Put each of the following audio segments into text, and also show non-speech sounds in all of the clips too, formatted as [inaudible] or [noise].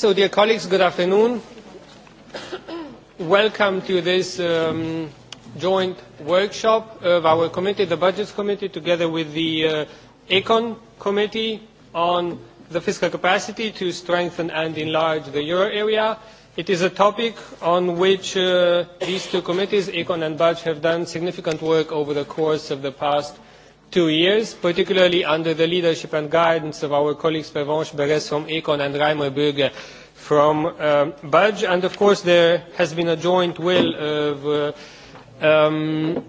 So, dear colleagues, good afternoon. Welcome to this um, joint workshop of our committee, the Budgets Committee, together with the uh, Econ Committee on the fiscal capacity to strengthen and enlarge the euro area. It is a topic on which uh, these two committees, Econ and Budge, have done significant work over the course of the past two years, particularly under the leadership and guidance of our colleagues Pervenche Beres from Econ and Reimer Bürger from um, budget And of course, there has been a joint will of uh, um,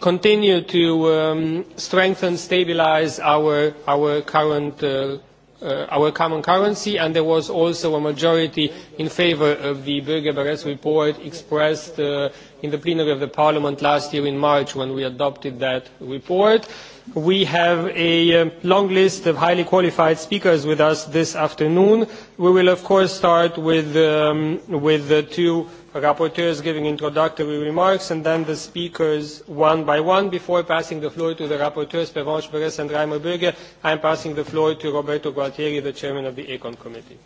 continue to um, strengthen, stabilize our, our current uh, Uh, our common currency and there was also a majority in favour of the bge bers report expressed uh, in the plenary of the parliament last year in March when we adopted that report. We have a um, long list of highly qualified speakers with us this afternoon. We will of course start with, um, with the two rapporteurs giving introductory remarks and then the speakers one by one. Before passing the floor to the rapporteurs, Pervenche Perez and Reimer Berger I am passing the floor to Roberto Gualtieri, the chairman of the Econ Committee.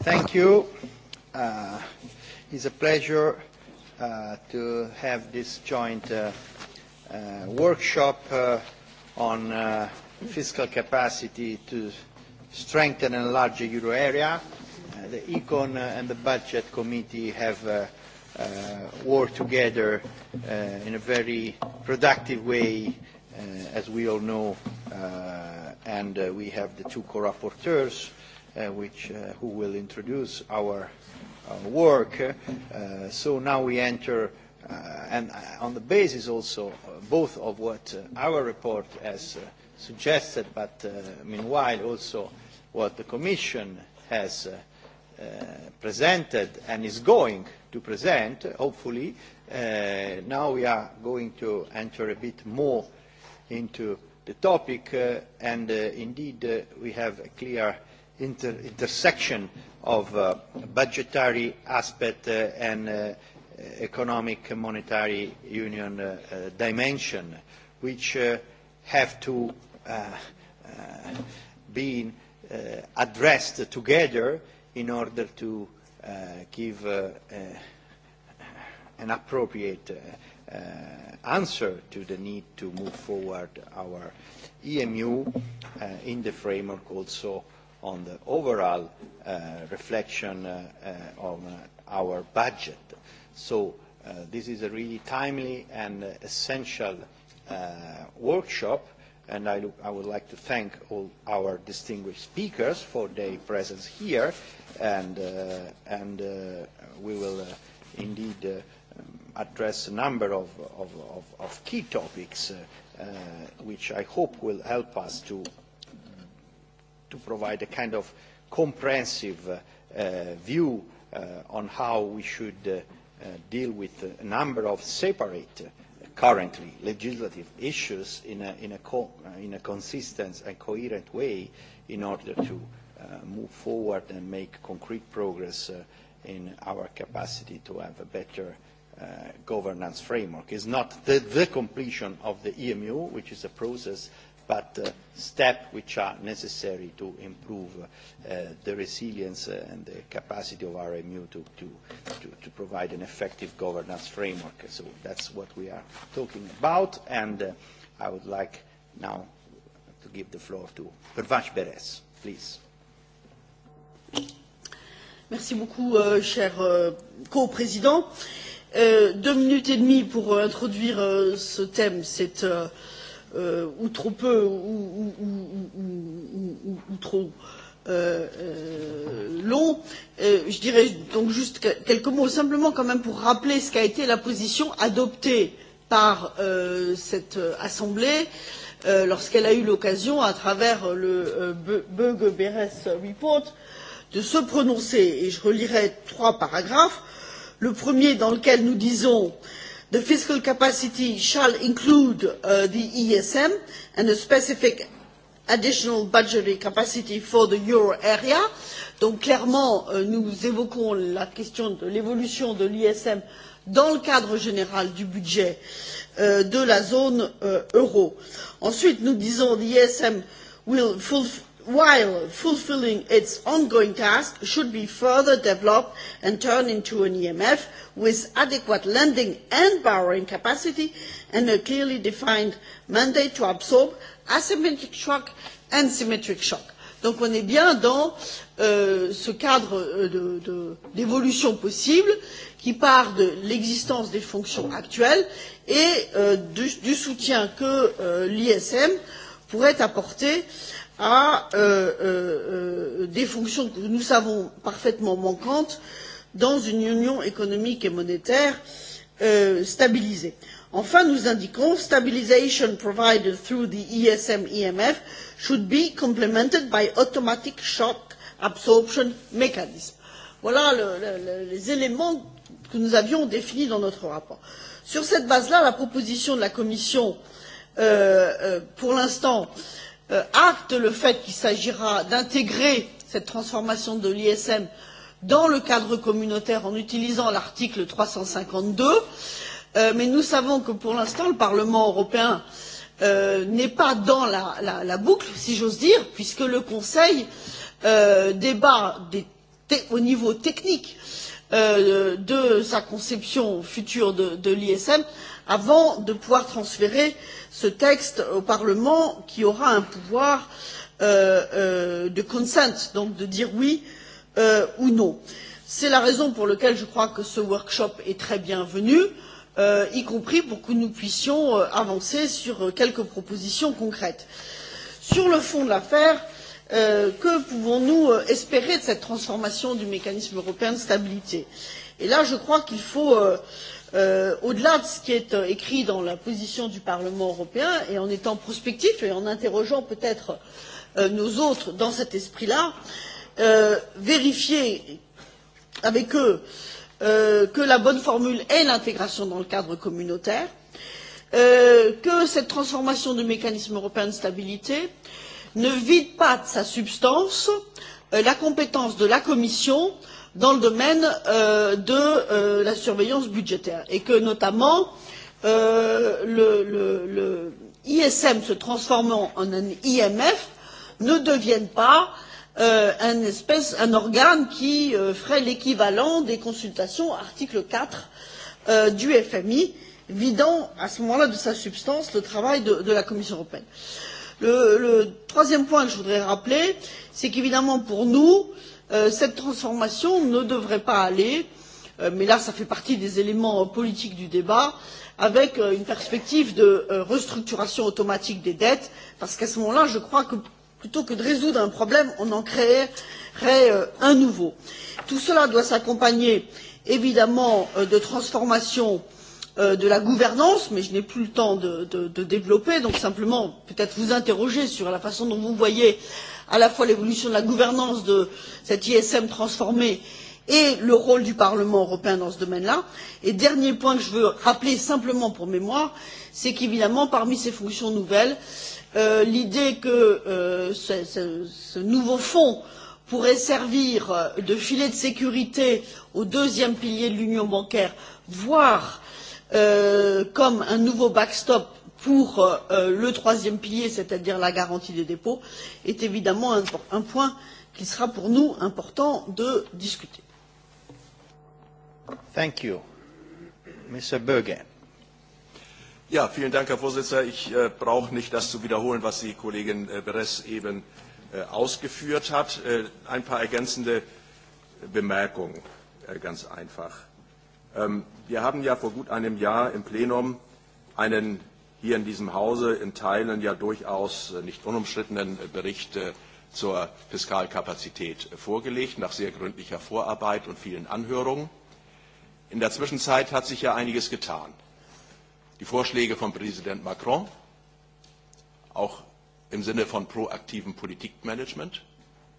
Thank you. Uh, it's a pleasure uh, to have this joint uh, uh workshop uh, on uh, fiscal capacity to strengthen and enlarge the euro area the Econ and the Budget Committee have uh, uh, worked together uh, in a very productive way, uh, as we all know, uh, and uh, we have the two co-rapporteurs which who will introduce our, our work. So now we enter and on the basis also both of what our report has suggested, but meanwhile also what the Commission has Uh, presented and is going to present, hopefully. Uh, now we are going to enter a bit more into the topic uh, and indeed we have a clear inter intersection of budgetary aspect and economic monetary union uh, dimension which uh, have to uh, be addressed together in order to uh, give uh, uh, an appropriate answer to the need to move forward our EMU in the framework also on the overall reflection of our budget. So Uh, this is a really timely and essential uh, workshop, and I, I would like to thank all our distinguished speakers for their presence here, and, uh, and uh, we will uh, indeed um, address a number of, of, of, of key topics which I hope will help us to, to provide a kind of comprehensive view on how we should deal with a number of separate currently legislative issues in a, in a, co in a consistent and coherent way in order to Uh, move forward and make concrete progress uh, in our capacity to have a better uh, governance framework. It's not the, the completion of the EMU, which is a process, but uh, steps which are necessary to improve uh, the resilience and the capacity of our EMU to, to, to, to provide an effective governance framework. So that's what we are talking about, and uh, I would like now to give the floor to Pervash Beres, please. Merci beaucoup, euh, cher euh, coprésident. Euh, deux minutes et demie pour introduire ce thème, c'est ou trop peu ou, trop long. Je dirais donc juste quelques mots, simplement quand même pour rappeler ce qu'a été la position adoptée par cette Assemblée lorsqu'elle a eu l'occasion, à travers le Bug Beres report, de se prononcer et je relirai trois paragraphes le premier dans lequel nous disons the fiscal capacity shall include uh, the esm and a specific additional budgetary capacity for the euro area donc clairement euh, nous évoquons la question de l'évolution de l'esm dans le cadre général du budget euh, de la zone euh, euro. ensuite nous disons the e will fulfill while fulfilling its ongoing task should be further developed and turned into an EMF with adequate lending and borrowing capacity and a clearly defined mandate to absorb asymmetric shock and symmetric shock. Donc on est bien dans euh, ce cadre euh, d'évolution possible qui part de l'existence des fonctions actuelles et euh, du, du soutien que euh, l'ISM pourrait apporter à euh, euh, euh, des fonctions que nous savons parfaitement manquantes dans une union économique et monétaire euh, stabilisée. Enfin, nous indiquons stabilisation provided through the ESM EMF should be complemented by automatic shock absorption mechanism. Voilà le, le, les éléments que nous avions définis dans notre rapport. Sur cette base là, la proposition de la Commission euh, euh, pour l'instant Euh, acte le fait qu'il s'agira d'intégrer cette transformation de l'ISM dans le cadre communautaire en utilisant l'article trois cent cinquante deux euh, mais nous savons que pour l'instant le parlement européen euh, n'est pas dans la, la, la boucle si j'ose dire puisque le conseil euh, débat des au niveau technique euh, de sa conception future de, de l'ism avant de pouvoir transférer ce texte au parlement qui aura un pouvoir euh, euh, de consent donc de dire oui euh, ou non. c'est la raison pour laquelle je crois que ce workshop est très bienvenu y compris pour que nous puissions avancer sur quelques propositions concrètes. sur le fond de l'affaire que pouvons nous espérer de cette transformation du mécanisme européen de stabilité? et là je crois qu'il faut euh, au delà de ce qui est euh, écrit dans la position du parlement européen et en étant prospectif et en interrogeant peut être euh, nos autres dans cet esprit là euh, vérifier avec eux euh, que la bonne formule est l'intégration dans le cadre communautaire que cette transformation du mécanisme européen de stabilité ne vide pas de sa substance la compétence de la commission dans le domaine euh, de euh, la surveillance budgétaire et que notamment euh, le, le, le ism se transformant en un imf ne devienne pas euh, un, espèce, un organe qui euh, ferait l'équivalent des consultations article euh, du fmi vidant à ce moment là de sa substance le travail de, de la commission européenne. Le, le troisième point que je voudrais rappeler c'est qu'évidemment pour nous Euh, cette transformation ne devrait pas aller euh, mais là cela fait partie des éléments euh, politiques du débat avec une perspective de restructuration automatique des dettes parce qu'à ce moment là je crois que plutôt que de résoudre un problème on en créerait un nouveau. tout cela doit s'accompagner évidemment de transformations de la gouvernance mais je n'ai plus le temps de, de développer donc simplement peut être vous interroger sur la façon dont vous voyez à la fois l'évolution de la gouvernance de cet ism transformé et le rôle du parlement européen dans ce domaine là. et dernier point que je veux rappeler simplement pour mémoire c'est qu'évidemment parmi ces fonctions nouvelles euh, l'idée que euh, ce, nouveau fonds pourrait servir de filet de sécurité au deuxième pilier de l'union bancaire voire euh, comme un nouveau backstop pour euh, euh, le troisième pilier c'est à dire la garantie des dépôts est évidemment un, un point qu'il sera pour nous important de discuter. Thank you. Mr. Ja, vielen Dank, herr präsident! ich äh, brauche nicht das zu wiederholen was die kollegin äh, eben äh, ausgeführt hat. Äh, ein paar ergänzende bemerkungen äh, ganz einfach. Ähm, wir haben ja vor gut einem jahr im plenum einen hier in diesem Hause in Teilen ja durchaus äh, nicht unumstrittenen Bericht zur Fiskalkapazität äh, vorgelegt, nach sehr gründlicher Vorarbeit und vielen Anhörungen. In der Zwischenzeit hat sich ja einiges getan. Die Vorschläge von Präsident Macron, auch im Sinne von proaktivem Politikmanagement.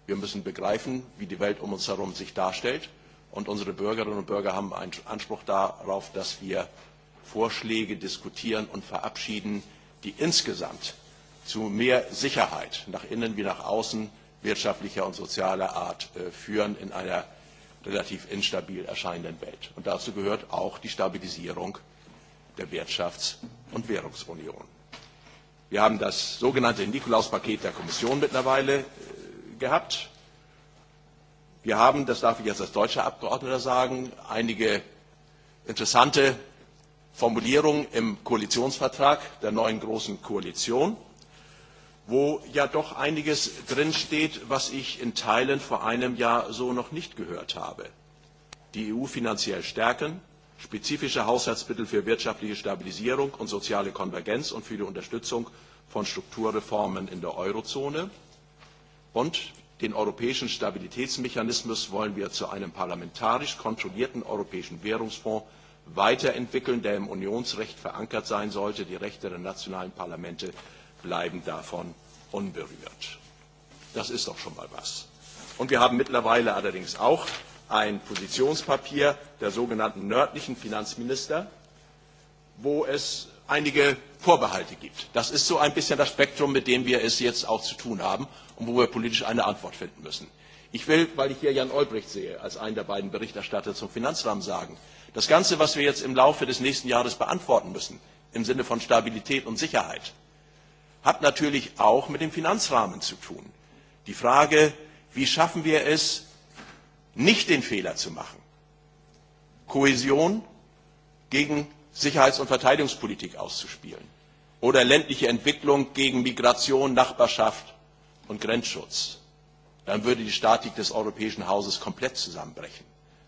Wir müssen begreifen, wie die Welt um uns herum sich darstellt. Und unsere Bürgerinnen und Bürger haben einen Anspruch darauf, dass wir Vorschläge diskutieren und verabschieden, die insgesamt zu mehr Sicherheit nach innen wie nach außen wirtschaftlicher und sozialer Art äh, führen in einer relativ instabil erscheinenden Welt. Und dazu gehört auch die Stabilisierung der Wirtschafts- und Währungsunion. Wir haben das sogenannte Nikolaus-Paket der Kommission mittlerweile äh, gehabt. Wir haben, das darf ich jetzt als deutscher Abgeordneter sagen, einige interessante Formulierung im Koalitionsvertrag der neuen großen Koalition, wo ja doch einiges drinsteht, was ich in Teilen vor einem Jahr so noch nicht gehört habe. Die EU finanziell stärken, spezifische Haushaltsmittel für wirtschaftliche Stabilisierung und soziale Konvergenz und für die Unterstützung von Strukturreformen in der Eurozone und den europäischen Stabilitätsmechanismus wollen wir zu einem parlamentarisch kontrollierten europäischen Währungsfonds weiterentwickeln, der im Unionsrecht verankert sein sollte. Die Rechte der nationalen Parlamente bleiben davon unberührt. Das ist doch schon mal was. Und wir haben mittlerweile allerdings auch ein Positionspapier der sogenannten nördlichen Finanzminister, wo es einige Vorbehalte gibt. Das ist so ein bisschen das Spektrum, mit dem wir es jetzt auch zu tun haben und wo wir politisch eine Antwort finden müssen. Ich will, weil ich hier Jan Olbricht sehe, als einen der beiden Berichterstatter zum Finanzrahmen sagen, das ganze was wir jetzt im laufe des nächsten jahres beantworten müssen im sinne von stabilität und sicherheit hat natürlich auch mit dem finanzrahmen zu tun die frage wie schaffen wir es nicht den fehler zu machen kohäsion gegen sicherheits und verteidigungspolitik auszuspielen oder ländliche entwicklung gegen migration nachbarschaft und grenzschutz dann würde die statik des europäischen hauses komplett zusammenbrechen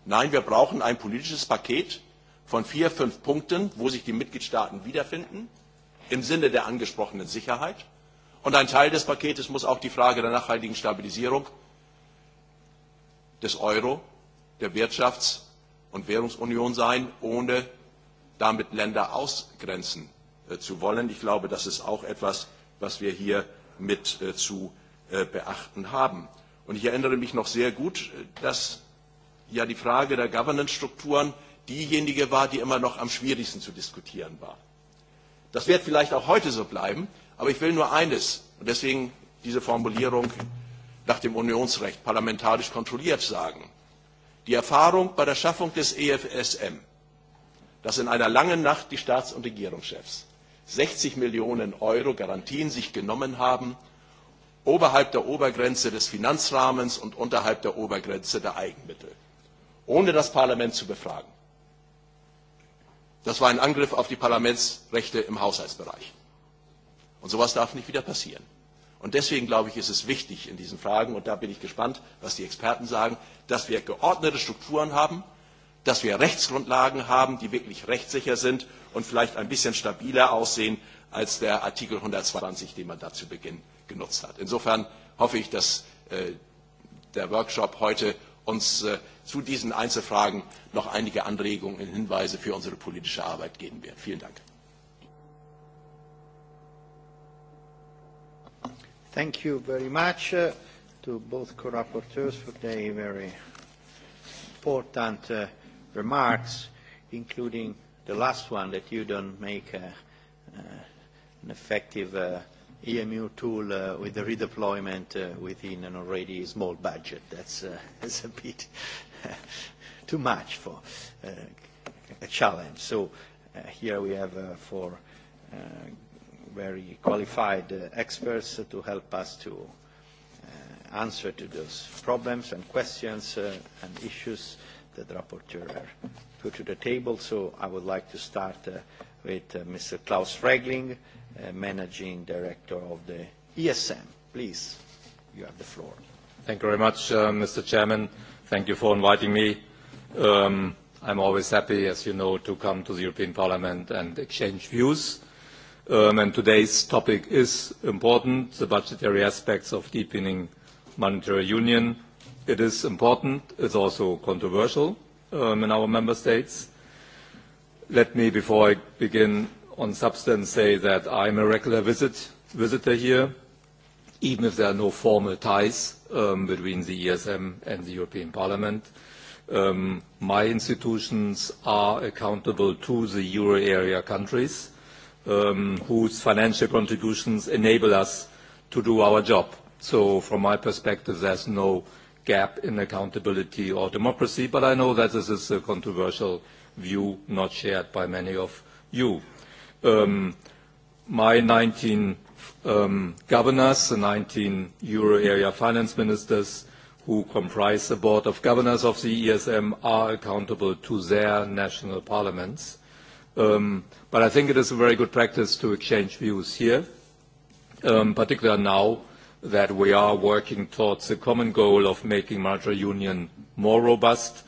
nein wir brauchen ein politisches paket von vier fünf punkten wo sich die mitgliedstaaten wiederfinden im sinne der angesprochenen sicherheit und ein teil des paketes muss auch die frage der nachhaltigen stabilisierung des euro der wirtschafts und währungsunion sein ohne damit länder ausgrenzen äh, zu wollen. ich glaube das ist auch etwas was wir hier mit äh, zu äh, beachten haben. Und ich erinnere mich noch sehr gut dass ja die Frage der Governance-Strukturen diejenige war, die immer noch am schwierigsten zu diskutieren war. Das wird vielleicht auch heute so bleiben, aber ich will nur eines, und deswegen diese Formulierung nach dem Unionsrecht parlamentarisch kontrolliert sagen. Die Erfahrung bei der Schaffung des EFSM, dass in einer langen Nacht die Staats- und Regierungschefs 60 Millionen Euro Garantien sich genommen haben, oberhalb der Obergrenze des Finanzrahmens und unterhalb der Obergrenze der Eigenmittel ohne das Parlament zu befragen. Das war ein Angriff auf die Parlamentsrechte im Haushaltsbereich. Und so etwas darf nicht wieder passieren. Und deswegen, glaube ich, ist es wichtig in diesen Fragen, und da bin ich gespannt, was die Experten sagen, dass wir geordnete Strukturen haben, dass wir Rechtsgrundlagen haben, die wirklich rechtssicher sind und vielleicht ein bisschen stabiler aussehen als der Artikel 120, den man da zu Beginn genutzt hat. Insofern hoffe ich, dass äh, der Workshop heute uns äh, zu diesen Einzelfragen noch einige Anregungen und Hinweise für unsere politische Arbeit geben wird. Vielen Dank. Thank you very much uh, to both co-rapporteurs for their very important uh, remarks, including the last one that you don't make uh, uh, an effective uh, EMU tool uh, with the redeployment uh, within an already small budget. That's, uh, [laughs] a bit [laughs] too much for a challenge. So here we have four very qualified experts to help us to answer to those problems and questions and issues that the rapporteur put to the table. So I would like to start with Mr. Klaus Regling, Uh, managing Director of the ESM. Please, you have the floor. Thank you very much, uh, Mr. Chairman. Thank you for inviting me. Um, I'm always happy, as you know, to come to the European Parliament and exchange views. Um, and today's topic is important, the budgetary aspects of deepening monetary union. It is important. It's also controversial um, in our member states. Let me, before I begin, on substance say that I'm a regular visit, visitor here, even if there are no formal ties um, between the ESM and the European Parliament. Um, my institutions are accountable to the euro area countries um, whose financial contributions enable us to do our job. So from my perspective, there's no gap in accountability or democracy, but I know that this is a controversial view not shared by many of you um, my 19 um, governors, the 19 euro area finance ministers who comprise the board of governors of the ESM are accountable to their national parliaments. Um, but I think it is a very good practice to exchange views here, um, particularly now that we are working towards the common goal of making monetary union more robust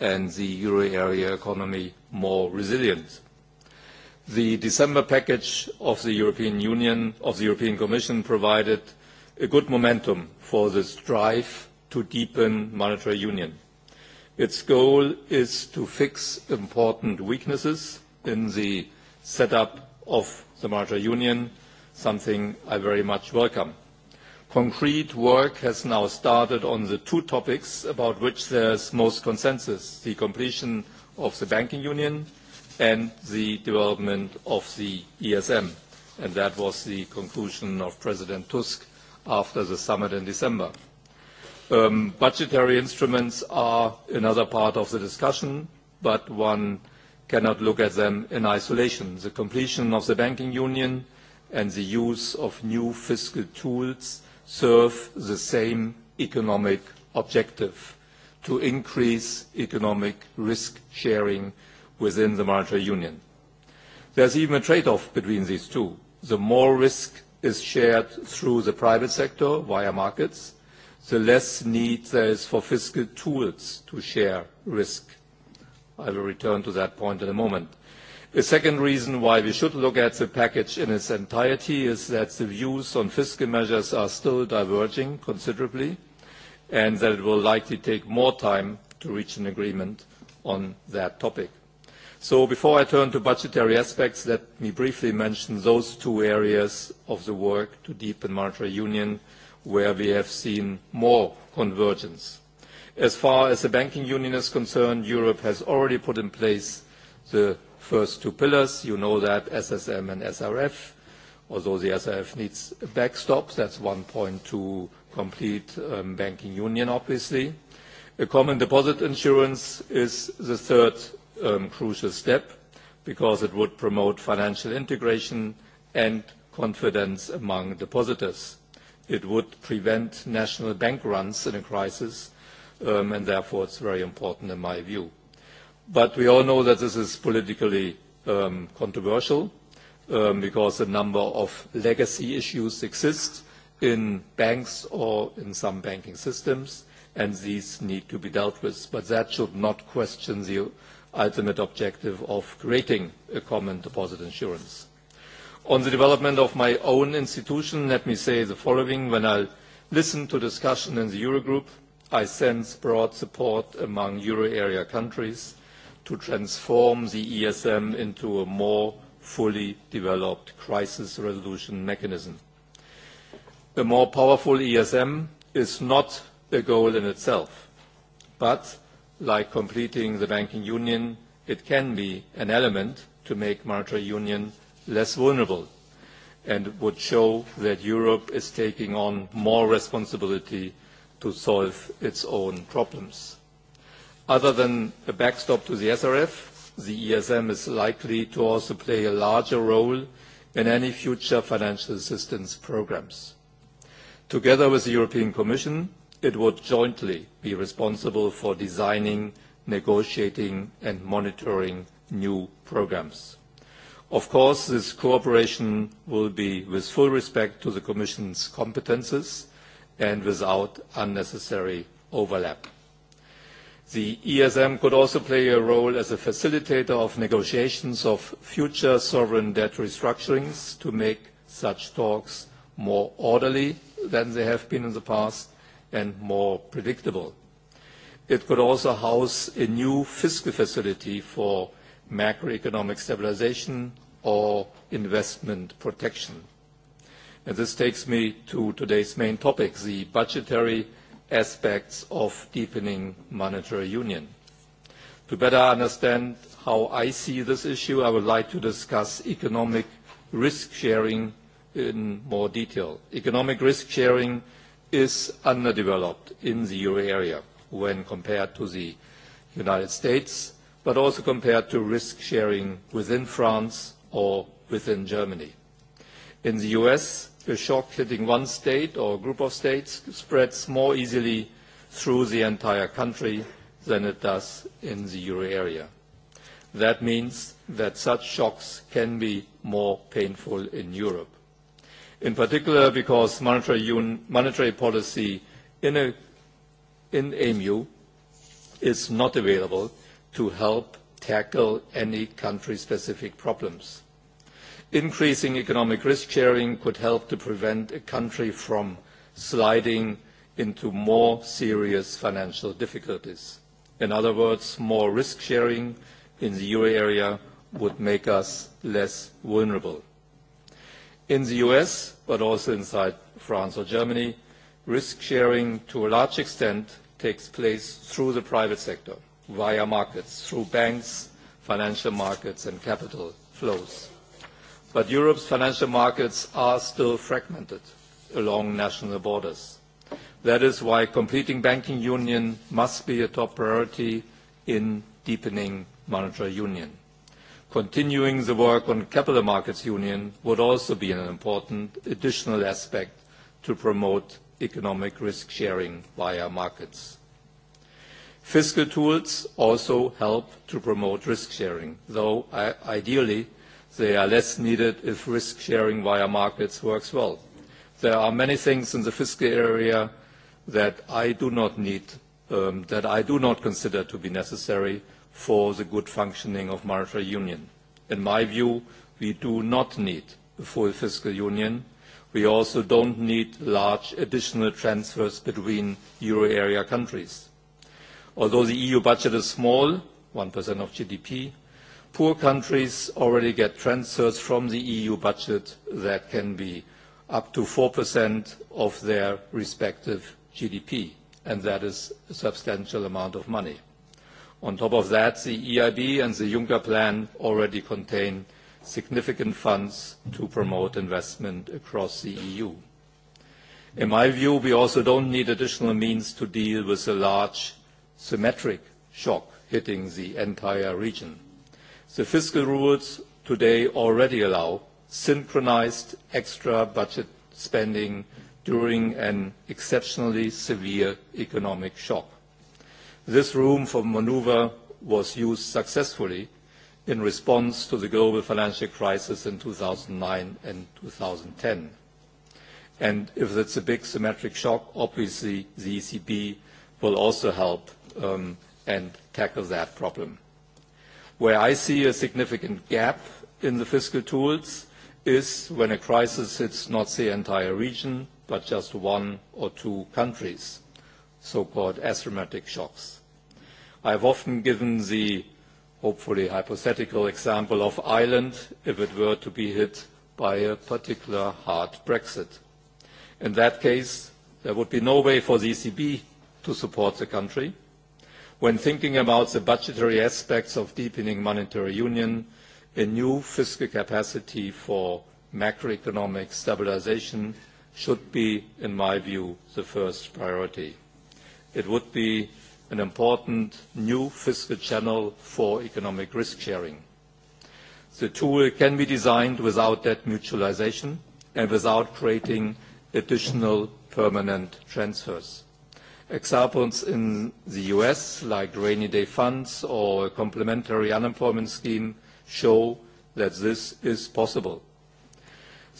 and the euro area economy more resilient. The December package of the European Union, of the European Commission, provided a good momentum for the strive to deepen monetary union. Its goal is to fix important weaknesses in the setup of the monetary union, something I very much welcome. Concrete work has now started on the two topics about which there is most consensus, the completion of the banking union and the development of the ESM. And that was the conclusion of President Tusk after the summit in December. Um, budgetary instruments are another part of the discussion, but one cannot look at them in isolation. The completion of the banking union and the use of new fiscal tools serve the same economic objective to increase economic risk sharing within the monetary union. There's even a trade-off between these two. The more risk is shared through the private sector via markets, the less need there is for fiscal tools to share risk. I will return to that point in a moment. A second reason why we should look at the package in its entirety is that the views on fiscal measures are still diverging considerably and that it will likely take more time to reach an agreement on that topic. So before I turn to budgetary aspects, let me briefly mention those two areas of the work to deepen monetary union where we have seen more convergence. As far as the banking union is concerned, Europe has already put in place the first two pillars. You know that, SSM and SRF, although the SRF needs a backstop. That's one point to complete um, banking union, obviously. A common deposit insurance is the third um, crucial step because it would promote financial integration and confidence among depositors. It would prevent national bank runs in a crisis, um, and therefore it's very important in my view. But we all know that this is politically um, controversial um, because a number of legacy issues exist in banks or in some banking systems, and these need to be dealt with. But that should not question the ultimate objective of creating a common deposit insurance. On the development of my own institution, let me say the following. When I listen to discussion in the Eurogroup, I sense broad support among euro area countries to transform the ESM into a more fully developed crisis resolution mechanism. A more powerful ESM is not a goal in itself, but like completing the banking union, it can be an element to make monetary union less vulnerable and would show that Europe is taking on more responsibility to solve its own problems. Other than a backstop to the SRF, the ESM is likely to also play a larger role in any future financial assistance programs. Together with the European Commission, it would jointly be responsible for designing, negotiating and monitoring new programs. Of course, this cooperation will be with full respect to the Commission's competences and without unnecessary overlap. The ESM could also play a role as a facilitator of negotiations of future sovereign debt restructurings to make such talks more orderly than they have been in the past and more predictable. It could also house a new fiscal facility for macroeconomic stabilization or investment protection. this takes me to today's main topic, the budgetary aspects of deepening monetary union. To better understand how I see this issue, I would like to discuss economic risk sharing in more detail. Economic risk sharing is underdeveloped in the euro area when compared to the United States, but also compared to risk sharing within France or within Germany. In the US, a shock hitting one state or group of states spreads more easily through the entire country than it does in the euro area. That means that such shocks can be more painful in Europe in particular because monetary, monetary policy in, a, in AMU is not available to help tackle any country-specific problems. Increasing economic risk-sharing could help to prevent a country from sliding into more serious financial difficulties. In other words, more risk-sharing in the euro area would make us less vulnerable. In the US, but also inside France or Germany, risk sharing to a large extent takes place through the private sector, via markets, through banks, financial markets and capital flows. But Europe's financial markets are still fragmented along national borders. That is why completing banking union must be a top priority in deepening monetary union continuing the work on capital markets union would also be an important additional aspect to promote economic risk sharing via markets. Fiscal tools also help to promote risk sharing, though ideally they are less needed if risk sharing via markets works well. There are many things in the fiscal area that I do not need, um, that I do not consider to be necessary for the good functioning of monetary union. In my view, we do not need a full fiscal union. We also don't need large additional transfers between euro area countries. Although the EU budget is small, 1% of GDP, poor countries already get transfers from the EU budget that can be up to 4% of their respective GDP, and that is a substantial amount of money. On top of that, the EIB and the Juncker plan already contain significant funds to promote investment across the EU. In my view, we also don't need additional means to deal with a large symmetric shock hitting the entire region. The fiscal rules today already allow synchronized extra budget spending during an exceptionally severe economic shock. This room for manoeuvre was used successfully in response to the global financial crisis in 2009 and 2010. And if it's a big symmetric shock, obviously the ECB will also help um, and tackle that problem. Where I see a significant gap in the fiscal tools is when a crisis hits not the entire region, but just one or two countries so-called asthmatic shocks. I have often given the hopefully hypothetical example of Ireland if it were to be hit by a particular hard Brexit. In that case, there would be no way for the ECB to support the country. When thinking about the budgetary aspects of deepening monetary union, a new fiscal capacity for macroeconomic stabilization should be, in my view, the first priority it would be an important new fiscal channel for economic risk sharing. The tool can be designed without debt mutualization and without creating additional permanent transfers. Examples in the US, like rainy day funds or a complementary unemployment scheme, show that this is possible.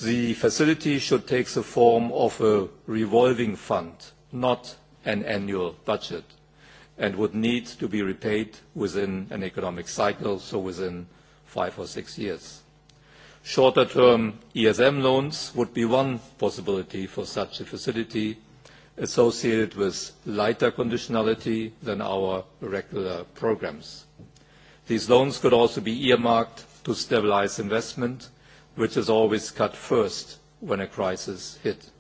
The facility should take the form of a revolving fund, not an annual budget and would need to be repaid within an economic cycle, so within five or six years. Shorter-term ESM loans would be one possibility for such a facility associated with lighter conditionality than our regular programs. These loans could also be earmarked to stabilize investment, which is always cut first when a crisis hit.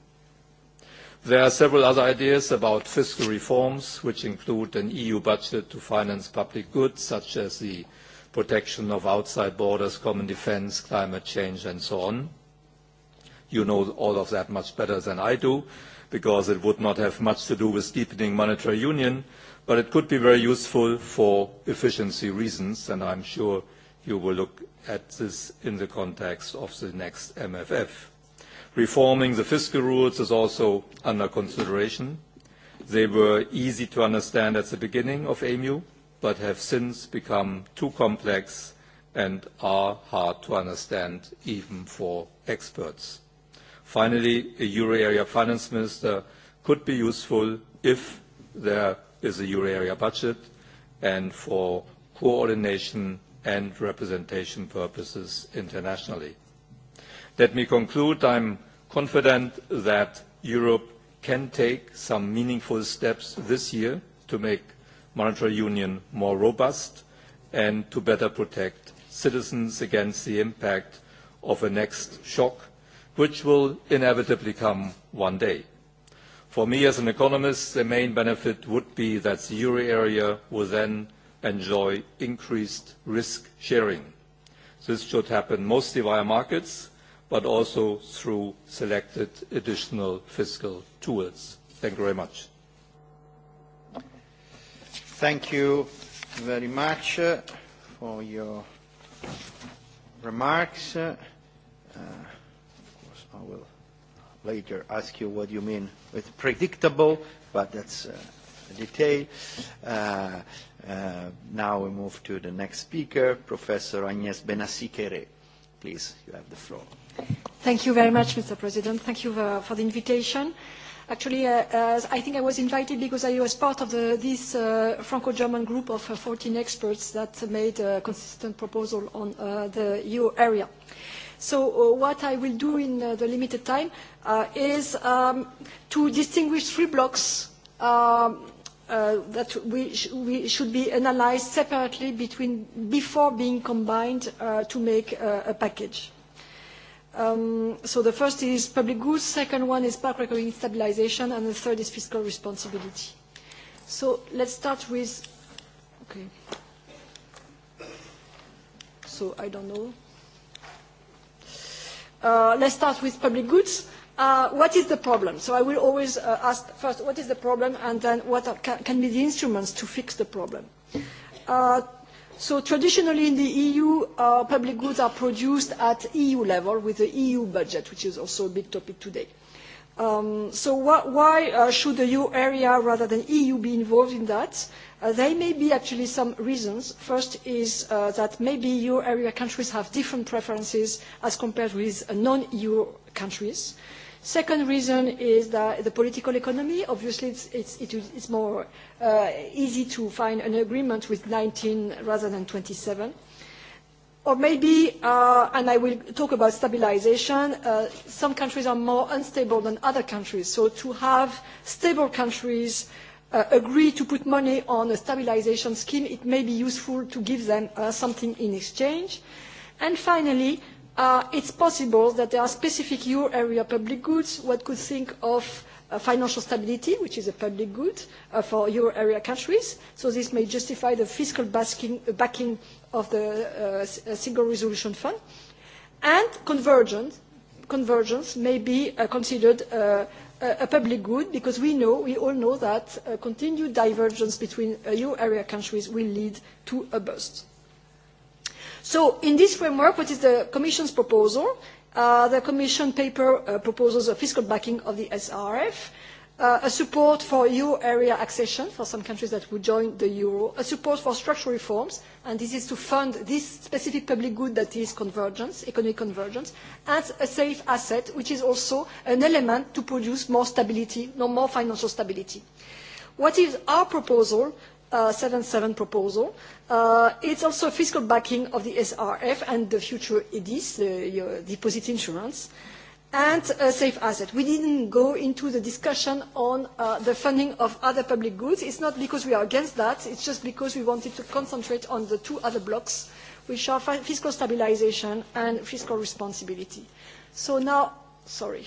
There are several other ideas about fiscal reforms, which include an EU budget to finance public goods, such as the protection of outside borders, common defence, climate change, and so on. You know all of that much better than I do, because it would not have much to do with deepening monetary union, but it could be very useful for efficiency reasons, and I'm sure you will look at this in the context of the next MFF. Reforming the fiscal rules is also under consideration. They were easy to understand at the beginning of EMU, but have since become too complex and are hard to understand even for experts. Finally, a euro area finance minister could be useful if there is a euro area budget and for coordination and representation purposes internationally. Let me conclude. I am confident that Europe can take some meaningful steps this year to make monetary union more robust and to better protect citizens against the impact of a next shock, which will inevitably come one day. For me as an economist, the main benefit would be that the euro area will then enjoy increased risk sharing. This should happen mostly via markets, but also through selected additional fiscal tools. Thank you very much. Thank you very much uh, for your remarks. Uh, of course, I will later ask you what you mean with predictable, but that's uh, a detail. Uh, uh, now we move to the next speaker, Professor Agnes Benassikere. Please, you have the floor. Thank you very much, Mr. President. Thank you uh, for the invitation. Actually, uh, I think I was invited because I was part of this uh, Franco-German group of 14 experts that made a consistent proposal on the EU area. So what I will do in the limited time is um, to distinguish three blocks um, that should be analyzed separately between, before being combined to make a package. Um, so the first is public goods, second one is park recovery stabilization, and the third is fiscal responsibility. So let's start with, okay. So I don't know. Uh, let's start with public goods. Uh, what is the problem? So I will always uh, ask first, what is the problem, and then what can, can be the instruments to fix the problem? Uh, So traditionally in the EU, uh, public goods are produced at EU level with the EU budget, which is also a big topic today. Um, so why uh, should the EU area rather than EU be involved in that? Uh, there may be actually some reasons. First is that maybe EU area countries have different preferences as compared with non-EU countries. Second reason is that the political economy. Obviously, it, is more uh, easy to find an agreement with 19 rather than 27. Or maybe, uh, and I will talk about stabilization, uh, some countries are more unstable than other countries. So to have stable countries agree to put money on a stabilization scheme, it may be useful to give them something in exchange. And finally, It uh, it's possible that there are specific euro area public goods. what could think of uh, financial stability, which is a public good uh, for euro area countries. So this may justify the fiscal backing of the single resolution fund. And convergence, convergence may be considered a public good because we know, we all know that continued divergence between euro area countries will lead to a bust. So in this framework, what is the Commission's proposal? Uh, the Commission paper uh, proposes a fiscal backing of the SRF, uh, a support for EU area accession for some countries that would join the euro, a support for structural reforms, and this is to fund this specific public good that is convergence, economic convergence, and a safe asset, which is also an element to produce more stability, no more financial stability. What is our proposal? 77 uh, proposal. Uh, it's also fiscal backing of the SRF and the future EDIS, the deposit insurance, and a safe asset. We didn't go into the discussion on uh, the funding of other public goods. It's not because we are against that, it's just because we wanted to concentrate on the two other blocks, which are fiscal stabilization and fiscal responsibility. So now, sorry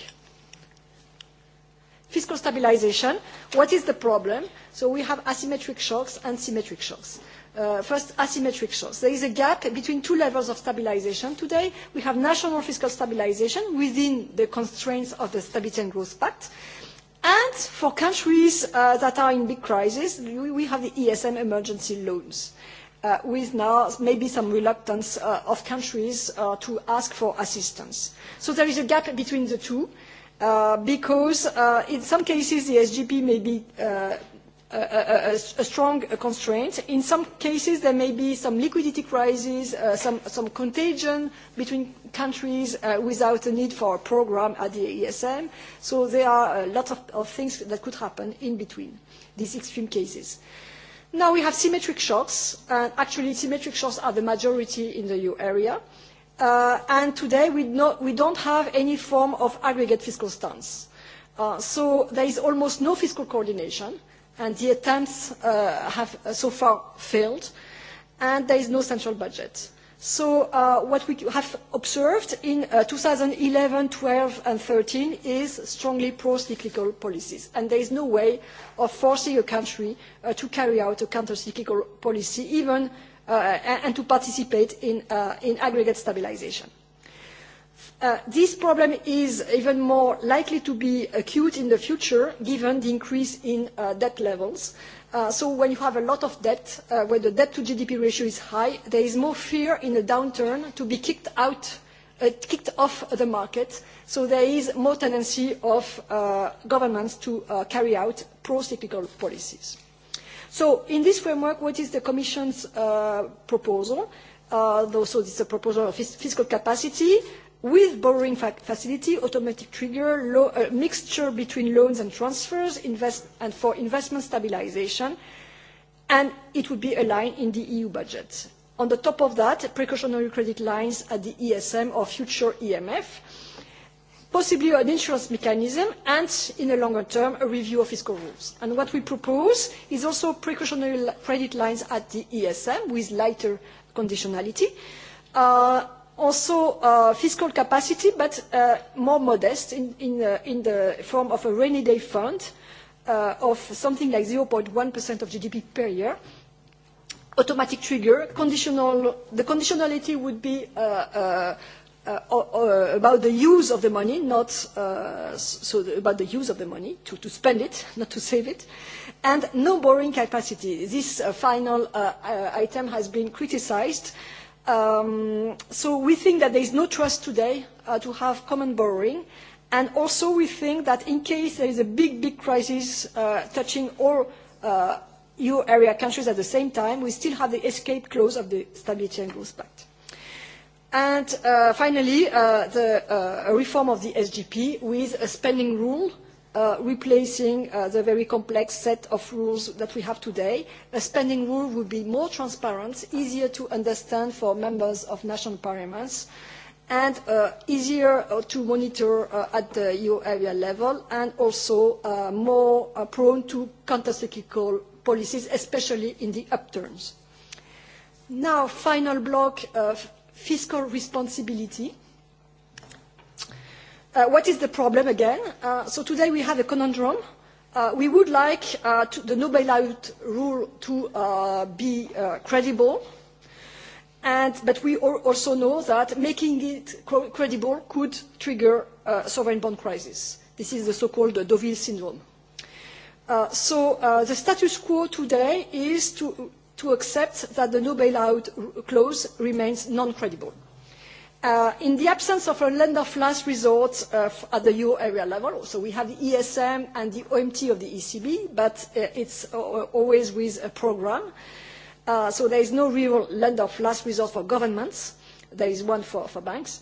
fiscal stabilization, what is the problem? So we have asymmetric shocks and symmetric shocks. Uh, first, asymmetric shocks. There is a gap between two levels of stabilization today. We have national fiscal stabilization within the constraints of the Stability and Growth Pact. And for countries uh, that are in big crisis, we have the ESM emergency loans. Uh, with now maybe some reluctance of countries to ask for assistance. So there is a gap between the two Uh, because uh, in some cases the SGP may be uh, a, strong constraint. In some cases there may be some liquidity crises, some, some contagion between countries without a need for a program at the ESM. So there are a lot of, of things that could happen in between these extreme cases. Now we have symmetric shocks. and Actually, symmetric shocks are the majority in the EU area Uh, and today we, not, don't have any form of aggregate fiscal stance. Uh, so there is almost no fiscal coordination, and the attempts uh, have so far failed, and there is no central budget. So what we have observed in 2011, 12, and 13 is strongly pro-cyclical policies, and there is no way of forcing a country to carry out a counter-cyclical policy, even Uh, and to participate in, uh, in aggregate stabilisation. Uh, this problem is even more likely to be acute in the future given the increase in debt levels. so when you have a lot of debt, where the debt to GDP ratio is high, there is more fear in a downturn to be kicked out, kicked off the market. So there is more tendency of governments to carry out pro-cyclical policies. So in this framework, what is the Commission's uh, proposal? Uh, also, it's a proposal of fiscal capacity with borrowing fa facility, automatic trigger, low, uh, mixture between loans and transfers invest and for investment stabilization, and it would be aligned in the EU budget. On the top of that, precautionary credit lines at the ESM or future EMF, possibly an insurance mechanism and in the longer term a review of fiscal rules. And what we propose is also precautionary credit lines at the esm with lighter conditionality uh, also uh, fiscal capacity but uh, more modest in, uh, in, the form of a rainy day fund of something like 0.1% of gdp per year automatic trigger conditional the conditionality would be uh, Uh, about the use of the money, not uh, so about the use of the money, to, to spend it, [laughs] not to save it, and no borrowing capacity. This uh, final item has been criticized. Um, so we think that there is no trust today to have common borrowing, and also we think that in case there is a big, big crisis touching all eu area countries at the same time we still have the escape clause of the stability and growth pact. And uh, finally, uh, the uh, reform of the SGP with a spending rule replacing the very complex set of rules that we have today. A spending rule would be more transparent, easier to understand for members of national parliaments, and easier to monitor at the EU area level, and also more prone to countercyclical policies, especially in the upturns. Now, final block fiscal responsibility. Uh, what is the problem again? Uh, so today we have a conundrum. Uh, we would like the no bailout rule to be credible, and, but we also know that making it credible could trigger a sovereign bond crisis. This is the so-called Deauville syndrome. so the status quo today is to to accept that the no bailout clause remains non credible. Uh, in the absence of a lender of last resort uh, at the euro area level, so we have the ESM and the OMT of the ECB, but it uh, it's always with a program. So there is no real lender of last resort for governments. There is one for, for banks.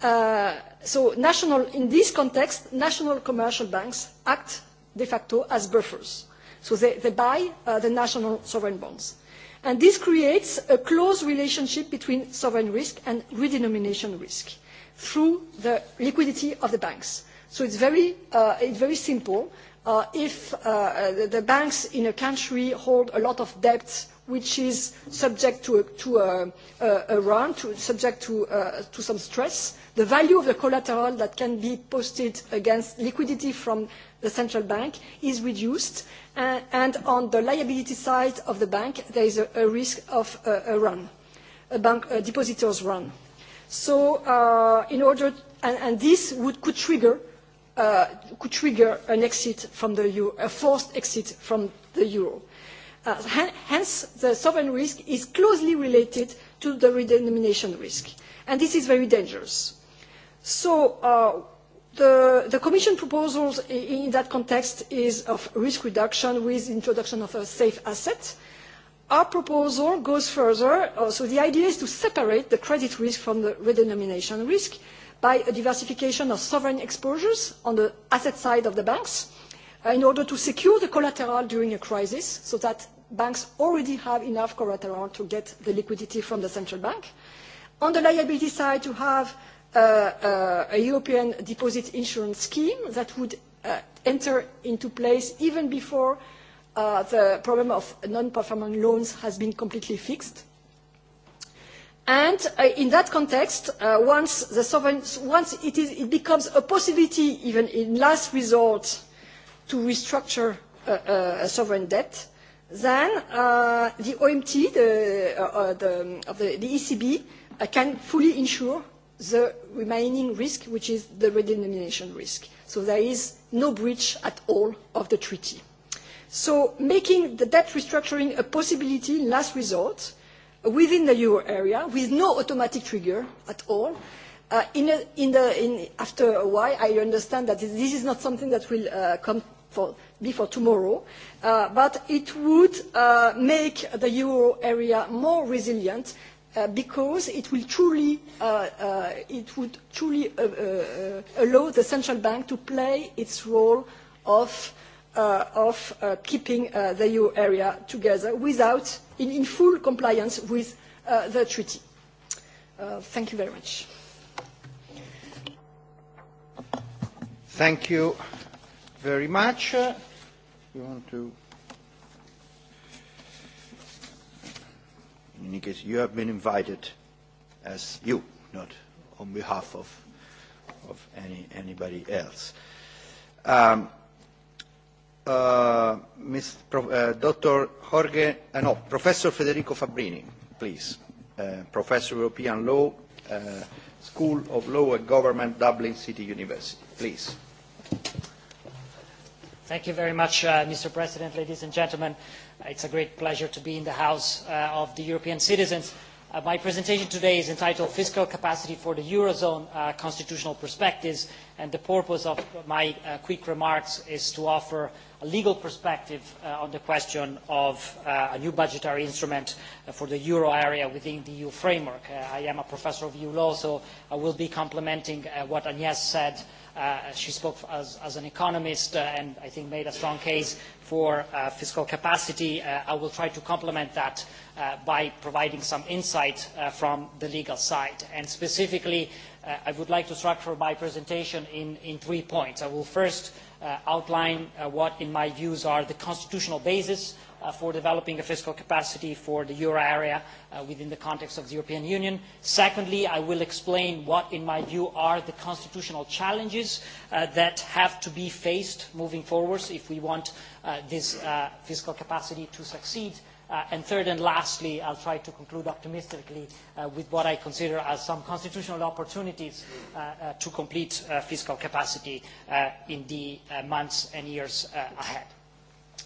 So national, in this context, national commercial banks act de facto as buffers. So they buy the national sovereign bonds and this creates a close relationship between sovereign risk and redenomination risk through the liquidity of the banks. So it's very, uh, it's very simple. Uh, if uh, the, banks in a country hold a lot of debt which is subject to a, run, to, subject to, to some stress, the value of the collateral that can be posted against liquidity from the central bank is reduced and on the liability side of the bank, there is a, risk of a run, a bank a depositors run. So, uh, in order, and, and this would, could trigger uh, could trigger an exit from the euro, a forced exit from the euro. Uh, hence, the sovereign risk is closely related to the redenomination risk, and this is very dangerous. So. Uh, The, Commission proposals in, that context is of risk reduction with introduction of a safe asset. Our proposal goes further. Uh, so the idea is to separate the credit risk from the redenomination risk by a diversification of sovereign exposures on the asset side of the banks uh, in order to secure the collateral during a crisis so that banks already have enough collateral to get the liquidity from the central bank. On the liability side, to have Uh, uh, a European deposit insurance scheme that would uh, enter into place even before the problem of non-performing loans has been completely fixed. And in that context, once, the sovereign, once it, becomes a possibility, even in last resort, to restructure a sovereign debt, then the OMT the, of the ECB e can fully insure the remaining risk, which is the redenomination risk. So there is no breach at all of the treaty. So making the debt restructuring a possibility last resort within the euro area with no automatic trigger at all, uh, in in the, after a while I understand that this is not something that will uh, come for, tomorrow, uh, but it would make the euro area more resilient Uh, because it will truly uh, uh, it would truly allow the central bank to play its role of of keeping the euro area together without in, full compliance with the treaty thank you very much thank you very much want to in any case, you have been invited as you, not on behalf of, of any, anybody else. Um, uh, Ms. Pro, uh, Dr. Jorge, uh, no, Professor Federico Fabrini, please. Uh, Professor of European Law, uh, School of Law and Government, Dublin City University. Please. Thank you very much, uh, Mr. President, ladies and gentlemen. It's a great pleasure to be in the House uh, of the European citizens. Uh, my presentation today is entitled Fiscal Capacity for the Eurozone uh, Constitutional Perspectives, and the purpose of my quick remarks is to offer a legal perspective on the question of a new budgetary instrument for the euro area within the EU framework. I am a professor of EU law, so I will be complementing what Agnes said Uh, she spoke as, as an economist uh, and I think made a strong case for uh, fiscal capacity. Uh, I will try to complement that uh, by providing some insight from the legal side. And specifically, I would like to structure my presentation in, in three points. I will first outline what, in my views, are the constitutional basis Uh, for developing a fiscal capacity for the euro area uh, within the context of the European Union. Secondly, I will explain what, in my view, are the constitutional challenges uh, that have to be faced moving forward if we want this fiscal capacity to succeed. and third and lastly, I'll try to conclude optimistically with what I consider as some constitutional opportunities to complete fiscal capacity in the months and years ahead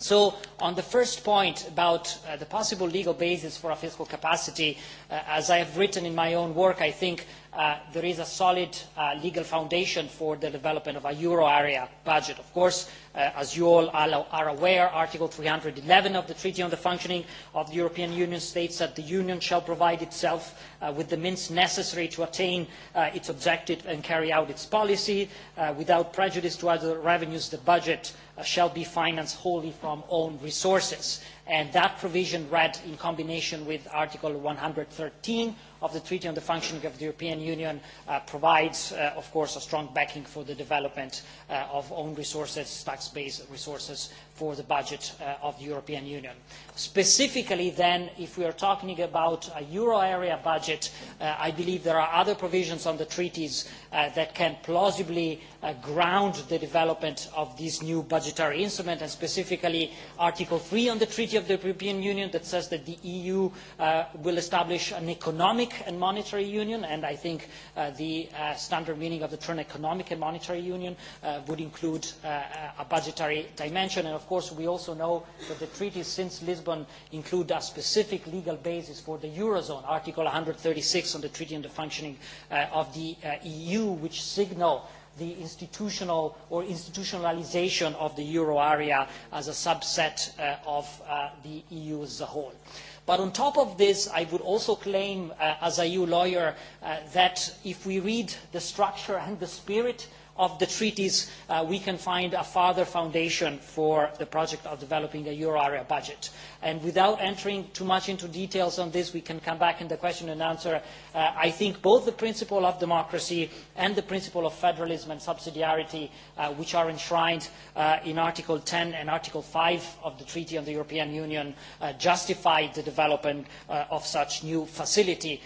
so on the first point about uh, the possible legal basis for a fiscal capacity uh, as i have written in my own work i think Uh, there is a solid uh, legal foundation for the development of a euro area budget. Of course, uh, as you all are aware, Article 311 of the Treaty on the Functioning of the European Union states that the Union shall provide itself with the means necessary to attain its objective and carry out its policy. Without prejudice to other revenues, the budget shall be financed wholly from own resources. And that provision read in combination with Article 113 of the Treaty on the Functioning of the European Union uh, provides uh, of course a strong backing for the development uh, of own resources, tax based resources for the budget of the European Union. Specifically then, if we are talking about a euro area budget, I believe there are other provisions on the treaties that can plausibly ground the development of this new budgetary instrument and specifically Article 3 on the Treaty of the European Union that says that the EU will establish an economic and monetary union and i think uh, the uh, standard meaning of the term economic and monetary union uh, would include a budgetary dimension and of course we also know that the treaties since lisbon include a specific legal basis for the eurozone article one hundred thirty six on the treaty on the functioning of the eu which signal the institutional or institutionalisation of the euro area as a subset of the eu as a whole. But on top of this, I would also claim, uh, as a EU lawyer, uh, that if we read the structure and the spirit of the treaties uh, we can find a further foundation for the project of developing a euro area budget. And without entering too much into details on this, we can come back in the question and answer. Uh, I think both the principle of democracy and the principle of federalism and subsidiarity, uh, which are enshrined in Article 10 and Article 5 of the Treaty on the European Union, justify the development of such new facility.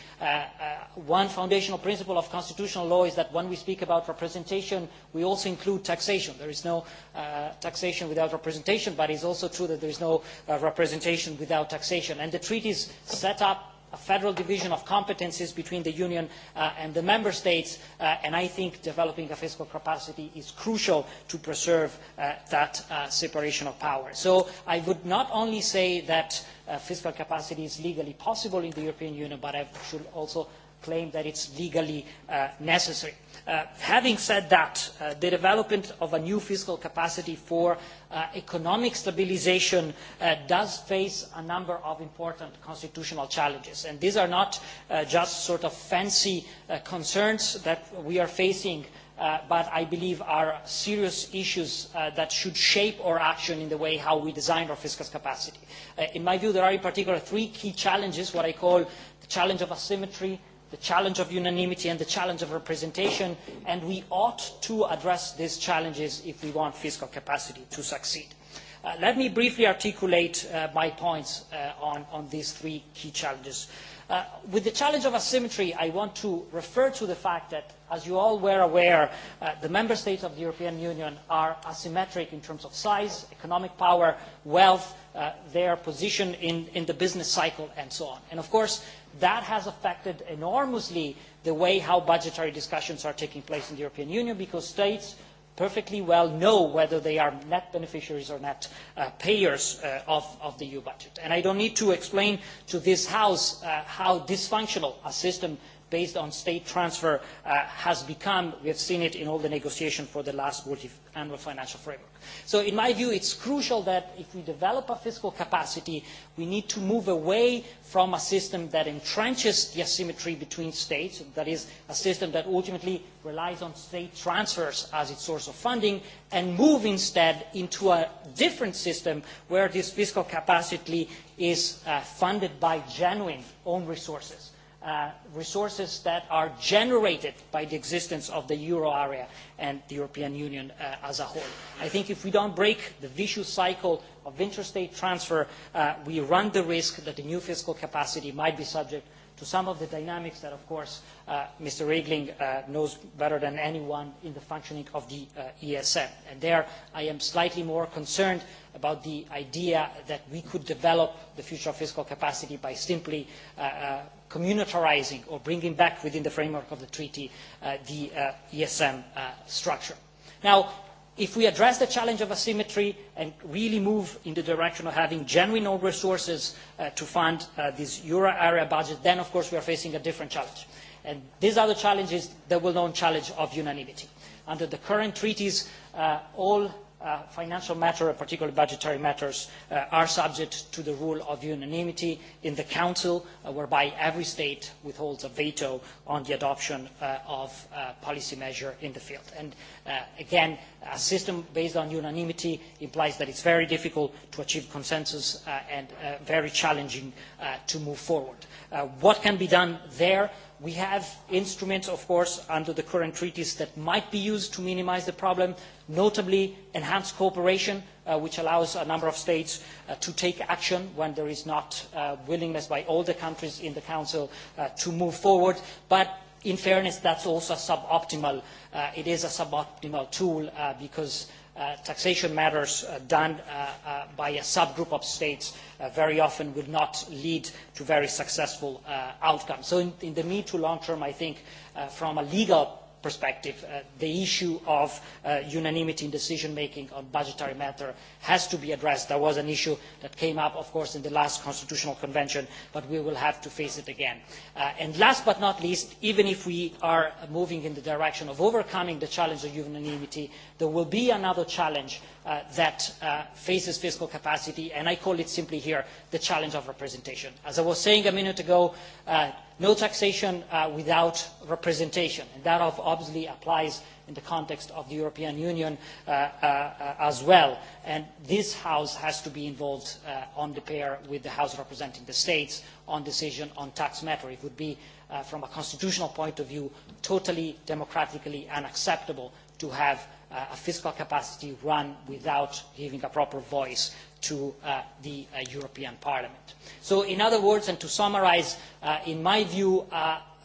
One foundational principle of constitutional law is that when we speak about representation, representation, we also include taxation. There is no uh, taxation without representation, but it is also true that there is no uh, representation without taxation. And the treaties set up a federal division of competences between the Union uh, and the Member States, uh, and I think developing a fiscal capacity is crucial to preserve uh, that uh, separation of power. So I would not only say that uh, fiscal capacity is legally possible in the European Union, but I should also claim that it's legally uh, necessary. Uh, having said that, uh, the development of a new fiscal capacity for economic stabilisation does face a number of important constitutional challenges, and these are not just sort of fancy concerns that we are facing Uh, but I believe are serious issues uh, that should shape our action in the way how we design our fiscal capacity. Uh, in my view, there are in particular three key challenges, what I call the challenge of asymmetry, the challenge of unanimity and the challenge of representation and we ought to address these challenges if we want fiscal capacity to succeed. Uh, let me briefly articulate uh, my points uh, on, on these three key challenges. With the challenge of asymmetry, I want to refer to the fact that, as you all were aware, the Member States of the European Union are asymmetric in terms of size, economic power, wealth, their position in, in the business cycle and so on. And of course that has affected enormously the way how budgetary discussions are taking place in the european union because states perfectly well know whether they are net beneficiaries or net uh, payers uh, of, of the eu budget and i don't need to explain to this house uh, how dysfunctional a system based on state transfer uh, has become. We have seen it in all the negotiations for the last multi-annual financial framework. So in my view, it's crucial that if we develop a fiscal capacity, we need to move away from a system that entrenches the asymmetry between states, that is a system that ultimately relies on state transfers as its source of funding, and move instead into a different system where this fiscal capacity is uh, funded by genuine own resources uh, resources that are generated by the existence of the euro area and the European Union uh, as a whole. I think if we don't break the vicious cycle of interstate transfer, uh, we run the risk that the new fiscal capacity might be subject to some of the dynamics that, of course, uh, Mr. Regling uh, knows better than anyone in the functioning of the uh, ESM. And there I am slightly more concerned about the idea that we could develop the future fiscal capacity by simply communitarising or bringing back within the framework of the treaty uh, the uh, esm uh, structure. now if we address the challenge of asymmetry and really move in the direction of having genuine own resources uh, to fund uh, this euro area budget then of course we are facing a different challenge and these are the challenges the well known challenge of unanimity. under the current treaties uh, all Uh, financial matters, uh, particularly budgetary matters, uh, are subject to the rule of unanimity in the Council, whereby every state withholds a veto on the adoption of policy measure in the field. And again, a system based on unanimity implies that it's very difficult to achieve consensus uh, and uh, very challenging uh, to move forward. What can be done there? We have instruments, of course, under the current treaties that might be used to minimize the problem, notably enhanced cooperation, which allows a number of states to take action when there is not willingness by all the countries in the Council to move forward. But in fairness, that's also suboptimal. Uh, it is a suboptimal tool uh, because uh, taxation matters uh, done uh, uh, by a subgroup of states very often will not lead to very successful outcomes. So in, in the mid to long term, I think from a legal perspective, uh, the issue of uh, unanimity in decision making on budgetary matter has to be addressed. That was an issue that came up, of course, in the last Constitutional Convention, but we will have to face it again. Uh, and last but not least, even if we are moving in the direction of overcoming the challenge of unanimity, there will be another challenge that faces fiscal capacity, and I call it simply here the challenge of representation. As I was saying a minute ago, no taxation uh, without representation and that obviously applies in the context of the european union uh, uh, as well and this house has to be involved on the pair with the house representing the states on decision on tax matter. it would be from a constitutional point of view totally democratically unacceptable to have Uh, a fiscal capacity run without giving a proper voice to uh, the uh, European Parliament. So in other words, and to summarize, in my view,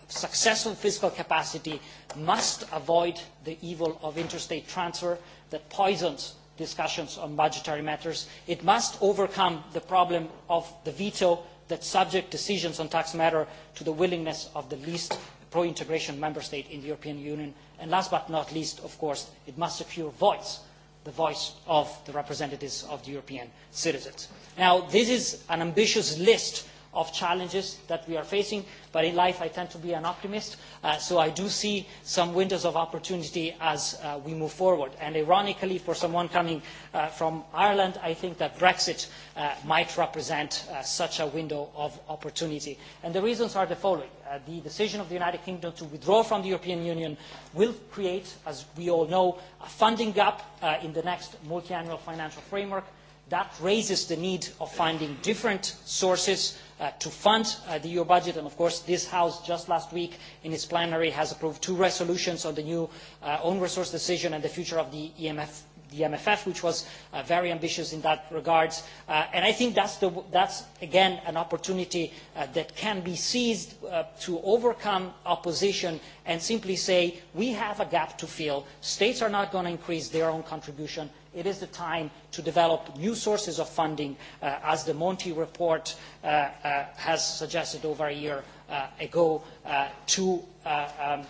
successful fiscal capacity must avoid the evil of interstate transfer that poisons discussions on budgetary matters. It must overcome the problem of the veto that subject decisions on tax matter to the willingness of the least pro integration member state in the european union and last but not least of course it must secure voice the voice of the representatives of the european citizens. now this is an ambitious list of challenges that we are facing but in life i tend to be an optimist uh, so i do see some windows of opportunity as uh, we move forward and ironically for someone coming uh, from ireland i think that brexit uh, might represent uh, such a window of opportunity and the reasons are the following uh, the decision of the united kingdom to withdraw from the european union will create as we all know a funding gap in the next multi-annual financial framework that raises the need of finding different sources Uh, to fund uh, the eu budget and of course this house just last week in its plenary has approved two resolutions on the new uh, own resource decision and the future of the e MFF, which was very ambitious in that regard. and I think that's, the, again, an opportunity that can be seized to overcome opposition and simply say, we have a gap to fill. States are not going to increase their own contribution it is the time to develop new sources of funding uh, as the monti report uh, uh, has suggested over a year ago to, um,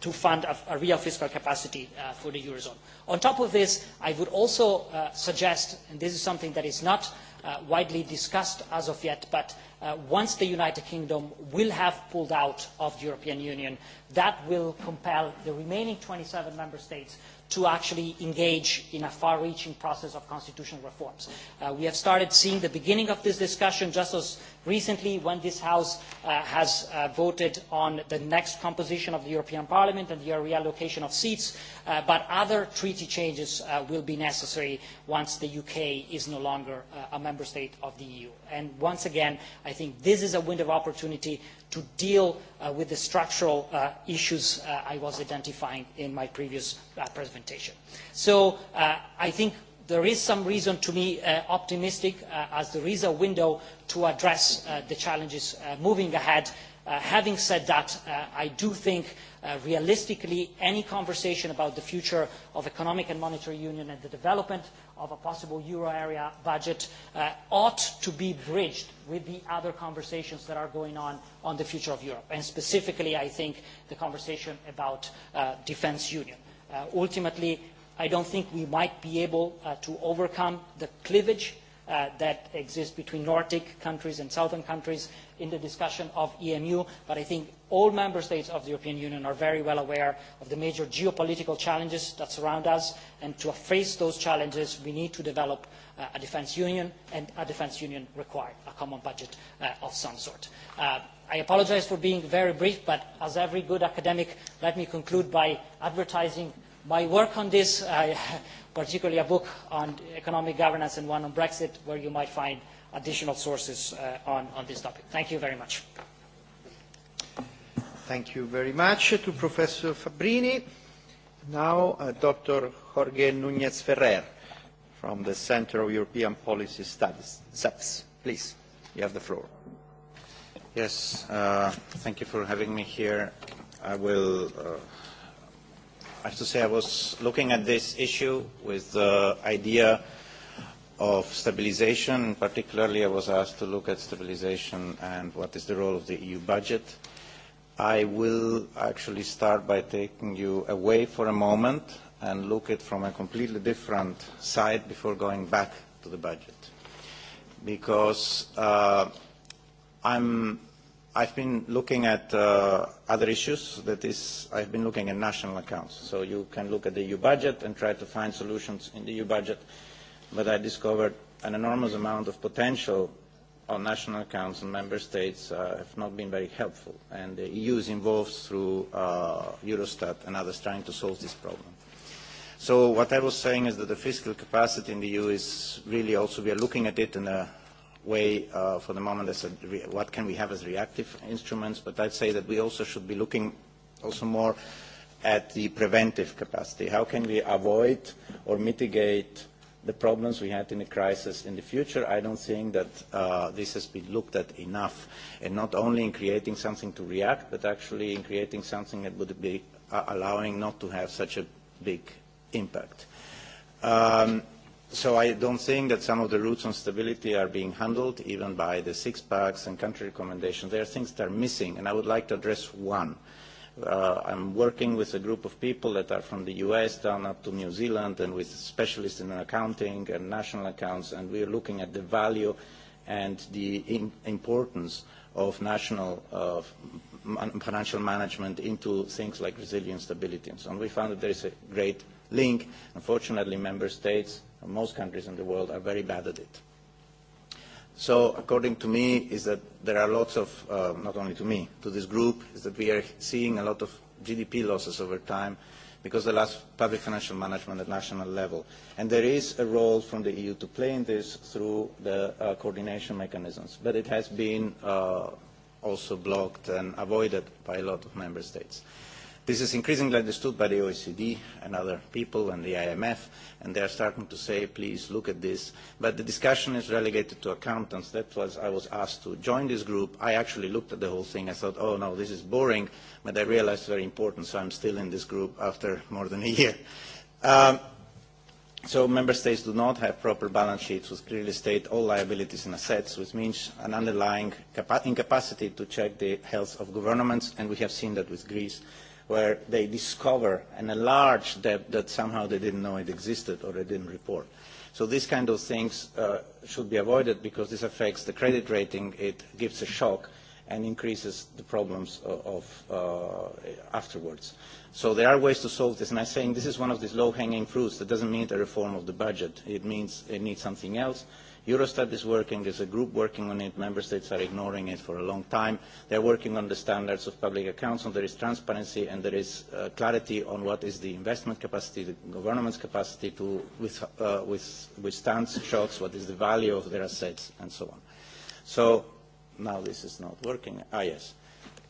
to fund a, real fiscal capacity for the eurozone. on top of this i would also suggest and this is something that is not widely discussed as of yet but once the united kingdom will have pulled out of the european union that will compel the remaining twenty seven member states to actually engage in a far-reaching process of constitutional reforms. Uh, we have started seeing the beginning of this discussion just as recently when this house uh, has uh, voted on the next composition of the european parliament and the reallocation of seats uh, but other treaty changes will be necessary once the uk is no longer a member state of the eu and once again i think this is a window of opportunity to deal with the structural issues i was identifying in my previous presentation so i think there is some reason to be uh, optimistic uh, as there is a window to address uh, the challenges moving ahead. having said that i do think realistically any conversation about the future of economic and monetary union and the development of a possible euro area budget ought to be bridged with the other conversations that are going on on the future of europe and specifically i think the conversation about defence union. ultimately i don't think we might be able uh, to overcome the cleavage uh, that exists between Nordic countries and southern countries in the discussion of EMU, but I think all member states of the European Union are very well aware of the major geopolitical challenges that surround us, and to face those challenges, we need to develop uh, a defence union, and a defence union requires a common budget uh, of some sort. Uh, I apologize for being very brief, but as every good academic, let me conclude by advertising my work on this I, [laughs] particularly a book on economic governance and one on brexit where you might find additional sources uh, on, on this topic. thank you very much. thank you very much to professor Fabrini, now uh, dr jorge nunez ferrer from the center of european policy studies SEPS. please you have the floor. yes uh, thank you for having me here. i will uh, i have to say I was looking at this issue with the idea of stabilization. Particularly, I was asked to look at stabilization and what is the role of the EU budget. I will actually start by taking you away for a moment and look at from a completely different side before going back to the budget. Because uh, I'm I've been looking at uh, other issues, that is, I've been looking at national accounts. So you can look at the EU budget and try to find solutions in the EU budget, but I discovered an enormous amount of potential on national accounts and member states uh, have not been very helpful. And the EU is involved through uh, Eurostat and others trying to solve this problem. So what I was saying is that the fiscal capacity in the EU is really also, we are looking at it in a way uh, for the moment as a, what can we have as reactive instruments, but I'd say that we also should be looking also more at the preventive capacity. How can we avoid or mitigate the problems we had in the crisis in the future? I don't think that uh, this has been looked at enough, and not only in creating something to react, but actually in creating something that would be uh, allowing not to have such a big impact. Um, so I don't think that some of the routes on stability are being handled even by the six packs and country recommendations. There are things that are missing, and I would like to address one. Uh, I'm working with a group of people that are from the US down up to New Zealand and with specialists in accounting and national accounts, and we are looking at the value and the in importance of national uh, financial management into things like resilience, stability, and so on. We found that there is a great link. Unfortunately, member states most countries in the world are very bad at it. So according to me is that there are lots of, uh, not only to me, to this group, is that we are seeing a lot of GDP losses over time because the last public financial management at national level. And there is a role from the EU to play in this through the uh, coordination mechanisms, but it has been uh, also blocked and avoided by a lot of member states. This is increasingly understood by the OECD and other people and the IMF, and they are starting to say, please look at this. But the discussion is relegated to accountants. That was, I was asked to join this group. I actually looked at the whole thing. I thought, oh no, this is boring, but I realized it's very important, so I'm still in this group after more than a year. Um, so member states do not have proper balance sheets which clearly state all liabilities and assets, which means an underlying incapacity to check the health of governments, and we have seen that with Greece where they discover an enlarge debt that somehow they didn't know it existed or they didn't report. So these kind of things uh, should be avoided because this affects the credit rating, it gives a shock and increases the problems of, of uh, afterwards. So there are ways to solve this, and I'm saying this is one of these low-hanging fruits. That doesn't mean a reform of the budget. It means it needs something else, Eurostat is working, is a group working on it, member states are ignoring it for a long time. They are working on the standards of public accounts, and there is transparency and there is uh, clarity on what is the investment capacity, the government's capacity to with, uh, with, withstand shocks, what is the value of their assets, and so on. So now this is not working. Ah, yes.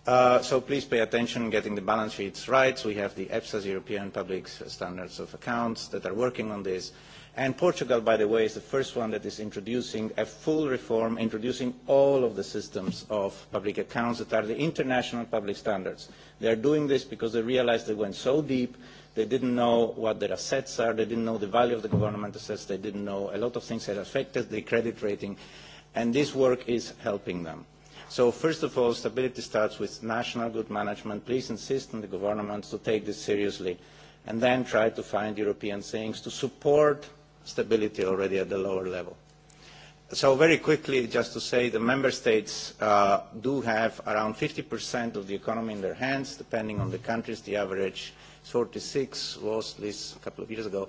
Uh, so please pay attention getting the balance sheets right. We have the EPSA's European Public Standards of Accounts that are working on this and portugal by the way is the first one that is introducing a full reform introducing all of the systems of public accounts that are the international public standards. they are doing this because they realised they went so deep they didn't know what their assets are they didn't know the value of the government assets they didn't know a lot of things that affected the credit rating and this work is helping them. so first of all stability starts with national good management. please insist on the governments to take this seriously and then try to find european things to support stability already at the lower level. So very quickly, just to say, the member states uh, do have around 50% of the economy in their hands, depending on the countries. The average is 46, was this a couple of years ago.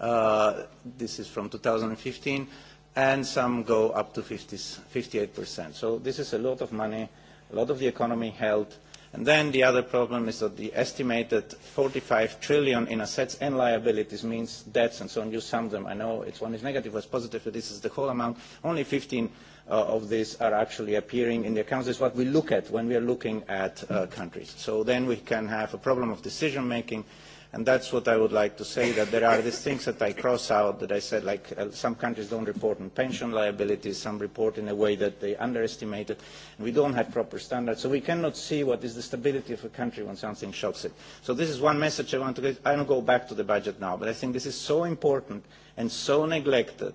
Uh, this is from 2015, and some go up to 50, 58%. So this is a lot of money, a lot of the economy held And then the other problem is that the estimated 45 trillion in assets and liabilities means debts and so on. You sum them. I know it's one is negative, one is positive, but this is the whole amount. Only 15 uh, of these are actually appearing in the accounts. is what we look at when we are looking at uh, countries. So then we can have a problem of decision making and that's what I would like to say, that there are these things that I cross out that I said, like uh, some countries don't report on pension liabilities, some report in a way that they underestimate it. And we don't have proper standards, so we cannot see what is the stability of a country when something shocks it. So this is one message I want to get. I don't go back to the budget now, but I think this is so important and so neglected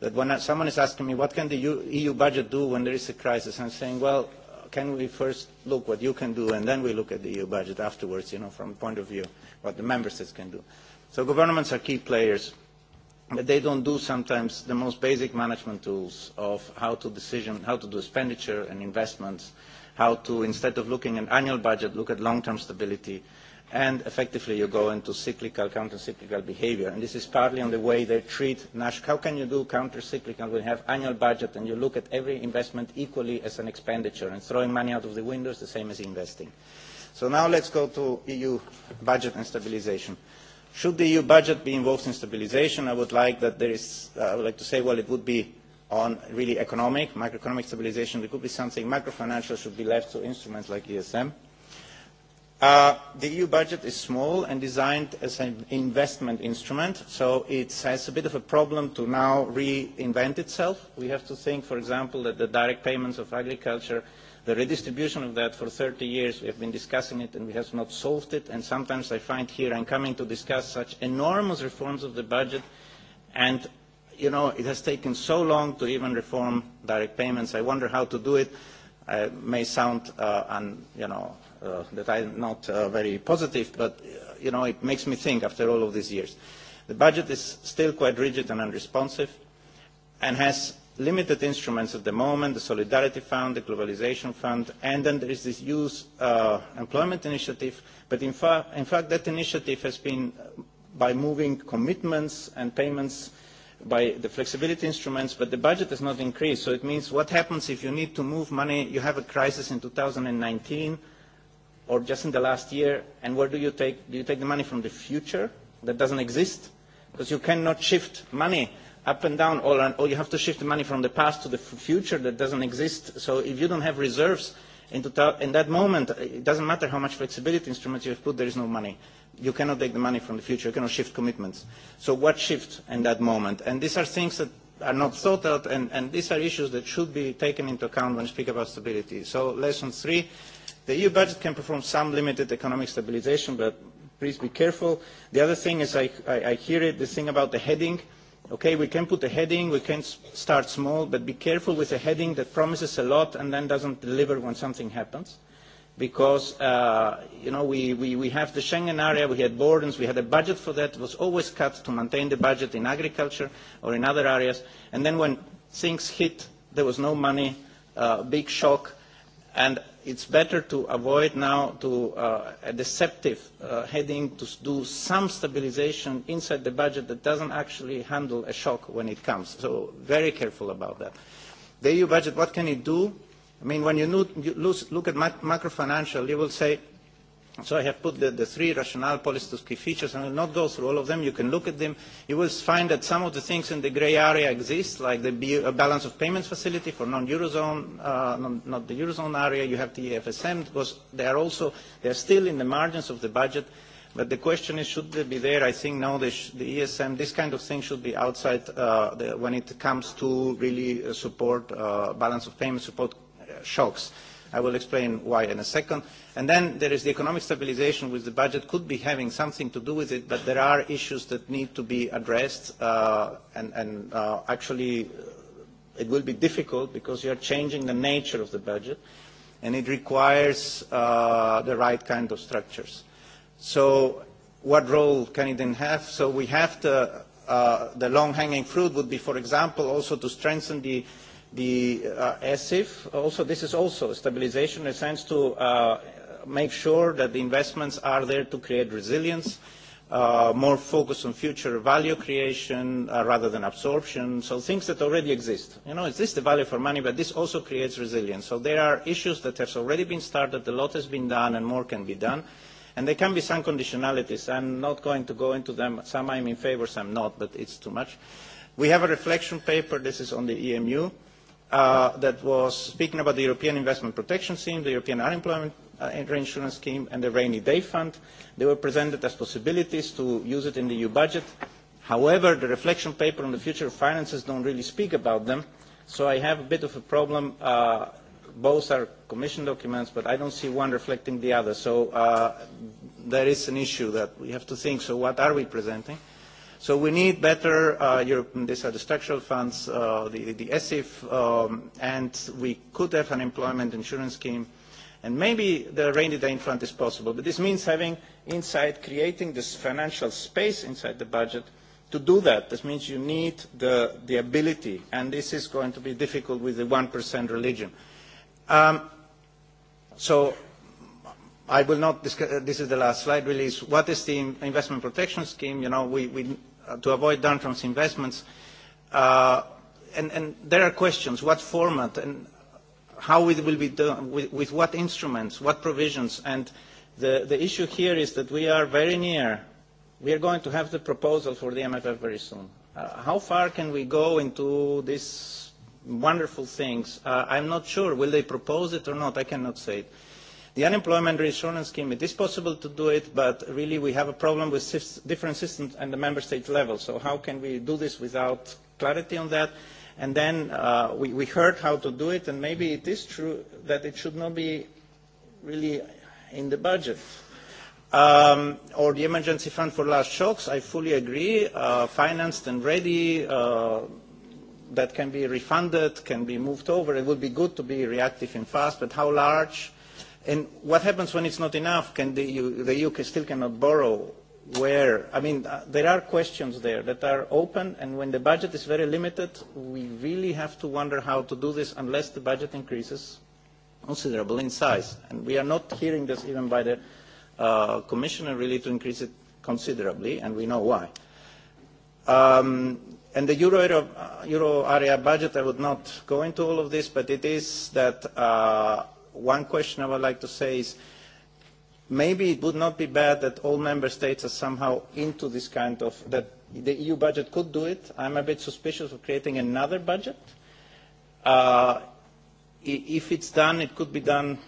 that when someone is asking me, what can the EU e budget do when there is a crisis, I'm saying, well, can we first look what you can do and then we look at the EU budget afterwards, you know, from the point of view what the member states can do. So governments are key players, but they don't do sometimes the most basic management tools of how to decision, how to do expenditure and investments, how to, instead of looking at annual budget, look at long-term stability, and effectively you go into cyclical, counter-cyclical behavior. And this is partly on the way they treat national. How can you do counter-cyclical when you have annual budget and you look at every investment equally as an expenditure and throwing money out of the window is the same as investing. So now let's go to EU budget and stabilization. Should the EU budget be involved in stabilization? I would like that there is, I would like to say, well, it would be on really economic, macroeconomic stabilization. There could be something, macrofinancial should be left to instruments like ESM. Uh, the EU budget is small and designed as an investment instrument, so it has a bit of a problem to now reinvent itself. We have to think, for example, that the direct payments of agriculture, the redistribution of that for 30 years, we have been discussing it and we have not solved it, and sometimes I find here I'm coming to discuss such enormous reforms of the budget, and you know, it has taken so long to even reform direct payments. I wonder how to do it. Uh, I may sound, uh, un, you know, uh, that I'm not uh, very positive, but uh, you know, it makes me think after all of these years. The budget is still quite rigid and unresponsive and has limited instruments at the moment, the Solidarity Fund, the Globalization Fund, and then there is this Youth uh, Employment Initiative, but in, fa in fact that initiative has been, uh, by moving commitments and payments by the flexibility instruments, but the budget has not increased. So it means what happens if you need to move money, you have a crisis in 2019, or just in the last year? And where do you take, do you take the money from the future that doesn't exist? Because you cannot shift money up and down, or, or you have to shift the money from the past to the future that doesn't exist. So if you don't have reserves in, tota-, in that moment, it doesn't matter how much flexibility instruments you have put, there is no money. You cannot take the money from the future. You cannot shift commitments. So what shift in that moment? And these are things that are not thought out, and, and these are issues that should be taken into account when you speak about stability. So lesson three, The EU budget can perform some limited economic stabilization, but please be careful. The other thing is, I, I, I hear it, the thing about the heading. Okay, we can put a heading, we can start small, but be careful with a heading that promises a lot and then doesn't deliver when something happens. Because, uh, you know, we, we, we have the Schengen area, we had borders, we had a budget for that. It was always cut to maintain the budget in agriculture or in other areas. And then when things hit, there was no money, uh, big shock, and it's better to avoid now to uh, a deceptive uh, heading to do some stabilization inside the budget that doesn't actually handle a shock when it comes. So very careful about that. The EU budget, what can it do? I mean, when you, lose, look at macro financial, you will say So I have put the, the three rationale policy key features, and I will not go through all of them. You can look at them. You will find that some of the things in the grey area exist, like the balance of payments facility for non-Eurozone, uh, non, not the Eurozone area. You have the EFSM, because they are also, they are still in the margins of the budget. But the question is, should they be there? I think now they sh the ESM, this kind of thing should be outside uh, the, when it comes to really uh, support, uh, balance of payments support uh, shocks. I will explain why in a second. And then there is the economic stabilization which the budget could be having something to do with it, but there are issues that need to be addressed uh, and, and uh, actually uh, it will be difficult because you are changing the nature of the budget and it requires the right kind of structures. So what role can it then have? So we have to, uh, the long-hanging fruit would be, for example, also to strengthen the the uh, ESIF. Also, this is also stabilization in a sense to uh, make sure that the investments are there to create resilience, uh, more focus on future value creation uh, rather than absorption. So things that already exist. You know, this the value for money, but this also creates resilience. So there are issues that have already been started, a lot has been done, and more can be done. And there can be some conditionalities. I'm not going to go into them. Some I'm in favor, some not, but it's too much. We have a reflection paper. This is on the EMU uh, that was speaking about the European Investment Protection Scheme, the European Unemployment uh, Reinsurance Scheme, and the Rainy Day Fund. They were presented as possibilities to use it in the EU budget. However, the reflection paper on the future of finances don't really speak about them, so I have a bit of a problem. Uh, both are commission documents, but I don't see one reflecting the other. So uh, there is an issue that we have to think. So what are we presenting? So we need better uh, European, these are the structural funds, uh, the, the ESIF, um, and we could have an employment insurance scheme. And maybe the rainy day in front is possible, but this means having inside, creating this financial space inside the budget to do that. This means you need the, the ability, and this is going to be difficult with the 1% religion. Um, so I will not discuss, this is the last slide, release. what is the investment protection scheme? You know, we, we Uh, to avoid downturns investments. Uh, and, and there are questions, what format and how it will be done, with, with what instruments, what provisions. And the, the issue here is that we are very near. We are going to have the proposal for the MFF very soon. Uh, how far can we go into these wonderful things? Uh, I'm not sure. Will they propose it or not? I cannot say it. The unemployment reinsurance scheme, it is possible to do it, but really we have a problem with different systems at the member state level. So how can we do this without clarity on that? And then uh, we, heard how to do it, and maybe it is true that it should not be really in the budget. Um, or the emergency fund for last shocks, I fully agree, uh, financed and ready, uh, that can be refunded, can be moved over. It would be good to be reactive and fast, but how large And what happens when it's not enough? Can the, EU, the EU still cannot borrow? Where? I mean, uh, there are questions there that are open, and when the budget is very limited, we really have to wonder how to do this unless the budget increases considerably in size. And we are not hearing this even by the uh, Commissioner really to increase it considerably, and we know why. Um, and the euro area, uh, euro area budget, I would not go into all of this, but it is that uh, one question I would like to say is maybe it would not be bad that all member states are somehow into this kind of that the EU budget could do it. I'm a bit suspicious of creating another budget. Uh, if it's done, it could be done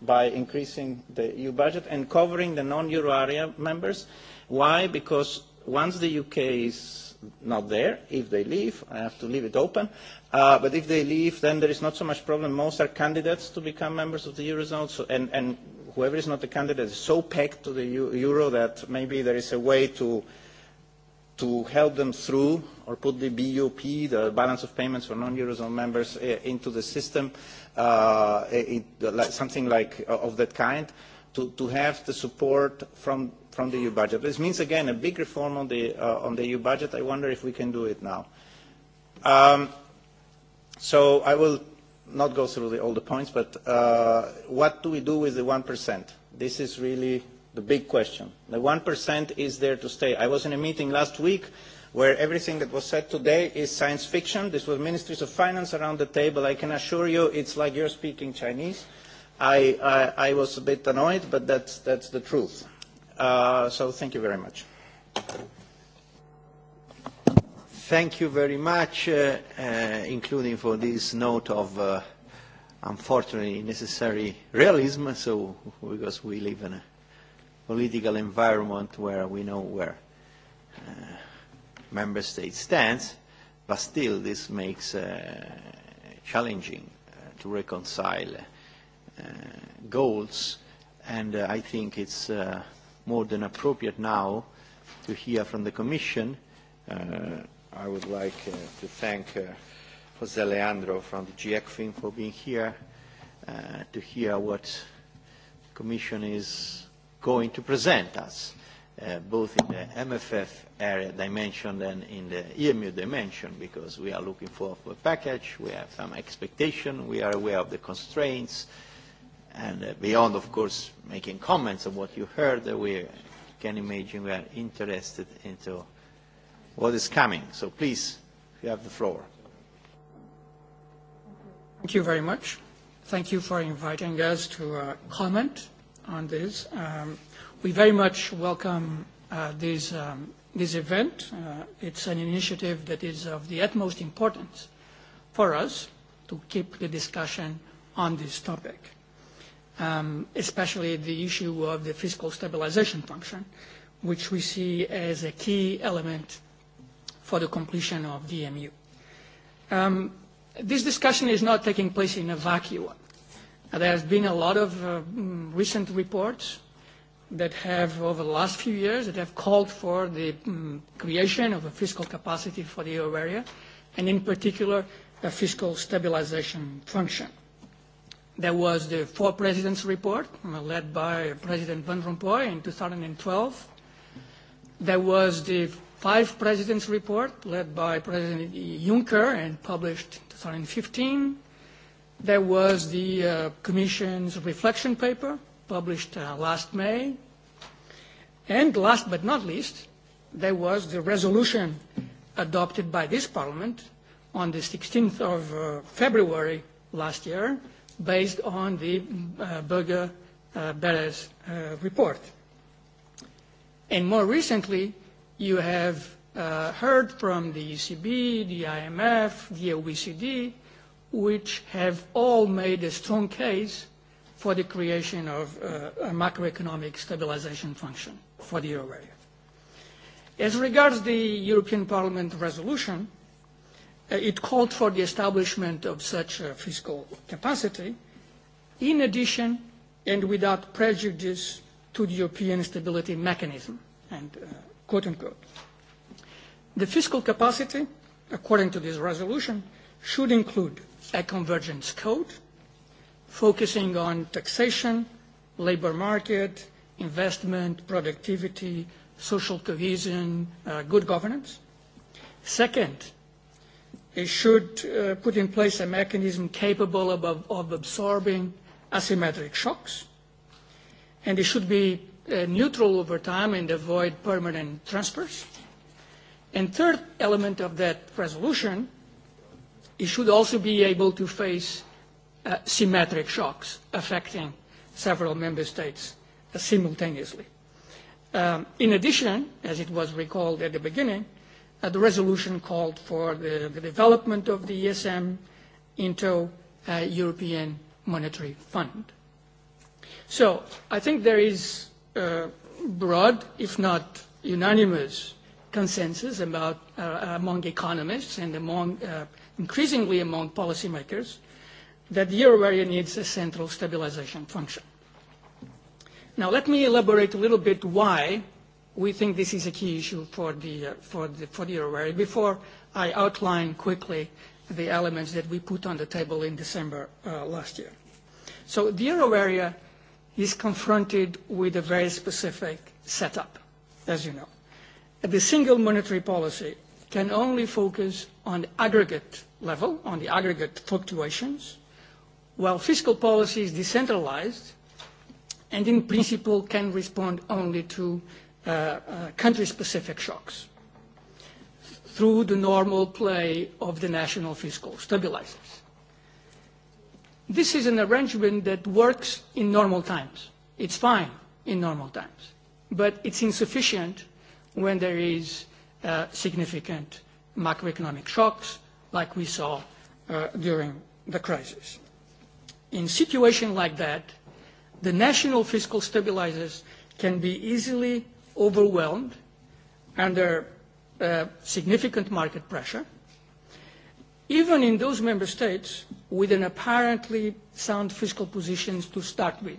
by increasing the EU budget and covering the non-euro area members. Why? Because once the UK is not there. If they leave, I have to leave it open. Uh, but if they leave, then there is not so much problem. Most are candidates to become members of the Eurozone, so, and, and whoever is not a candidate is so pegged to the Euro that maybe there is a way to, to help them through or put the BUP, the balance of payments for non-Eurozone members, uh, into the system, uh, it, something like uh, of that kind, to, to have the support from from the EU budget. This means, again, a big reform on the, uh, on the EU budget. I wonder if we can do it now. Um, so I will not go through the, all the points, but uh, what do we do with the 1%? This is really the big question. The 1% is there to stay. I was in a meeting last week where everything that was said today is science fiction. This was ministries of finance around the table. I can assure you it's like you're speaking Chinese. I, I, I was a bit annoyed, but that's, that's the truth. Uh, so thank you very much. Thank you very much, uh, uh, including for this note of uh, unfortunately necessary realism, so because we live in a political environment where we know where uh, member state stands, but still this makes uh, challenging uh, to reconcile uh, goals, and uh, I think it's uh, more than appropriate now to hear from the Commission. Uh, I would like uh, to thank uh, Jose Leandro from the GECFIN for being here uh, to hear what the Commission is going to present us, uh, both in the MFF area dimension and in the EMU dimension, because we are looking for, a package, we have some expectation, we are aware of the constraints, And uh, beyond, of course, making comments on what you heard, we can imagine we are interested into what is coming. So please, you have the floor. Thank you very much. Thank you for inviting us to uh, comment on this. Um, we very much welcome uh, this, um, this event. Uh, it's an initiative that is of the utmost importance for us to keep the discussion on this topic um, especially the issue of the fiscal stabilization function, which we see as a key element for the completion of DMU. Um, this discussion is not taking place in a vacuum. There has been a lot of uh, mm, recent reports that have, over the last few years, that have called for the mm, creation of a fiscal capacity for the euro area, and in particular, a fiscal stabilization function. There was the Four Presidents Report, uh, led by President Van Rompuy in 2012. There was the Five Presidents Report, led by President Juncker and published in 2015. There was the uh, Commission's reflection paper, published uh, last May. And last but not least, there was the resolution adopted by this Parliament on the 16th of uh, February last year, based on the uh, Berger uh, Beres uh, report. And more recently, you have uh, heard from the ECB, the IMF, the OECD, which have all made a strong case for the creation of uh, a macroeconomic stabilization function for the euro area. As regards the European Parliament resolution, Uh, it called for the establishment of such a fiscal capacity in addition and without prejudice to the European stability mechanism and uh, quote unquote. The fiscal capacity, according to this resolution, should include a convergence code focusing on taxation, labor market, investment, productivity, social cohesion, uh, good governance. Second, it should uh, put in place a mechanism capable of, of absorbing asymmetric shocks, and it should be uh, neutral over time and avoid permanent transfers. And third element of that resolution, it should also be able to face uh, symmetric shocks affecting several member states uh, simultaneously. Um, in addition, as it was recalled at the beginning, uh, the resolution called for the, the development of the ESM into a European Monetary Fund. So I think there is a uh, broad, if not unanimous, consensus about, uh, among economists and among, uh, increasingly among policymakers that the euro area needs a central stabilization function. Now let me elaborate a little bit why we think this is a key issue for the, uh, for the, for the euro area. Before I outline quickly the elements that we put on the table in December uh, last year. So the euro area is confronted with a very specific setup, as you know. The single monetary policy can only focus on the aggregate level, on the aggregate fluctuations, while fiscal policy is decentralized and in principle can respond only to Uh, uh, country-specific shocks through the normal play of the national fiscal stabilizers. This is an arrangement that works in normal times. It's fine in normal times, but it's insufficient when there is uh, significant macroeconomic shocks like we saw during the crisis. In situations like that, the national fiscal stabilizers can be easily overwhelmed under uh, significant market pressure, even in those member states with an apparently sound fiscal position to start with.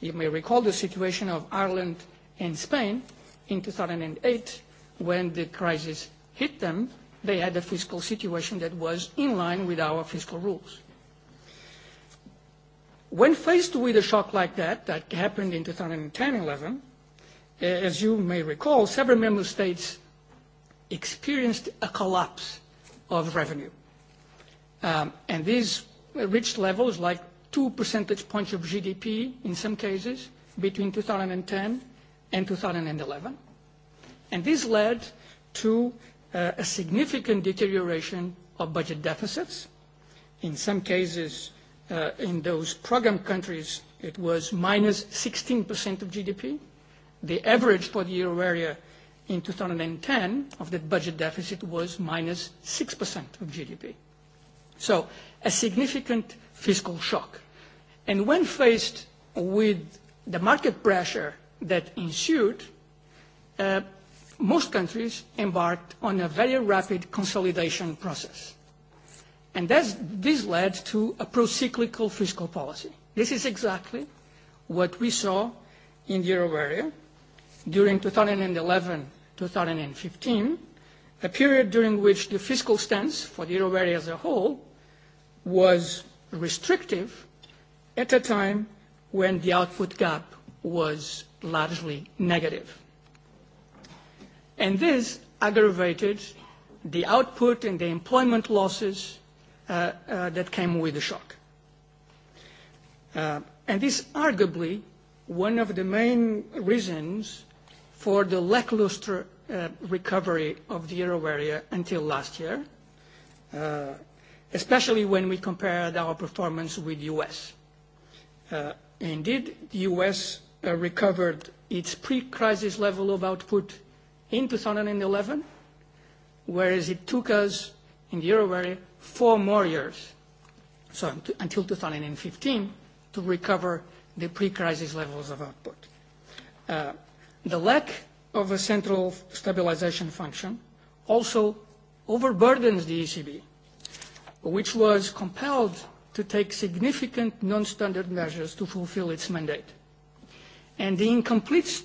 You may recall the situation of Ireland and Spain in 2008 when the crisis hit them, they had a fiscal situation that was in line with our fiscal rules. When faced with a shock like that, that happened in 2010-11, as you may recall, several member states experienced a collapse of revenue. Um, and these reached levels like two percentage points of GDP in some cases between 2010 and 2011. And this led to uh, a significant deterioration of budget deficits. In some cases, uh, in those program countries, it was minus 16% of GDP The average for the euro area in 2010 of that budget deficit was minus 6% of GDP. So a significant fiscal shock. And when faced with the market pressure that ensued, uh, most countries embarked on a very rapid consolidation process. And that's, this led to a pro-cyclical fiscal policy. This is exactly what we saw in the euro area during 2011-2015, a period during which the fiscal stance for the euro area as a whole was restrictive at a time when the output gap was largely negative. And this aggravated the output and the employment losses uh, uh, that came with the shock. Uh, and this arguably one of the main reasons for the lackluster uh, recovery of the euro area until last year, uh, especially when we compared our performance with the U.S. Uh, indeed, the U.S. Uh, recovered its pre-crisis level of output in 2011, whereas it took us in the euro area four more years, so until 2015, to recover the pre-crisis levels of output the lack of a central stabilization function also overburdens the ECB, which was compelled to take significant non-standard measures to fulfill its mandate. And the incomplete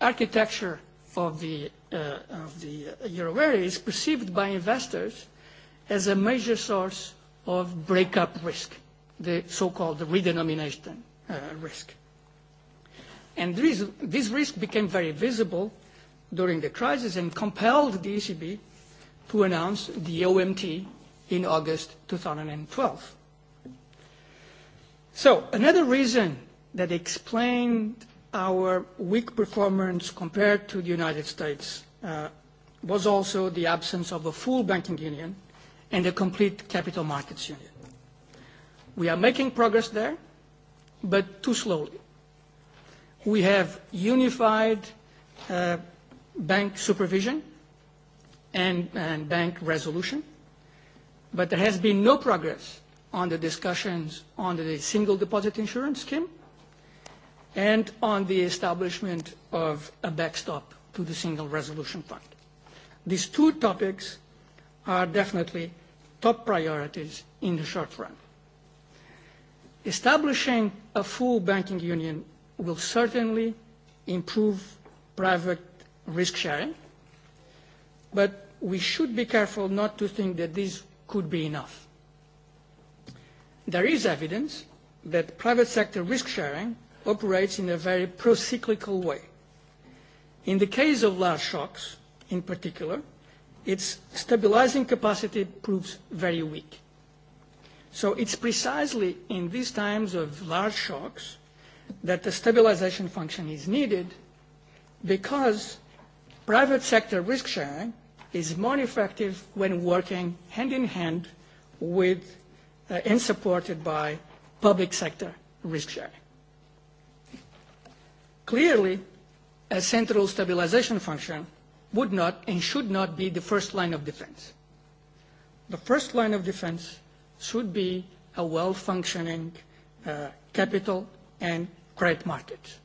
architecture of the, uh, of the euro area is perceived by investors as a major source of breakup risk, the so-called redenomination uh, risk. And this, risk became very visible during the crisis and compelled the ECB to announce the OMT in August 2012. So another reason that explained our weak performance compared to the United States uh, was also the absence of a full banking union and a complete capital markets union. We are making progress there, but too slowly. We have unified uh, bank supervision and, and bank resolution, but there has been no progress on the discussions on the single deposit insurance scheme and on the establishment of a backstop to the single resolution fund. These two topics are definitely top priorities in the short run. Establishing a full banking union will certainly improve private risk sharing, but we should be careful not to think that this could be enough. There is evidence that private sector risk sharing operates in a very pro-cyclical way. In the case of large shocks, in particular, its stabilizing capacity proves very weak. So it's precisely in these times of large shocks that the stabilization function is needed because private sector risk sharing is more effective when working hand in hand with uh, and supported by public sector risk sharing. Clearly, a central stabilization function would not and should not be the first line of defense. The first line of defense should be a well-functioning uh, capital and credit markets.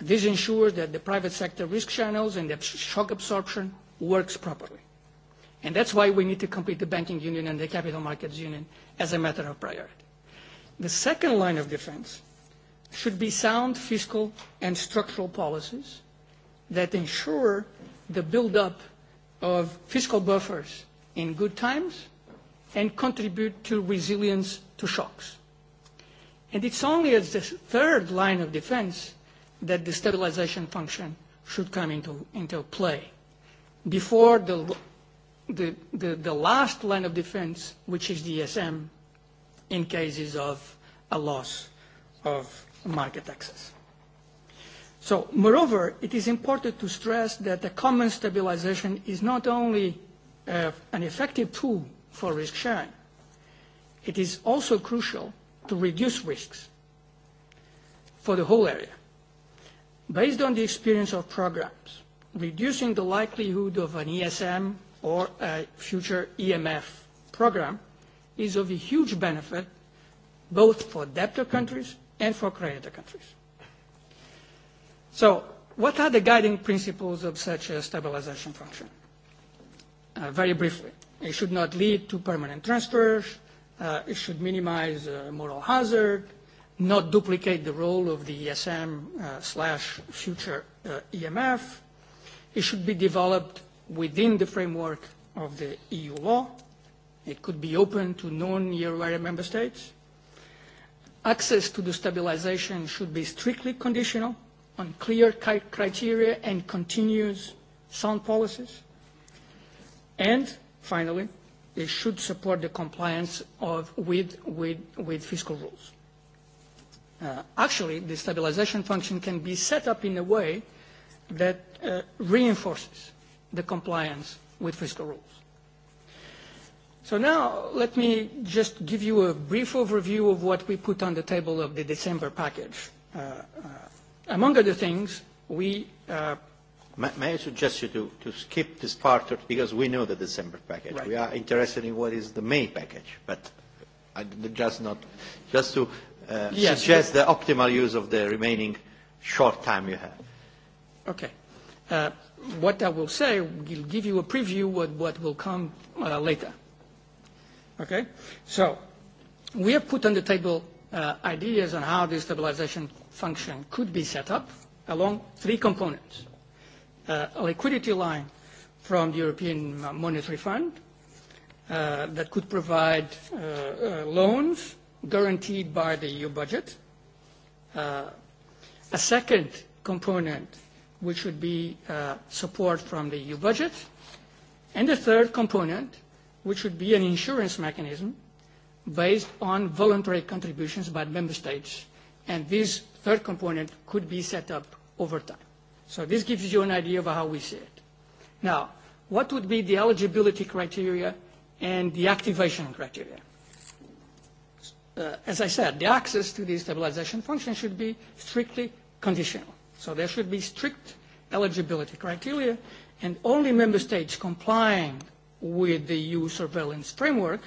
This ensures that the private sector risk channels and the shock absorption works properly. And that's why we need to complete the banking union and the capital markets union as a matter of priority. The second line of defense should be sound fiscal and structural policies that ensure the build-up of fiscal buffers in good times and contribute to resilience to shocks. And it's only as the third line of defense that the stabilization function should come into, into play. Before the, the, the, last line of defense, which is the ESM, in cases of a loss of market access. So, moreover, it is important to stress that the common stabilization is not only uh, an effective tool for risk sharing, it is also crucial to reduce risks for the whole area. Based on the experience of programs, reducing the likelihood of an ESM or a future EMF program is of a huge benefit both for debtor countries and for creditor countries. So what are the guiding principles of such a stabilization function? Uh, very briefly, it should not lead to permanent transfers, Uh, it should minimize uh, moral hazard, not duplicate the role of the ESM uh, slash future EMF. It should be developed within the framework of the EU law. It could be open to non-euro area member states. Access to the stabilization should be strictly conditional on clear criteria and continuous sound policies. And finally, they should support the compliance with, fiscal rules. Uh, actually, the stabilization function can be set up in a way that uh, reinforces the compliance with fiscal rules. So now let me just give you a brief overview of what we put on the table of the December package. Uh, among other things, we May I suggest you to, to skip this part because we know the December package. We are interested in what is the May package, but I, just not just to uh, suggest the optimal use of the remaining short time you have. Okay. Uh, what I will say will give you a preview of what will come uh, later. Okay? So, we have put on the table uh, ideas on how the stabilization function could be set up along three components Uh, a liquidity line from the European Monetary Fund uh, that could provide uh, uh, loans guaranteed by the EU budget. Uh, a second component, which would be uh, support from the EU budget, and the third component, which would be an insurance mechanism based on voluntary contributions by member states. And this third component could be set up over time. So this gives you an idea of how we see it. Now, what would be the eligibility criteria and the activation criteria? Uh, as I said, the access to the stabilization function should be strictly conditional. So there should be strict eligibility criteria, and only member states complying with the EU surveillance framework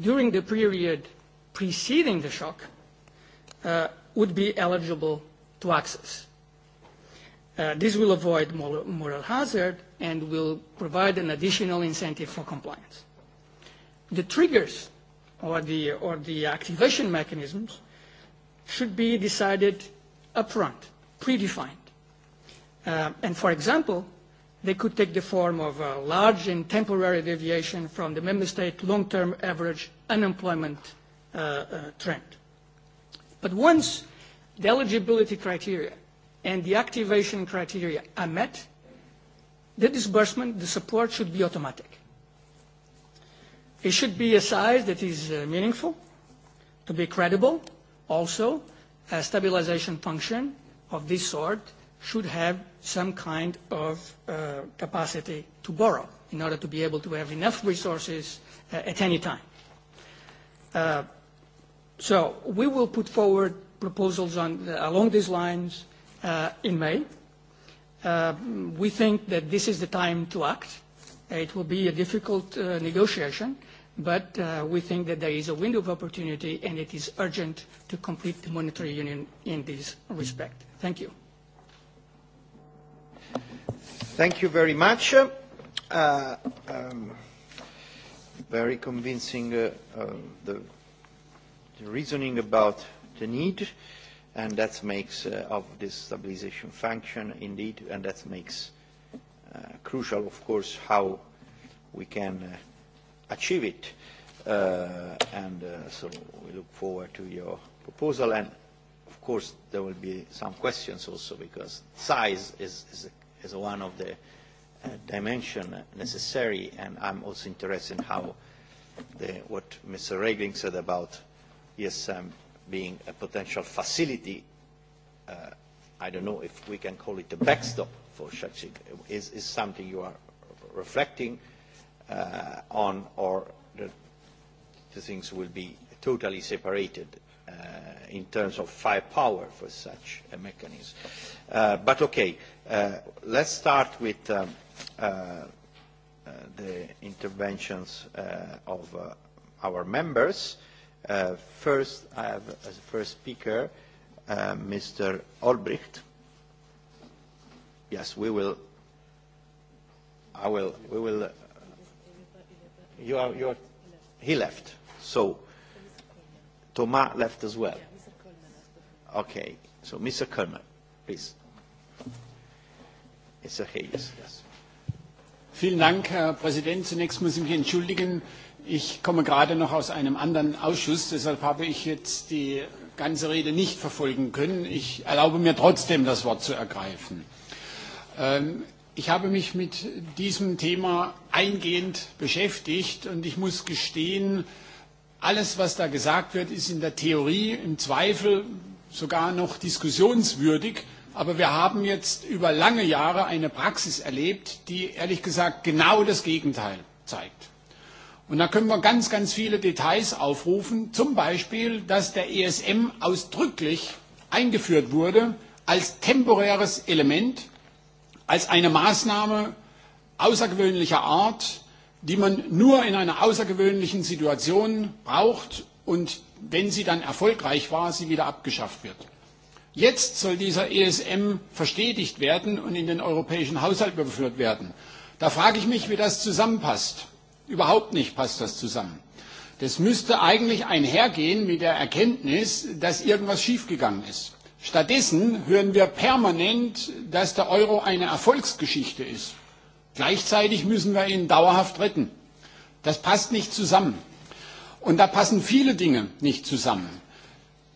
during the period preceding the shock uh, would be eligible to access. Uh, this will avoid moral hazard and will provide an additional incentive for compliance. The triggers or the, or the activation mechanisms should be decided upfront, predefined. Uh, and for example, they could take the form of a large and temporary deviation from the member state long-term average unemployment uh, trend. But once the eligibility criteria and the activation criteria are met, the disbursement, the support should be automatic. It should be a size that is uh, meaningful, to be credible. Also, a stabilization function of this sort should have some kind of uh, capacity to borrow in order to be able to have enough resources uh, at any time. so we will put forward proposals along these lines Uh, in May. Uh, we think that this is the time to act. It will be a difficult uh, negotiation, but we think that there is a window of opportunity and it is urgent to complete the monetary union in this respect. Thank you. Thank you very much. Um, very convincing the reasoning about the need and that makes uh, of this stabilization function indeed, and that makes uh, crucial, of course, how we can uh, achieve it. Uh, and uh, so we look forward to your proposal. And of course, there will be some questions also because size is, is, is one of the uh, dimension necessary. And I'm also interested in how the, what Mr. Regling said about ESM being a potential facility uh, I don't know if we can call it a backstop for such is is something you are reflecting uh, on or the, the things will be totally separated uh, in terms of firepower for such a mechanism. but okay, let's start with um, the interventions of our members Uh, first, I have as first speaker uh, Mr. Olbricht. Yes, we will. I will. We will. Uh, you are. You are. He left. So, Thomas left as well. Okay. So, Mr. Kerman, please. Mr. Hayes, yes. Vielen Dank, Herr Präsident. Zunächst muss ich mich entschuldigen Ich komme gerade noch aus einem anderen Ausschuss, deshalb habe ich jetzt die ganze Rede nicht verfolgen können. Ich erlaube mir trotzdem, das Wort zu ergreifen. Ähm, ich habe mich mit diesem Thema eingehend beschäftigt und ich muss gestehen, alles, was da gesagt wird, ist in der Theorie im Zweifel sogar noch diskussionswürdig. Aber wir haben jetzt über lange Jahre eine Praxis erlebt, die ehrlich gesagt genau das Gegenteil zeigt. Und da können wir ganz, ganz viele Details aufrufen, zum Beispiel, dass der ESM ausdrücklich eingeführt wurde als temporäres Element, als eine Maßnahme außergewöhnlicher Art, die man nur in einer außergewöhnlichen Situation braucht und wenn sie dann erfolgreich war, sie wieder abgeschafft wird. Jetzt soll dieser ESM verstetigt werden und in den europäischen Haushalt überführt werden. Da frage ich mich, wie das zusammenpasst. Überhaupt nicht passt das zusammen. Das müsste eigentlich einhergehen mit der Erkenntnis, dass irgendwas schiefgegangen ist. Stattdessen hören wir permanent, dass der Euro eine Erfolgsgeschichte ist. Gleichzeitig müssen wir ihn dauerhaft retten. Das passt nicht zusammen. Und da passen viele Dinge nicht zusammen.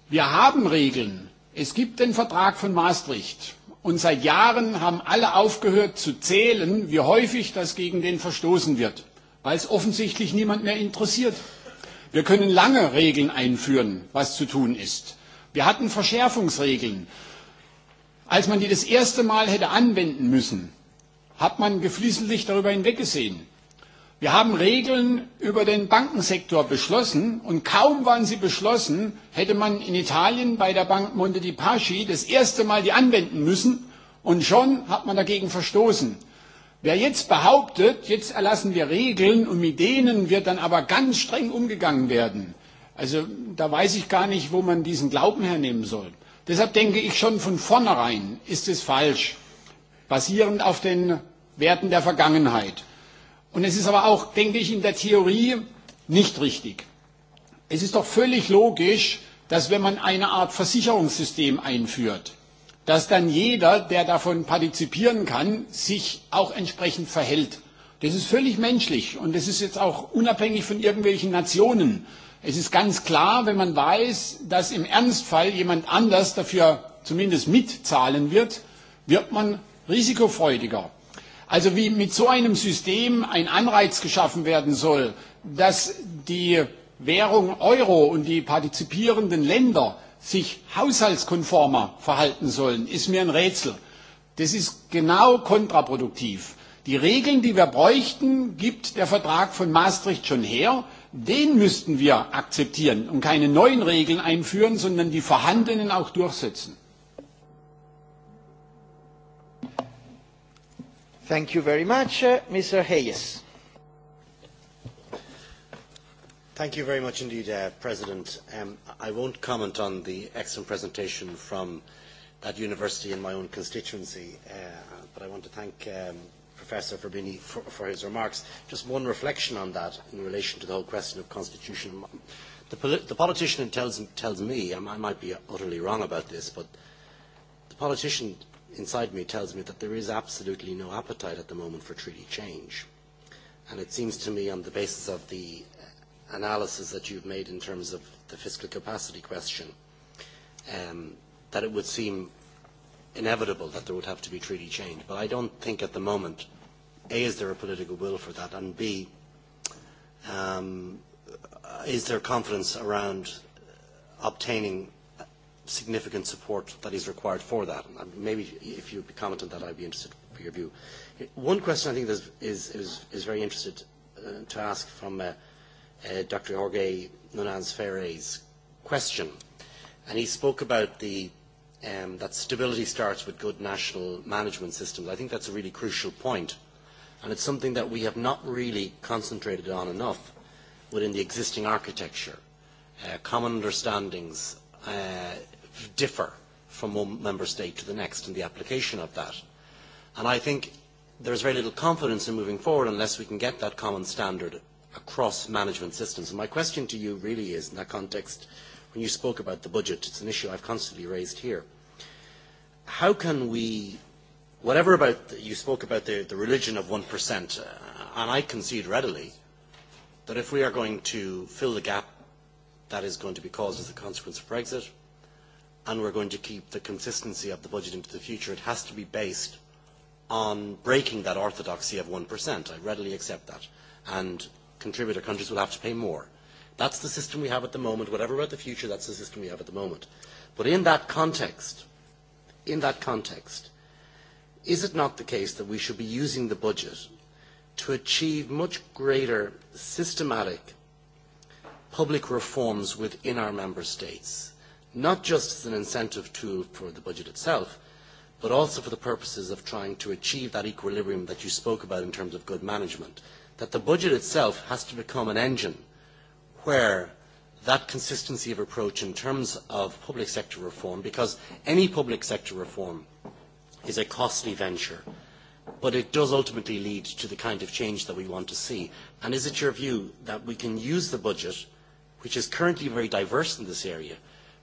Wir haben Regeln. Es gibt den Vertrag von Maastricht. Und seit Jahren haben alle aufgehört zu zählen, wie häufig das gegen den verstoßen wird weil es offensichtlich niemand mehr interessiert. Wir können lange Regeln einführen, was zu tun ist. Wir hatten Verschärfungsregeln. Als man die das erste Mal hätte anwenden müssen, hat man geflissentlich darüber hinweggesehen. Wir haben Regeln über den Bankensektor beschlossen und kaum waren sie beschlossen, hätte man in Italien bei der Bank Monte di Paschi das erste Mal die anwenden müssen und schon hat man dagegen verstoßen. Wer jetzt behauptet, jetzt erlassen wir Regeln und mit denen wird dann aber ganz streng umgegangen werden, also da weiß ich gar nicht, wo man diesen Glauben hernehmen soll. Deshalb denke ich schon von vornherein ist es falsch, basierend auf den Werten der Vergangenheit. Und es ist aber auch, denke ich, in der Theorie nicht richtig. Es ist doch völlig logisch, dass wenn man eine Art Versicherungssystem einführt, dass dann jeder, der davon partizipieren kann, sich auch entsprechend verhält. Das ist völlig menschlich und das ist jetzt auch unabhängig von irgendwelchen Nationen. Es ist ganz klar, wenn man weiß, dass im Ernstfall jemand anders dafür zumindest mitzahlen wird, wird man risikofreudiger. Also wie mit so einem System ein Anreiz geschaffen werden soll, dass die Währung Euro und die partizipierenden Länder sich haushaltskonformer verhalten sollen, ist mir ein Rätsel. Das ist genau kontraproduktiv. Die Regeln, die wir bräuchten, gibt der Vertrag von Maastricht schon her. Den müssten wir akzeptieren und keine neuen Regeln einführen, sondern die vorhandenen auch durchsetzen. Thank you very much, uh, Mr. Thank you very much indeed, uh, President. Um, I won't comment on the excellent presentation from that university in my own constituency, uh, but I want to thank um, Professor Fabini for, for his remarks. Just one reflection on that in relation to the whole question of constitution. The, the politician tells, tells me, and I might be utterly wrong about this, but the politician inside me tells me that there is absolutely no appetite at the moment for treaty change. And it seems to me on the basis of the analysis that you've made in terms of the fiscal capacity question, um, that it would seem inevitable that there would have to be treaty change. But I don't think at the moment, A, is there a political will for that, and B, um, is there confidence around obtaining significant support that is required for that? And maybe if you comment on that, I'd be interested for your view. One question I think is, is, is very interested uh, to ask from uh, Uh, Dr. Jorge Nunez Ferre's question. And he spoke about the, um, that stability starts with good national management systems. I think that's a really crucial point. And it's something that we have not really concentrated on enough within the existing architecture. Uh, common understandings uh, differ from one member state to the next in the application of that. And I think there is very little confidence in moving forward unless we can get that common standard across management systems. And my question to you really is, in that context, when you spoke about the budget, it's an issue I've constantly raised here. How can we, whatever about, you spoke about the, the religion of 1%, uh, and I concede readily that if we are going to fill the gap that is going to be caused as a consequence of Brexit, and we're going to keep the consistency of the budget into the future, it has to be based on breaking that orthodoxy of 1%. I readily accept that. And contributor countries will have to pay more. That's the system we have at the moment. Whatever about the future, that's the system we have at the moment. But in that context, in that context, is it not the case that we should be using the budget to achieve much greater systematic public reforms within our member states, not just as an incentive tool for the budget itself, but also for the purposes of trying to achieve that equilibrium that you spoke about in terms of good management? that the budget itself has to become an engine where that consistency of approach in terms of public sector reform, because any public sector reform is a costly venture, but it does ultimately lead to the kind of change that we want to see. And is it your view that we can use the budget, which is currently very diverse in this area,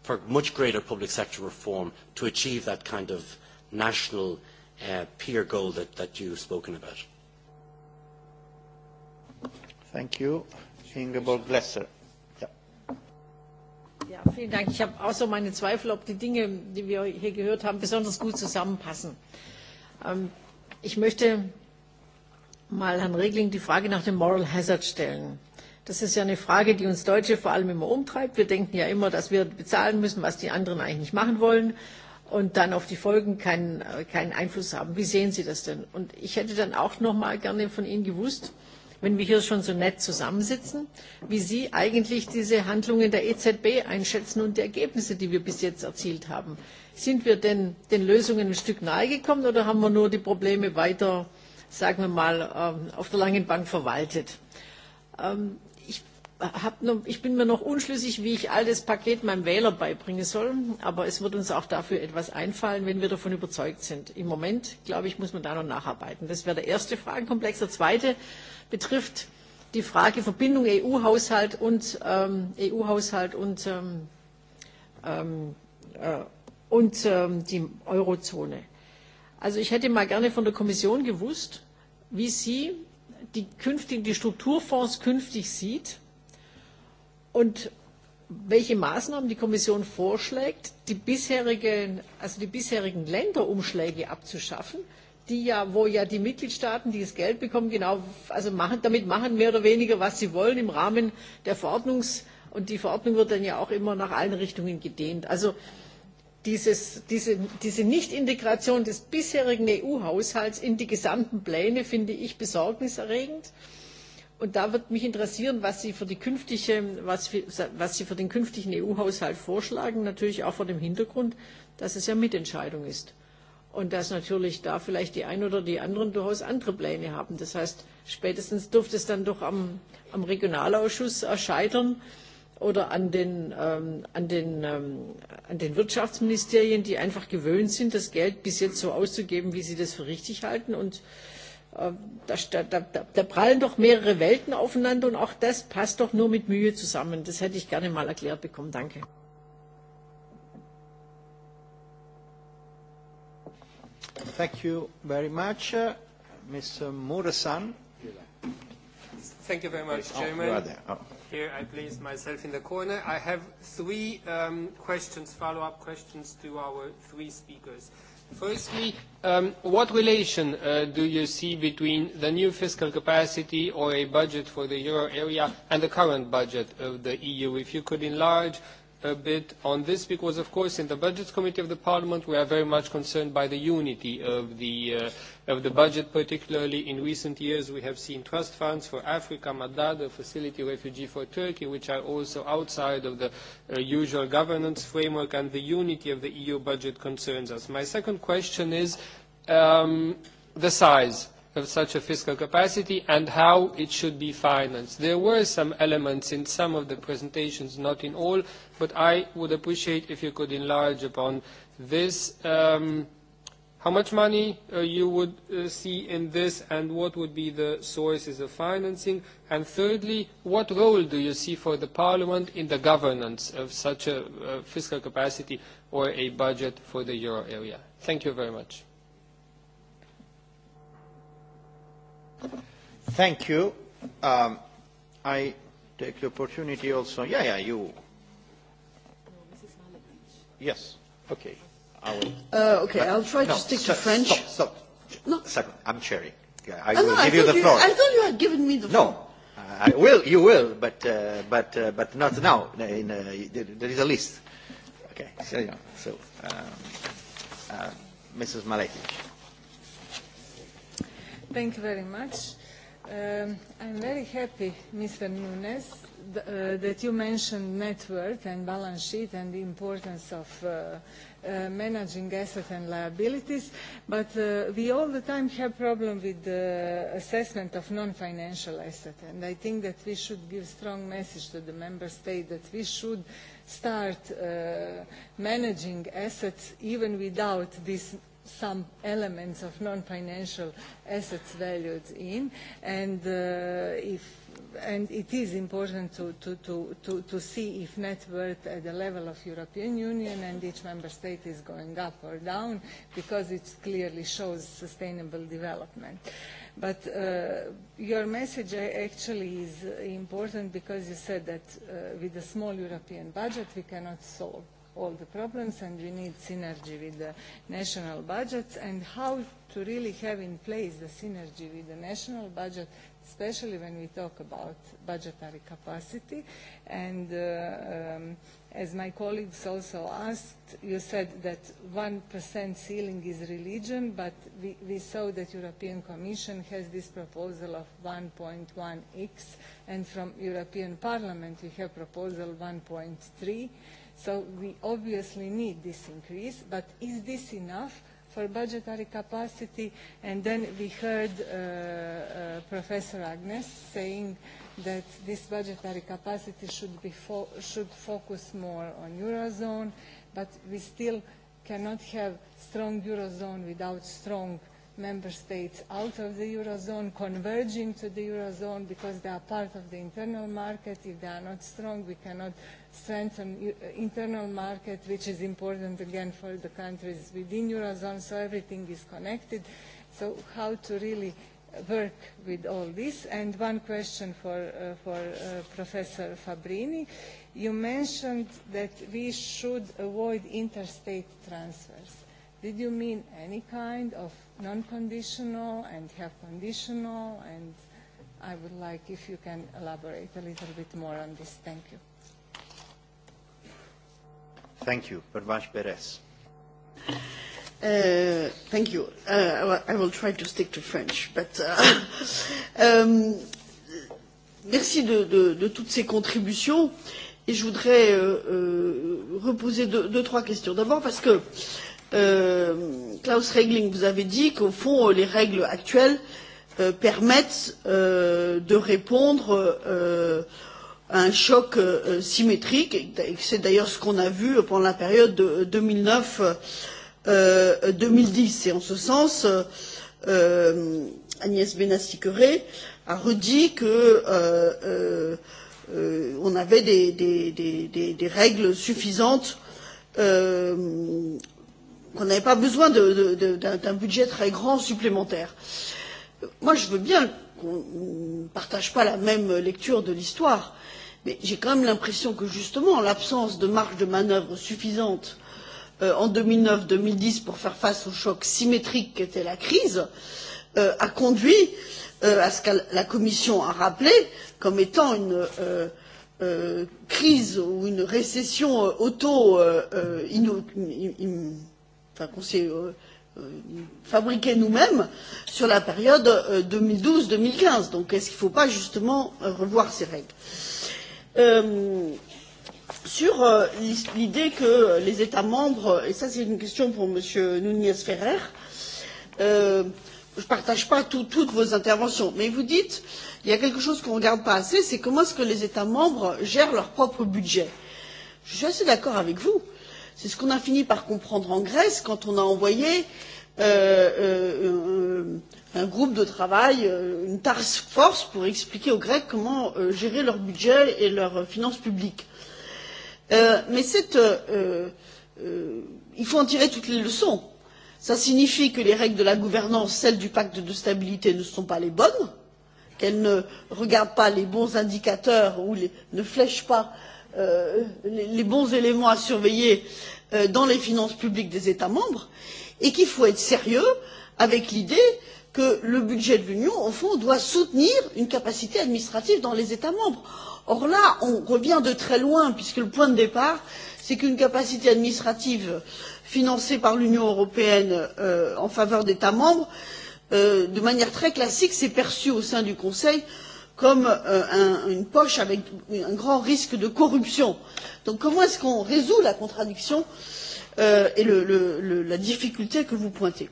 for much greater public sector reform to achieve that kind of national uh, peer goal that, you you've spoken about? Thank you. Ja. vielen Dank. Ich habe auch so meine Zweifel, ob die Dinge, die wir hier gehört haben, besonders gut zusammenpassen. Ähm, ich möchte mal Herrn Regling die Frage nach dem Moral Hazard stellen. Das ist ja eine Frage, die uns Deutsche vor allem immer umtreibt. Wir denken ja immer, dass wir bezahlen müssen, was die anderen eigentlich nicht machen wollen und dann auf die Folgen keinen, äh, keinen Einfluss haben. Wie sehen Sie das denn? Und ich hätte dann auch noch mal gerne von Ihnen gewusst, wenn wir hier schon so nett zusammensitzen, wie Sie eigentlich diese Handlungen der EZB einschätzen und die Ergebnisse, die wir bis jetzt erzielt haben. Sind wir denn den Lösungen ein Stück nahe gekommen oder haben wir nur die Probleme weiter, sagen wir mal, ähm, auf der langen Bank verwaltet? Ähm, ich bin mir noch unschlüssig, wie ich all das Paket meinem Wähler beibringen soll, aber es wird uns auch dafür etwas einfallen, wenn wir davon überzeugt sind. Im Moment, glaube ich, muss man da noch nacharbeiten. Das wäre der erste Fragenkomplex. Der zweite betrifft die Frage Verbindung EU Haushalt und EU Haushalt und, ähm, e und ähm, ähm, äh, ähm, die Eurozone. Also ich hätte mal gerne von der Kommission gewusst, wie sie die, künftig, die Strukturfonds künftig sieht und welche Maßnahmen die Kommission vorschlägt, die bisherigen, also die bisherigen Länderumschläge abzuschaffen, die ja, wo ja die Mitgliedstaaten, die das Geld bekommen, genau, also machen, damit machen mehr oder weniger, was sie wollen im Rahmen der Verordnung, und die Verordnung wird dann ja auch immer nach allen Richtungen gedehnt. Also dieses, diese, diese Nichtintegration des bisherigen EU-Haushalts in die gesamten Pläne finde ich besorgniserregend Und da würde mich interessieren, was Sie für, die künftige, was, was Sie für den künftigen EU-Haushalt vorschlagen, natürlich auch vor dem Hintergrund, dass es ja Mitentscheidung ist. Und dass natürlich da vielleicht die einen oder die anderen durchaus andere Pläne haben. Das heißt, spätestens dürfte es dann doch am, am Regionalausschuss erscheitern oder an den, ähm, an, den, ähm, an den Wirtschaftsministerien, die einfach gewöhnt sind, das Geld bis jetzt so auszugeben, wie sie das für richtig halten. Und Äh, da, da, da prallen doch mehrere Welten aufeinander und auch das passt doch nur mit Mühe zusammen. Das hätte ich gerne mal erklärt bekommen. Danke. Thank you very much. Uh, Mr. Muresan. Thank you very much, oh, Chairman. Oh. Here I place myself in the corner. I have three um, questions, follow-up questions to our three speakers. Firstly, um, what relation uh, do you see between the new fiscal capacity or a budget for the euro area and the current budget of the EU? If you could enlarge a bit on this, because of course in the Budgets Committee of the Parliament we are very much concerned by the unity of the uh, of the budget, particularly in recent years we have seen trust funds for Africa, Madad, facility refugee for Turkey, which are also outside of the uh, usual governance framework and the unity of the EU budget concerns us. My second question is um, the size of such a fiscal capacity and how it should be financed. There were some elements in some of the presentations, not in all, but I would appreciate if you could enlarge upon this. Um, How much money uh, you would uh, see in this and what would be the sources of financing? And thirdly, what role do you see for the Parliament in the governance of such a fiscal capacity or a budget for the euro area? Thank you very much. Thank you. Um, I take the opportunity also. Yeah, yeah, you. No, Yes. Okay. I will... Uh, okay, uh, I'll try no, to stick to French. Stop, stop. No. Second, I'm chairing. I uh, will no, give I you the floor. You, I thought you had given me the floor. No, I will, you will, but, uh, but, uh, but not now. In, uh, there is a list. Okay, so, yeah, so um, uh, Mrs. Maletic. Thank you very much. I um, I'm very happy, Mr. Nunes, uh, that you mentioned net worth and balance sheet and the importance of uh, uh, managing assets and liabilities, but we all the time have problem with the assessment of non-financial assets, and I think that we should give strong message to the member state that we should start managing assets even without this some elements of non-financial assets valued in, and uh, if and it is important to, to, to, to see if net worth at the level of European Union and each member state is going up or down because it clearly shows sustainable development. But uh, your message actually is important because you said that uh, with a small European budget we cannot solve all the problems and we need synergy with the national budgets and how to really have in place the synergy with the national budget especially when we talk about budgetary capacity and uh, um, as my colleagues also asked you said that 1% ceiling is religion but we, we saw that European Commission has this proposal of 1.1x and from European Parliament we have proposal 1.3 So we obviously need this increase, but is this enough for budgetary capacity? And then we heard uh, uh, Professor Agnes saying that this budgetary capacity should, be fo should focus more on Eurozone, but we still cannot have strong Eurozone without strong member states out of the eurozone converging to the eurozone because they are part of the internal market if they are not strong we cannot strengthen uh, internal market which is important again for the countries within eurozone so everything is connected so how to really work with all this and one question for uh, for uh, professor fabrini you mentioned that we should avoid interstate transfers did you mean any kind of non-conditional and have conditional? And I would like if you can elaborate a little bit more on this. Thank you. Thank you. Parvash Beres. Uh, thank you. Uh, I will try to stick to French, but uh, [laughs] um, merci de, de, de toutes ces contributions et je voudrais euh, euh reposer deux, deux trois questions. D'abord parce que euh, Klaus Regling, vous avez dit qu'au fond, les règles actuelles euh, permettent euh, de répondre euh, à un choc euh, symétrique. C'est d'ailleurs ce qu'on a vu pendant la période de 2009 euh, 2010. Et en ce sens, euh, Agnès benassi a redit que euh, euh, euh, on avait des, des, des, des, des règles suffisantes euh, qu'on n'avait pas besoin d'un budget très grand supplémentaire. Moi, je veux bien qu'on ne partage pas la même lecture de l'histoire, mais j'ai quand même l'impression que justement l'absence de marge de manœuvre suffisante euh, en 2009 2010 pour faire face au choc symétrique qu'était la crise euh, a conduit euh, à ce que la Commission a rappelé comme étant une euh, euh, crise ou une récession euh, auto in, in, enfin, qu'on s'est euh, euh, fabriqué nous-mêmes sur la période 2012-2015. Euh, Donc est-ce qu'il ne faut pas justement revoir ces règles euh, Sur euh, l'idée que les États membres, et ça c'est une question pour M. Nunez Ferrer, euh, je ne partage pas tout, toutes vos interventions, mais vous dites, il y a quelque chose qu'on ne regarde pas assez, c'est comment est-ce que les États membres gèrent leur propre budget. Je suis assez d'accord avec vous c'est ce qu'on a fini par comprendre en grèce quand on a envoyé euh, euh, un groupe de travail euh, une task force pour expliquer aux grecs comment gérer leur budget et leurs finances publiques. mais cette, il faut en tirer toutes les leçons. cela signifie que les règles de la gouvernance celles du pacte de stabilité ne sont pas les bonnes qu'elles ne regardent pas les bons indicateurs ou ne flèchent pas Euh, les bons éléments à surveiller euh, dans les finances publiques des états membres et qu'il faut être sérieux avec l'idée que le budget de l'union au fond doit soutenir une capacité administrative dans les états membres. or là on revient de très loin puisque le point de départ c'est qu'une capacité administrative financée par l'union européenne euh, en faveur d'états membres de manière très classique s'est perçue au sein du conseil comme euh, une poche avec un grand risque de corruption. donc comment est ce qu'on résout la contradiction euh, et le, le, le, la difficulté que vous pointez?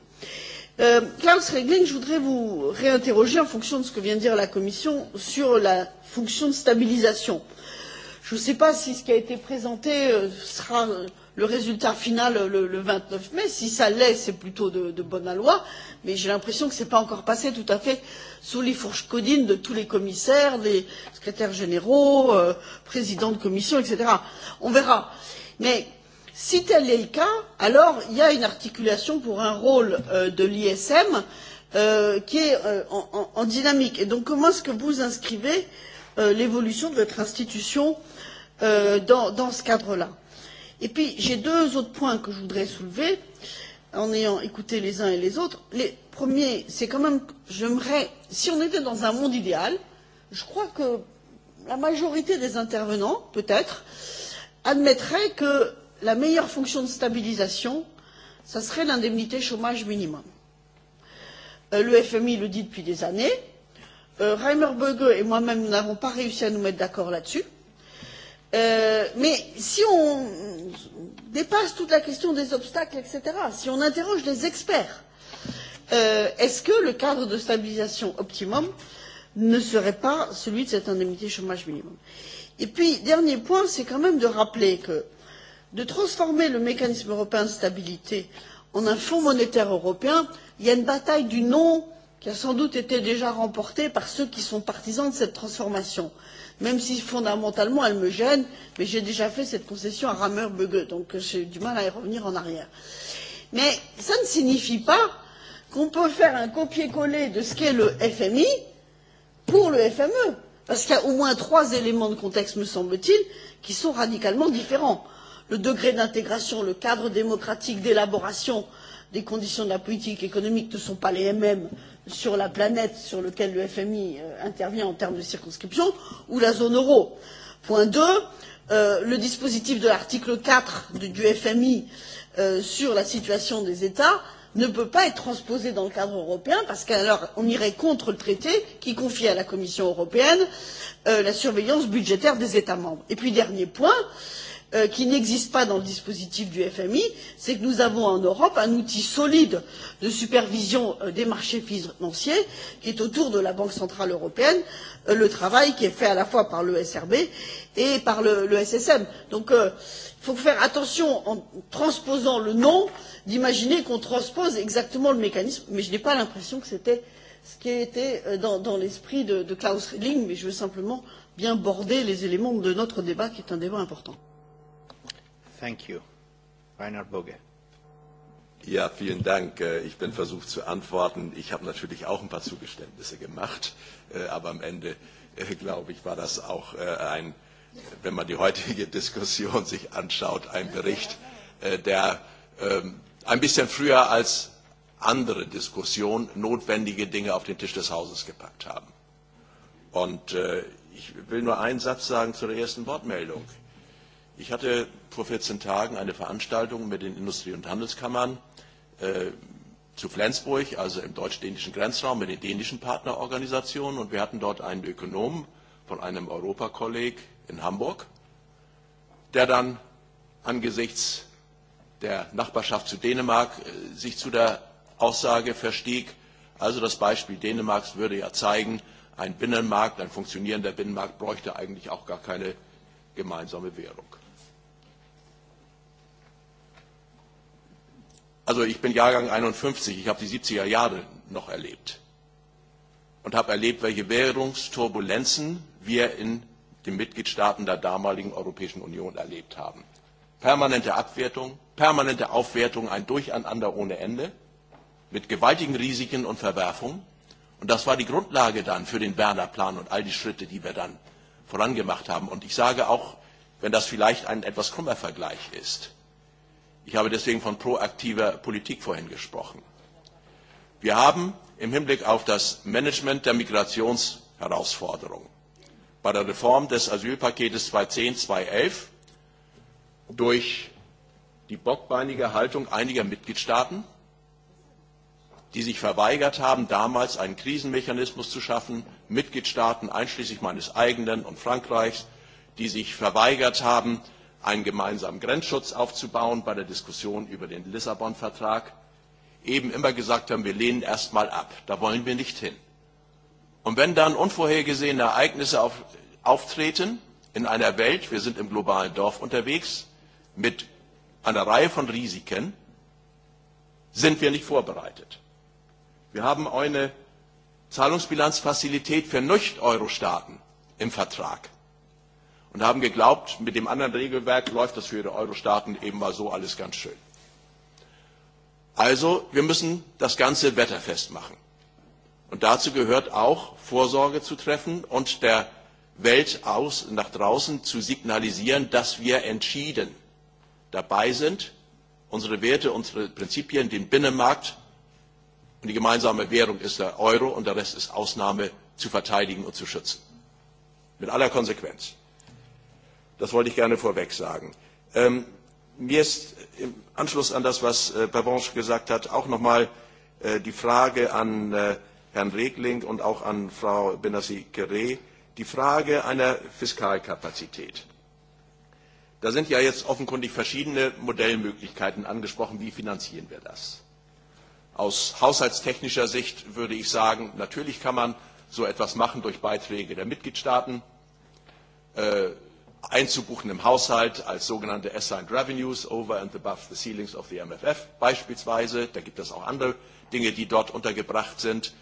Euh, klaus regling je voudrais vous réinterroger en fonction de ce que vient de dire la commission sur la fonction de stabilisation. je ne sais pas si ce qui a été présenté euh, sera euh, le résultat final le, vingt 29 mai. Si ça l'est, c'est plutôt de, de bonne loi, mais j'ai l'impression que ce n'est pas encore passé tout à fait sous les fourches codines de tous les commissaires, des secrétaires généraux, euh, présidents de commission, etc. On verra. Mais si tel est le cas, alors il y a une articulation pour un rôle euh, de l'ISM euh, qui est en, dynamique. Et donc comment est-ce que vous inscrivez l'évolution de votre institution dans, dans ce cadre-là Et puis, j'ai deux autres points que je voudrais soulever en ayant écouté les uns et les autres. Le premier, c'est quand même, j'aimerais, si on était dans un monde idéal, je crois que la majorité des intervenants, peut-être, admettraient que la meilleure fonction de stabilisation, ça serait l'indemnité chômage minimum. Euh, le FMI le dit depuis des années. Euh, Reimer Böge et moi-même, nous n'avons pas réussi à nous mettre d'accord là-dessus Euh, mais si on dépasse toute la question des obstacles, etc., si on interroge les experts, euh, est-ce que le cadre de stabilisation optimum ne serait pas celui de cette indemnité chômage minimum Et puis, dernier point, c'est quand même de rappeler que de transformer le mécanisme européen de stabilité en un fonds monétaire européen, il y a une bataille du non qui a sans doute été déjà remportée par ceux qui sont partisans de cette transformation même si fondamentalement elle me gêne, mais j'ai déjà fait cette concession à Rameur Böge, donc euh, j'ai du mal à y revenir en arrière. Mais ça ne signifie pas qu'on peut faire un copier-coller de ce qu'est le FMI pour le FME, parce qu'il y a au moins trois éléments de contexte, me semble-t-il, qui sont radicalement différents. Le degré d'intégration, le cadre démocratique d'élaboration Les conditions de la politique économique ne sont pas les mêmes sur la planète sur laquelle le fmi euh, intervient en termes de circonscription ou la zone euro. point deux euh, le dispositif de l'article quatre du fmi euh, sur la situation des états ne peut pas être transposé dans le cadre européen parce qu'alors on irait contre le traité qui confie à la commission européenne euh, la surveillance budgétaire des états membres. et puis dernier point Euh, qui n'existe pas dans le dispositif du fmi c'est que nous avons en europe un outil solide de supervision euh, des marchés financiers qui est autour de la banque centrale européenne euh, le travail qui est fait à la fois par le srb et par le, ssm. donc il faut faire attention en transposant le nom d'imaginer qu'on transpose exactement le mécanisme mais je n'ai pas l'impression que c'était ce qui était dans, dans l'esprit de, de klaus Redling, mais je veux simplement bien border les éléments de notre débat qui est un débat important. Thank you. Reinhard Boge. Ja, vielen Dank. Äh, ich bin versucht zu antworten. Ich habe natürlich auch ein paar Zugeständnisse gemacht, äh, aber am Ende, äh, glaube ich, war das auch ein, wenn man die heutige [laughs] Diskussion sich anschaut, ein Bericht, der ähm, ein bisschen früher als andere Diskussionen notwendige Dinge auf den Tisch des Hauses gepackt haben. Und ich will nur einen Satz sagen zu der ersten Wortmeldung Ich hatte vor 14 Tagen eine Veranstaltung mit den Industrie- und Handelskammern äh, zu Flensburg, also im deutsch-dänischen Grenzraum, mit den dänischen Partnerorganisationen. Und wir hatten dort einen Ökonomen von einem Europakolleg in Hamburg, der dann angesichts der Nachbarschaft zu Dänemark äh, sich zu der Aussage verstieg, also das Beispiel Dänemarks würde ja zeigen, ein Binnenmarkt, ein funktionierender Binnenmarkt bräuchte eigentlich auch gar keine gemeinsame Währung. Also ich bin Jahrgang 51, ich habe die 70er Jahre noch erlebt und habe erlebt, welche Währungsturbulenzen wir in den Mitgliedstaaten der damaligen Europäischen Union erlebt haben. Permanente Abwertung, permanente Aufwertung, ein Durcheinander ohne Ende, mit gewaltigen Risiken und Verwerfungen. Und das war die Grundlage dann für den Berner Plan und all die Schritte, die wir dann vorangemacht haben. Und ich sage auch, wenn das vielleicht ein etwas krummer Vergleich ist, Ich habe deswegen von proaktiver Politik vorhin gesprochen. Wir haben im Hinblick auf das Management der Migrationsherausforderung bei der Reform des Asylpakets 2010-2011 durch die bockbeinige Haltung einiger Mitgliedstaaten, die sich verweigert haben, damals einen Krisenmechanismus zu schaffen, Mitgliedstaaten einschließlich meines eigenen und Frankreichs, die sich verweigert haben, einen gemeinsamen Grenzschutz aufzubauen bei der Diskussion über den Lissabon-Vertrag, eben immer gesagt haben, wir lehnen erstmal ab. Da wollen wir nicht hin. Und wenn dann unvorhergesehene Ereignisse auftreten in einer Welt, wir sind im globalen Dorf unterwegs, mit einer Reihe von Risiken, sind wir nicht vorbereitet. Wir haben eine Zahlungsbilanzfazilität für Nicht-Euro-Staaten im Vertrag und haben geglaubt, mit dem anderen Regelwerk läuft das für die Eurostaaten eben mal so alles ganz schön. Also, wir müssen das Ganze wetterfest machen. Und dazu gehört auch, Vorsorge zu treffen und der Welt aus, nach draußen zu signalisieren, dass wir entschieden dabei sind, unsere Werte, unsere Prinzipien, den Binnenmarkt und die gemeinsame Währung ist der Euro und der Rest ist Ausnahme, zu verteidigen und zu schützen. Mit aller Konsequenz. Das wollte ich gerne vorweg sagen. Ähm, mir ist im Anschluss an das, was äh, Pavonsch gesagt hat, auch noch mal äh, die Frage an äh, Herrn Regling und auch an Frau Benassi Gere, die Frage einer Fiskalkapazität. Da sind ja jetzt offenkundig verschiedene Modellmöglichkeiten angesprochen. Wie finanzieren wir das? Aus haushaltstechnischer Sicht würde ich sagen, natürlich kann man so etwas machen durch Beiträge der Mitgliedstaaten. Äh, einzubuchen im Haushalt als sogenannte assigned revenues over and above the ceilings of the MFF beispielsweise. Da gibt es auch andere Dinge, die dort untergebracht sind.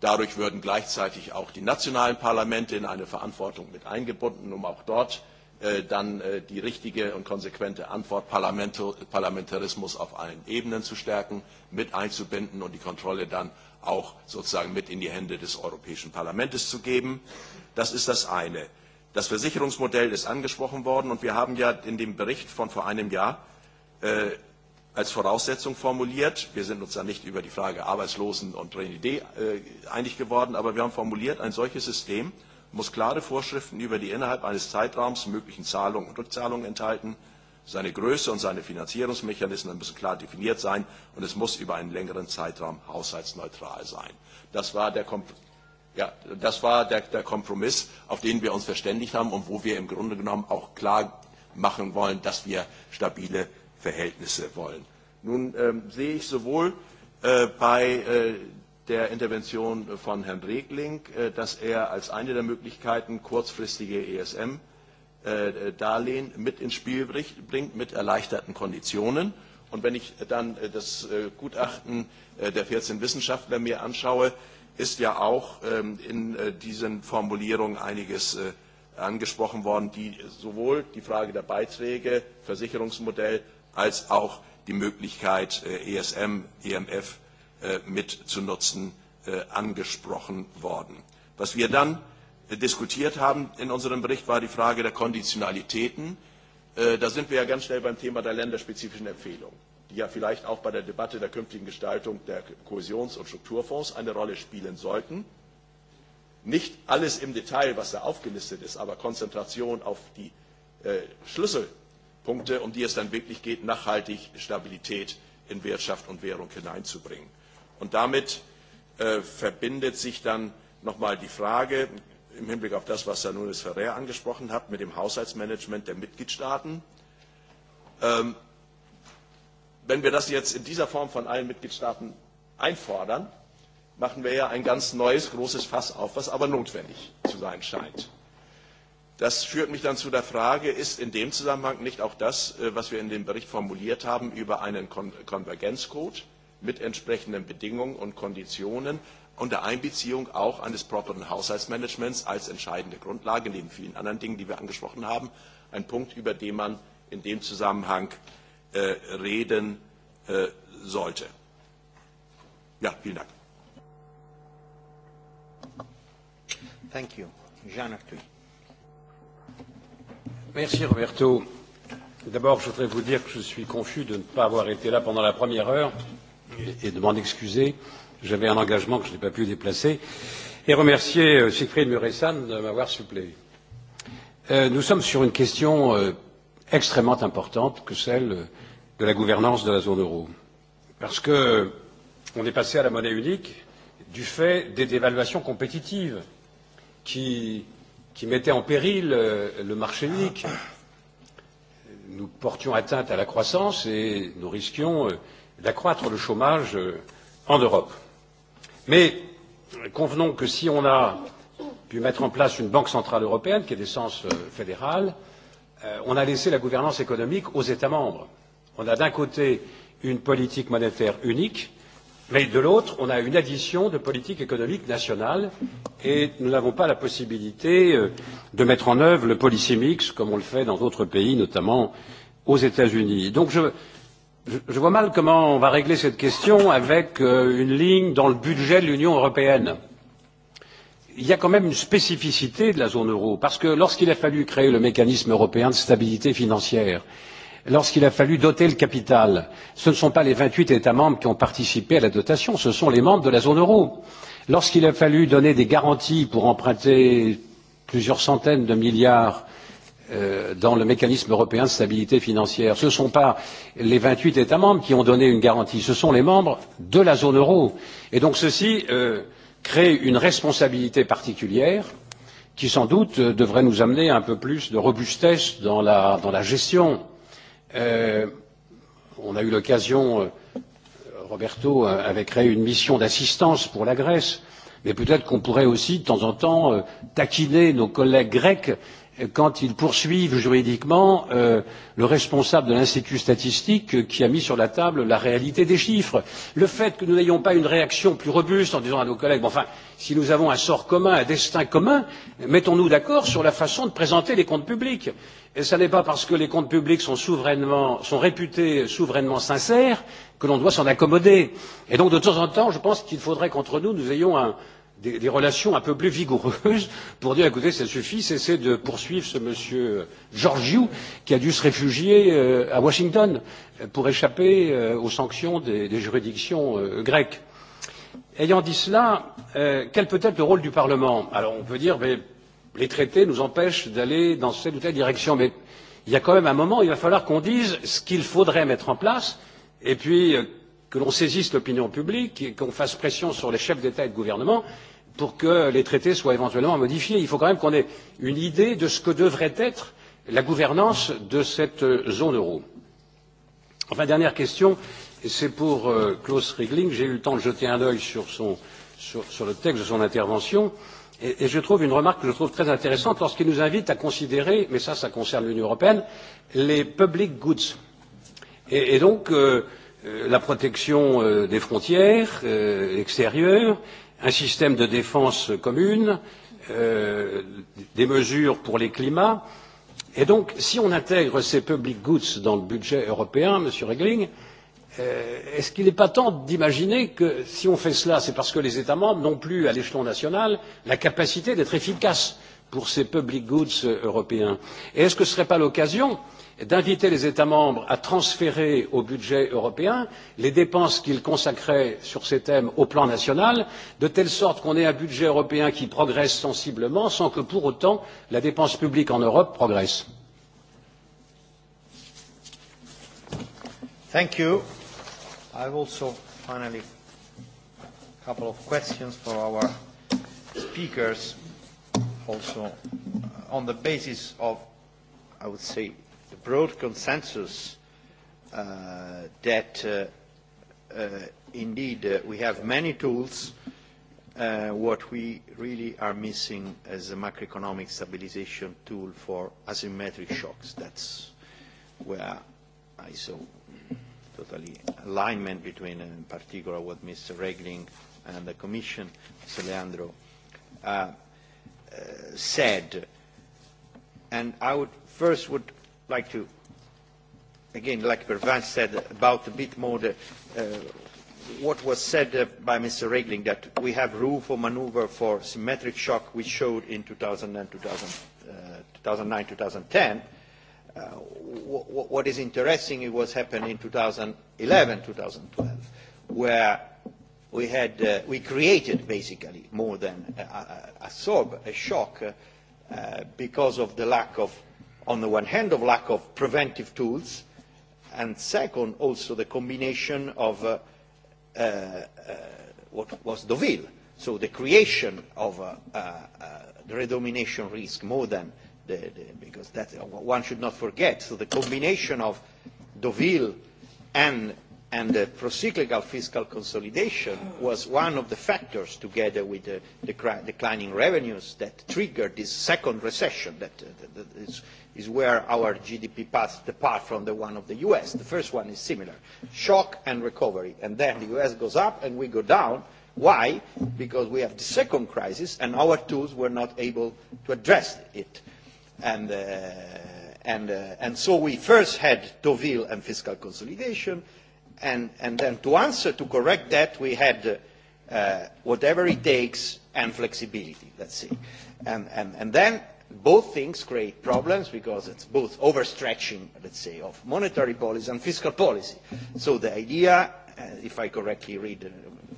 Dadurch würden gleichzeitig auch die nationalen Parlamente in eine Verantwortung mit eingebunden, um auch dort äh, dann äh, die richtige und konsequente Antwort Parlamentarismus auf allen Ebenen zu stärken, mit einzubinden und die Kontrolle dann auch sozusagen mit in die Hände des Europäischen Parlaments zu geben. Das ist das eine. Das Versicherungsmodell ist angesprochen worden, und wir haben ja in dem Bericht von vor einem Jahr äh, als Voraussetzung formuliert wir sind uns da nicht über die Frage Arbeitslosen und Renidee äh, einig geworden, aber wir haben formuliert ein solches System muss klare Vorschriften über die innerhalb eines Zeitraums möglichen Zahlungen und Rückzahlungen enthalten, seine Größe und seine Finanzierungsmechanismen müssen klar definiert sein, und es muss über einen längeren Zeitraum haushaltsneutral sein. Das war der ja, das war der, der Kompromiss, auf den wir uns verständigt haben und wo wir im Grunde genommen auch klar machen wollen, dass wir stabile Verhältnisse wollen. Nun ähm, sehe ich sowohl äh, bei äh, der Intervention von Herrn Regling, äh, dass er als eine der Möglichkeiten kurzfristige ESM Darlehen mit ins Spiel bringt, mit erleichterten Konditionen. Und wenn ich dann das Gutachten der 14 Wissenschaftler mir anschaue, ist ja auch ähm, in äh, diesen Formulierungen einiges äh, angesprochen worden, die sowohl die Frage der Beiträge, Versicherungsmodell als auch die Möglichkeit, äh, ESM, EMF nutzen angesprochen worden. Was wir dann diskutiert haben in unserem Bericht, war die Frage der Konditionalitäten. Da sind wir ja ganz schnell beim Thema der länderspezifischen Empfehlungen die ja vielleicht auch bei der Debatte der künftigen Gestaltung der Kohäsions- und Strukturfonds eine Rolle spielen sollten. Nicht alles im Detail, was da aufgelistet ist, aber Konzentration auf die äh, Schlüsselpunkte, um die es dann wirklich geht, nachhaltig Stabilität in Wirtschaft und Währung hineinzubringen. Und damit äh, verbindet sich dann noch einmal die Frage im Hinblick auf das, was Herr Nunes Ferrer angesprochen hat, mit dem Haushaltsmanagement der Mitgliedstaaten. Ähm, wenn wir das jetzt in dieser form von allen mitgliedstaaten einfordern machen wir ja ein ganz neues großes fass auf was aber notwendig zu sein scheint. das führt mich dann zu der frage ist in dem zusammenhang nicht auch das äh, was wir in dem bericht formuliert haben über einen konvergenzcode mit entsprechenden bedingungen und konditionen unter einbeziehung auch eines properen haushaltsmanagements als entscheidende grundlage neben vielen anderen dingen die wir angesprochen haben ein punkt über den man in dem zusammenhang Äh, reden äh, sollte. Ja, vielen Dank. Thank you. Jean Merci Roberto. D'abord, je voudrais vous dire que je suis confus de ne pas avoir été là pendant la première heure et de m'en excuser. J'avais un engagement que je n'ai pas pu déplacer. Et remercier euh, Siegfried Muresan de m'avoir suppléé. Euh, nous sommes sur une question euh, extrêmement importante que celle de la gouvernance de la zone euro. Parce que on est passé à la monnaie unique du fait des dévaluations compétitives qui, qui mettaient en péril euh, le marché unique. Nous portions atteinte à la croissance et nous risquions euh, d'accroître le chômage euh, en Europe. Mais convenons que si on a pu mettre en place une banque centrale européenne qui est d'essence fédérale, on a laissé la gouvernance économique aux États membres on a d'un côté une politique monétaire unique, mais de l'autre, on a une addition de politiques économiques nationales et nous n'avons pas la possibilité euh, de mettre en œuvre le policy mix comme on le fait dans d'autres pays, notamment aux États-Unis. Donc je, je vois mal comment on va régler cette question avec euh, une ligne dans le budget de l'Union européenne. Il y a quand même une spécificité de la zone euro, parce que lorsqu'il a fallu créer le mécanisme européen de stabilité financière, lorsqu'il a fallu doter le capital ce ne sont pas les vingt huit états membres qui ont participé à la dotation ce sont les membres de la zone euro. lorsqu'il a fallu donner des garanties pour emprunter plusieurs centaines de milliards euh, dans le mécanisme européen de stabilité financière ce ne sont pas les vingt huit états membres qui ont donné une garantie ce sont les membres de la zone euro. et donc ceci euh, crée une responsabilité particulière qui sans doute devrait nous amener à un peu plus de robustesse dans la, dans la gestion Euh, on a eu l'occasion, euh, Roberto, euh, avait créé une mission d'assistance pour la Grèce, mais peut-être qu'on pourrait aussi, de temps en temps, taquiner nos collègues grecs quand ils poursuivent juridiquement euh, le responsable de l'institut statistique euh, qui a mis sur la table la réalité des chiffres. le fait que nous n'ayons pas une réaction plus robuste en disant à nos collègues enfin si nous avons un sort commun un destin commun mettons nous d'accord sur la façon de présenter les comptes publics. et ce n'est pas parce que les comptes publics sont, souverainement, sont réputés souverainement sincères que l'on doit s'en accommoder. et donc de temps en temps je pense qu'il faudrait qu'entre nous nous ayons un des, relations un peu plus vigoureuses pour dire écoutez ça suffit cessez de poursuivre ce monsieur georgiou qui a dû se réfugier euh, à washington pour échapper euh, aux sanctions des, juridictions euh, grecques. ayant dit cela quel peut être le rôle du parlement? alors on peut dire mais les traités nous empêchent d'aller dans telle ou telle direction mais il y a quand même un moment où il va falloir qu'on dise ce qu'il faudrait mettre en place et puis que l'on saisisse l'opinion publique et qu'on fasse pression sur les chefs d'état et de gouvernement pour que les traités soient éventuellement modifiés. il faut quand même qu'on ait une idée de ce que devrait être la gouvernance de cette zone euro. enfin dernière question c'est pour euh, klaus regling j'ai eu le temps de jeter un œil sur, son, sur, sur le texte de son intervention et, et je trouve une remarque que je trouve très intéressante lorsqu'il nous invite à considérer mais ça ça concerne l'union européenne les public goods. et, et donc euh, Euh, la protection euh, des frontières euh, extérieures, un système de défense commune, des mesures pour les climats. Et donc, si on intègre ces public goods dans le budget européen, Monsieur Regling, est-ce qu'il n'est pas temps d'imaginer que si on fait cela, c'est parce que les États membres n'ont plus à l'échelon national la capacité d'être efficaces pour ces public goods européens Et est-ce que ce ne serait pas l'occasion d'inviter les États membres à transférer au budget européen les dépenses qu'ils consacraient sur ces thèmes au plan national, de telle sorte qu'on ait un budget européen qui progresse sensiblement sans que pour autant la dépense publique en Europe progresse. Thank you. I also finally couple of questions for our speakers also on the basis of, I would say, broad consensus uh, that uh, uh, indeed we have many tools. What we really are missing is a macroeconomic stabilisation tool for asymmetric shocks. That's where I saw totally alignment between, in particular, what Mr. Regling and the Commission, Mr. Leandro, said. And I would first would like to, again, like Pervan said, about a bit more the, uh, what was said uh, by Mr. Regling, that we have room for maneuver for symmetric shock, which showed in 2009, 2010. Uh, uh what, what is interesting is what happened in 2011, 2012, where we, had, uh, we created basically more than a sob a shock uh, uh, because of the lack of on the one hand of lack of preventive tools and second also the combination of uh, uh, uh, what was Deauville, so the creation of the redomination risk more than the, the, because that one should not forget, so the combination of Deauville and and the procyclical fiscal consolidation was one of the factors together with the declining revenues that triggered this second recession that is is where our GDP passed apart from the one of the US. The first one is similar, shock and recovery. And then the US goes up and we go down. Why? Because we have the second crisis and our tools were not able to address it. And, uh, and, uh, and so we first had Deauville and fiscal consolidation. And, and then to answer, to correct that, we had uh, whatever it takes and flexibility, let's see. And, and, and then both things create problems because it's both overstretching, let's say, of monetary policy and fiscal policy. So the idea, uh, if I correctly read,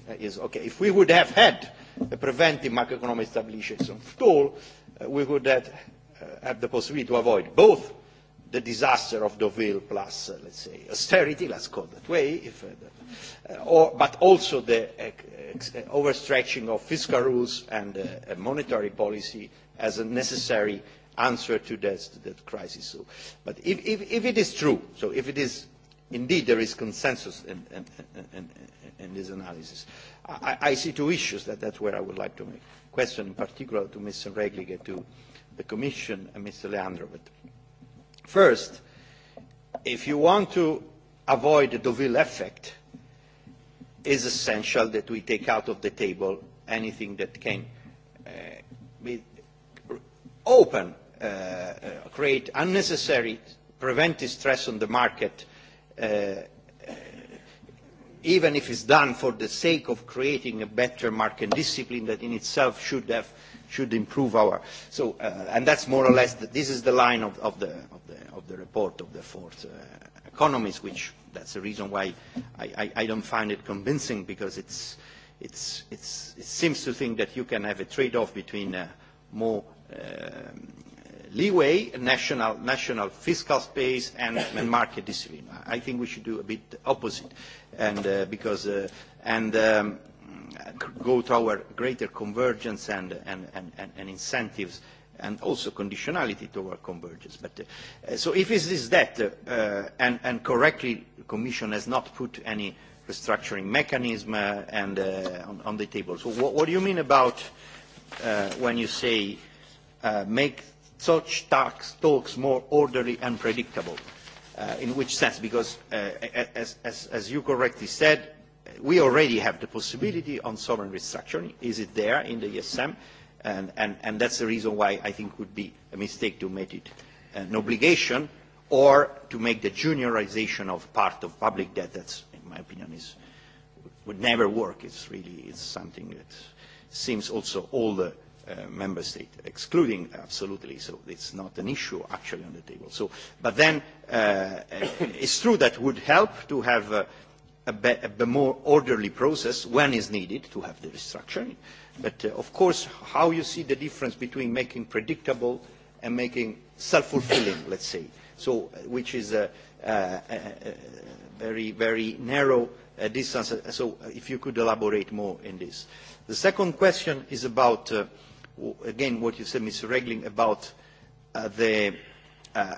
uh, is, okay, if we would have had a preventive macroeconomic stabilization tool, uh, we would have have the possibility to avoid both the disaster of Deauville plus, let's say, austerity, let's call it that way, if, or, but also the overstretching of fiscal rules and monetary policy as a necessary answer to that, crisis. So, but if, if, if it is true, so if it is indeed there is consensus in, in, in, this analysis, I, I see two issues that that's where I would like to make question in particular to Mr. Regling to the Commission and Mr. Leandro. But first, if you want to avoid the Deauville effect, it is essential that we take out of the table anything that can uh, be open, uh, uh, create unnecessary preventive stress on the market, uh, uh, even if it's done for the sake of creating a better market discipline that in itself should have should improve our so uh, and that's more or less the, this is the line of, the of the of the report of the fourth uh, economist which that's the reason why I, I, I don't find it convincing because it's it's it's it seems to think that you can have a trade off between more Uh, leeway, national, national fiscal space and, and market discipline. I think we should do a bit opposite and uh, because uh, and um, go our greater convergence and, and, and, and incentives and also conditionality to our convergence. But, uh, so if it is that, uh, and, and correctly the Commission has not put any restructuring mechanism uh, and, uh, on, on the table. So what, what do you mean about uh, when you say Uh, make such talks, more orderly and predictable. Uh, in which sense? Because uh, as, as, as you correctly said, we already have the possibility on sovereign restructuring. Is it there in the ESM? And, and, that's the reason why I think it would be a mistake to make it an obligation or to make the juniorization of part of public debt. That's, in my opinion, is, would never work. It's really it's something that seems also all the Uh, member state, excluding uh, absolutely. So it's not an issue actually on the table. So, but then uh, [coughs] it's true that would help to have a, a more orderly process when is needed to have the restructuring. But uh, of course, how you see the difference between making predictable and making self-fulfilling, let's say, so which is a, a, a very, very narrow distance. So if you could elaborate more in this. The second question is about uh, again what you said, Mr. Regling, about uh, the uh,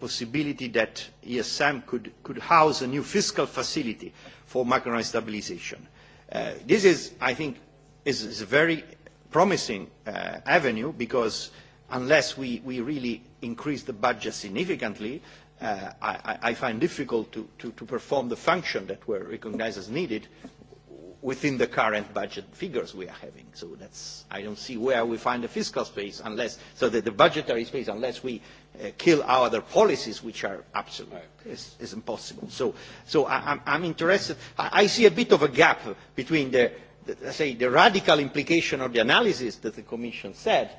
possibility that ESM could, could house a new fiscal facility for macroeconomic stabilization. Uh, this is, I think, is, is a very promising uh, avenue because unless we, we really increase the budget significantly, uh, I, I find difficult to, to, to perform the function that were recognized as needed within the current budget figures we are having. So that's, I don't see where we find the fiscal space unless, so that the budgetary space, unless we uh, kill our other policies, which are absolute, right. is, is impossible. So, so I, I'm, I'm interested, I, I see a bit of a gap between the, the, say, the radical implication of the analysis that the Commission said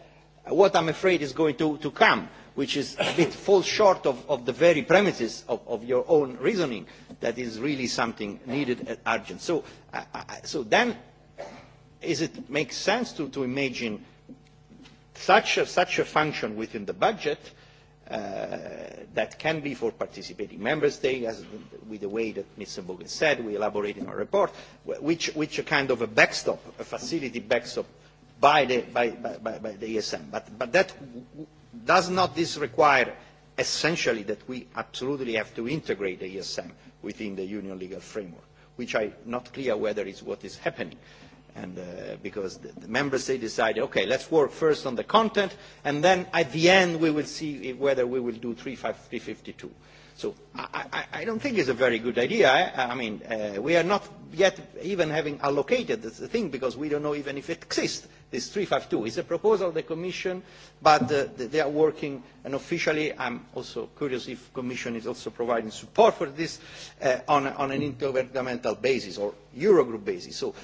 what I'm afraid is going to, come, which is a bit falls short of, the very premises of, your own reasoning, that is really something needed and urgent. So, so then, is it makes sense to, imagine such a, function within the budget uh, that can be for participating member states, as with the way that Mr. Bogan said, we elaborate in our report, which, which a kind of a backstop, a facility backstop by the, by, by, by the ESM. But, but that does not this require essentially that we absolutely have to integrate the ESM within the union legal framework, which I'm not clear whether is what is happening. And, uh, because the, the member decide okay, let's work first on the content, and then at the end we will see whether we will do 352. So I, I, I don't think it's a very good idea. I, I mean, uh, we are not yet even having allocated the thing because we don't know even if it exists this 352. is a proposal of the Commission, but uh, they are working, and officially I'm also curious if the Commission is also providing support for this uh, on, on an intergovernmental basis or Eurogroup basis. So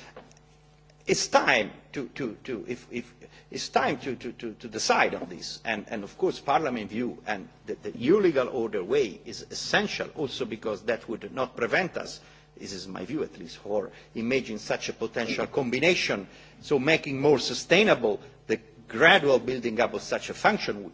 it's time to, to, to, if, if, it's time to, to, to, to decide on this. And, and of course, Parliament view and the, the EU legal order way is essential also because that would not prevent us this is my view at least, for imagine such a potential combination, so making more sustainable the gradual building up of such a function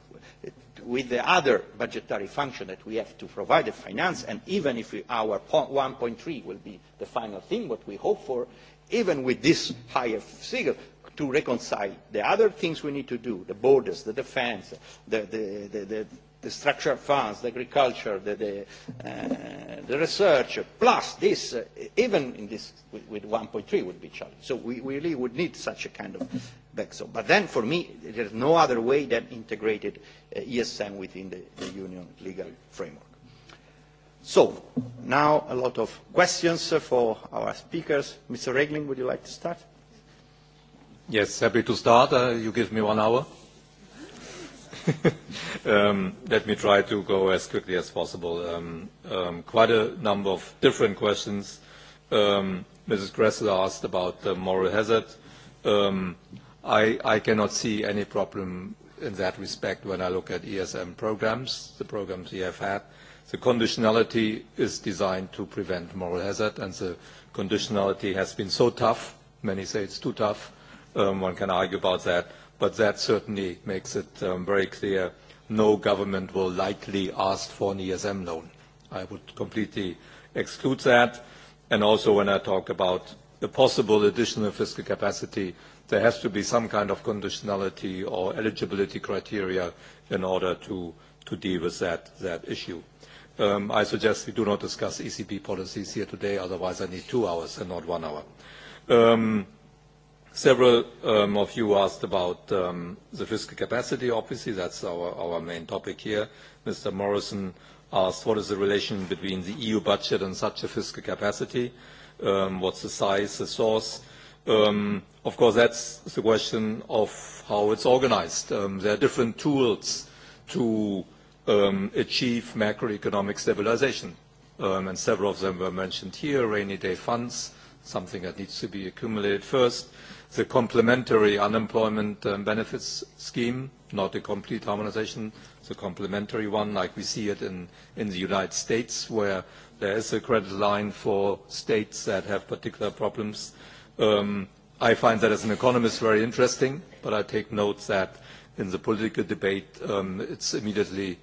with the other budgetary function that we have to provide the finance, and even if we, our 1.3 will be the final thing, what we hope for, even with this higher figure, to reconcile the other things we need to do, the borders, the defense, the, the, the, the the structural funds, the agriculture, the, the, uh, the research, plus this, uh, even in this with, with 1.3 would be challenged. So we, really would need such a kind of backstop. But then for me, there's no other way than integrated uh, ESM within the, the union legal framework. So now a lot of questions uh, for our speakers. Mr. Regling, would you like to start? Yes, happy to start. Uh, you give me one hour. [laughs] Um, let me try to go as quickly as possible. Um, um, quite a number of different questions. Mrs. Gressel asked about the moral hazard. I, I cannot see any problem in that respect when I look at ESM programs, the programs we have had. The conditionality is designed to prevent moral hazard, and the conditionality has been so tough, many say it's too tough, one can argue about that, but that certainly makes it um, very clear no government will likely ask for an ESM loan. I would completely exclude that. And also when I talk about the possible additional fiscal capacity, there has to be some kind of conditionality or eligibility criteria in order to, to deal with that, that issue. Um, I suggest we do not discuss ECB policies here today, otherwise I need two hours and not one hour. Um, Several um, of you asked about um, the fiscal capacity. Obviously, that's our, our main topic here. Mr. Morrison asked what is the relation between the EU budget and such a fiscal capacity, um, what's the size, the source. Um, of course, that's the question of how it's organized. There are different tools to achieve macroeconomic stabilization, and several of them were mentioned here, rainy day funds, something that needs to be accumulated first the complementary unemployment um, benefits scheme, not a complete harmonization, a complementary one like we see it in, the United States where there is a credit line for states that have particular problems. Um, I find that as an economist very interesting, but I take note that in the political debate it um, it's immediately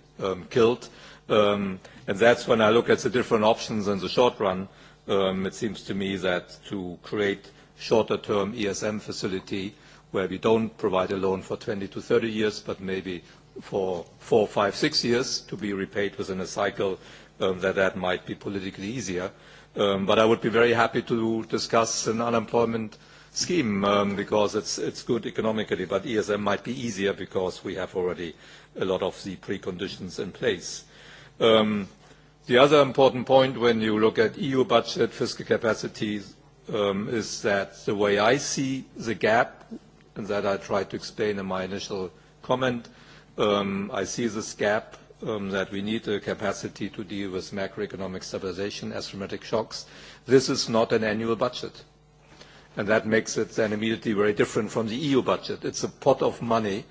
killed. Um, and that's when I look at the different options in the short run, it seems to me that to create shorter-term ESM facility where we don't provide a loan for 20 to 30 years, but maybe for four, five, six years to be repaid within a cycle, um, that that might be politically easier. Um, but I would be very happy to discuss an unemployment scheme um, because it's, it's good economically, but ESM might be easier because we have already a lot of the preconditions in place. The other important point when you look at EU budget, fiscal capacities, Um, is that the way I see the gap, and that I tried to explain in my initial comment, um, I see this gap um, that we need the capacity to deal with macroeconomic stabilization, asymmetric shocks. This is not an annual budget. And that makes it then immediately very different from the EU budget. It's a pot of money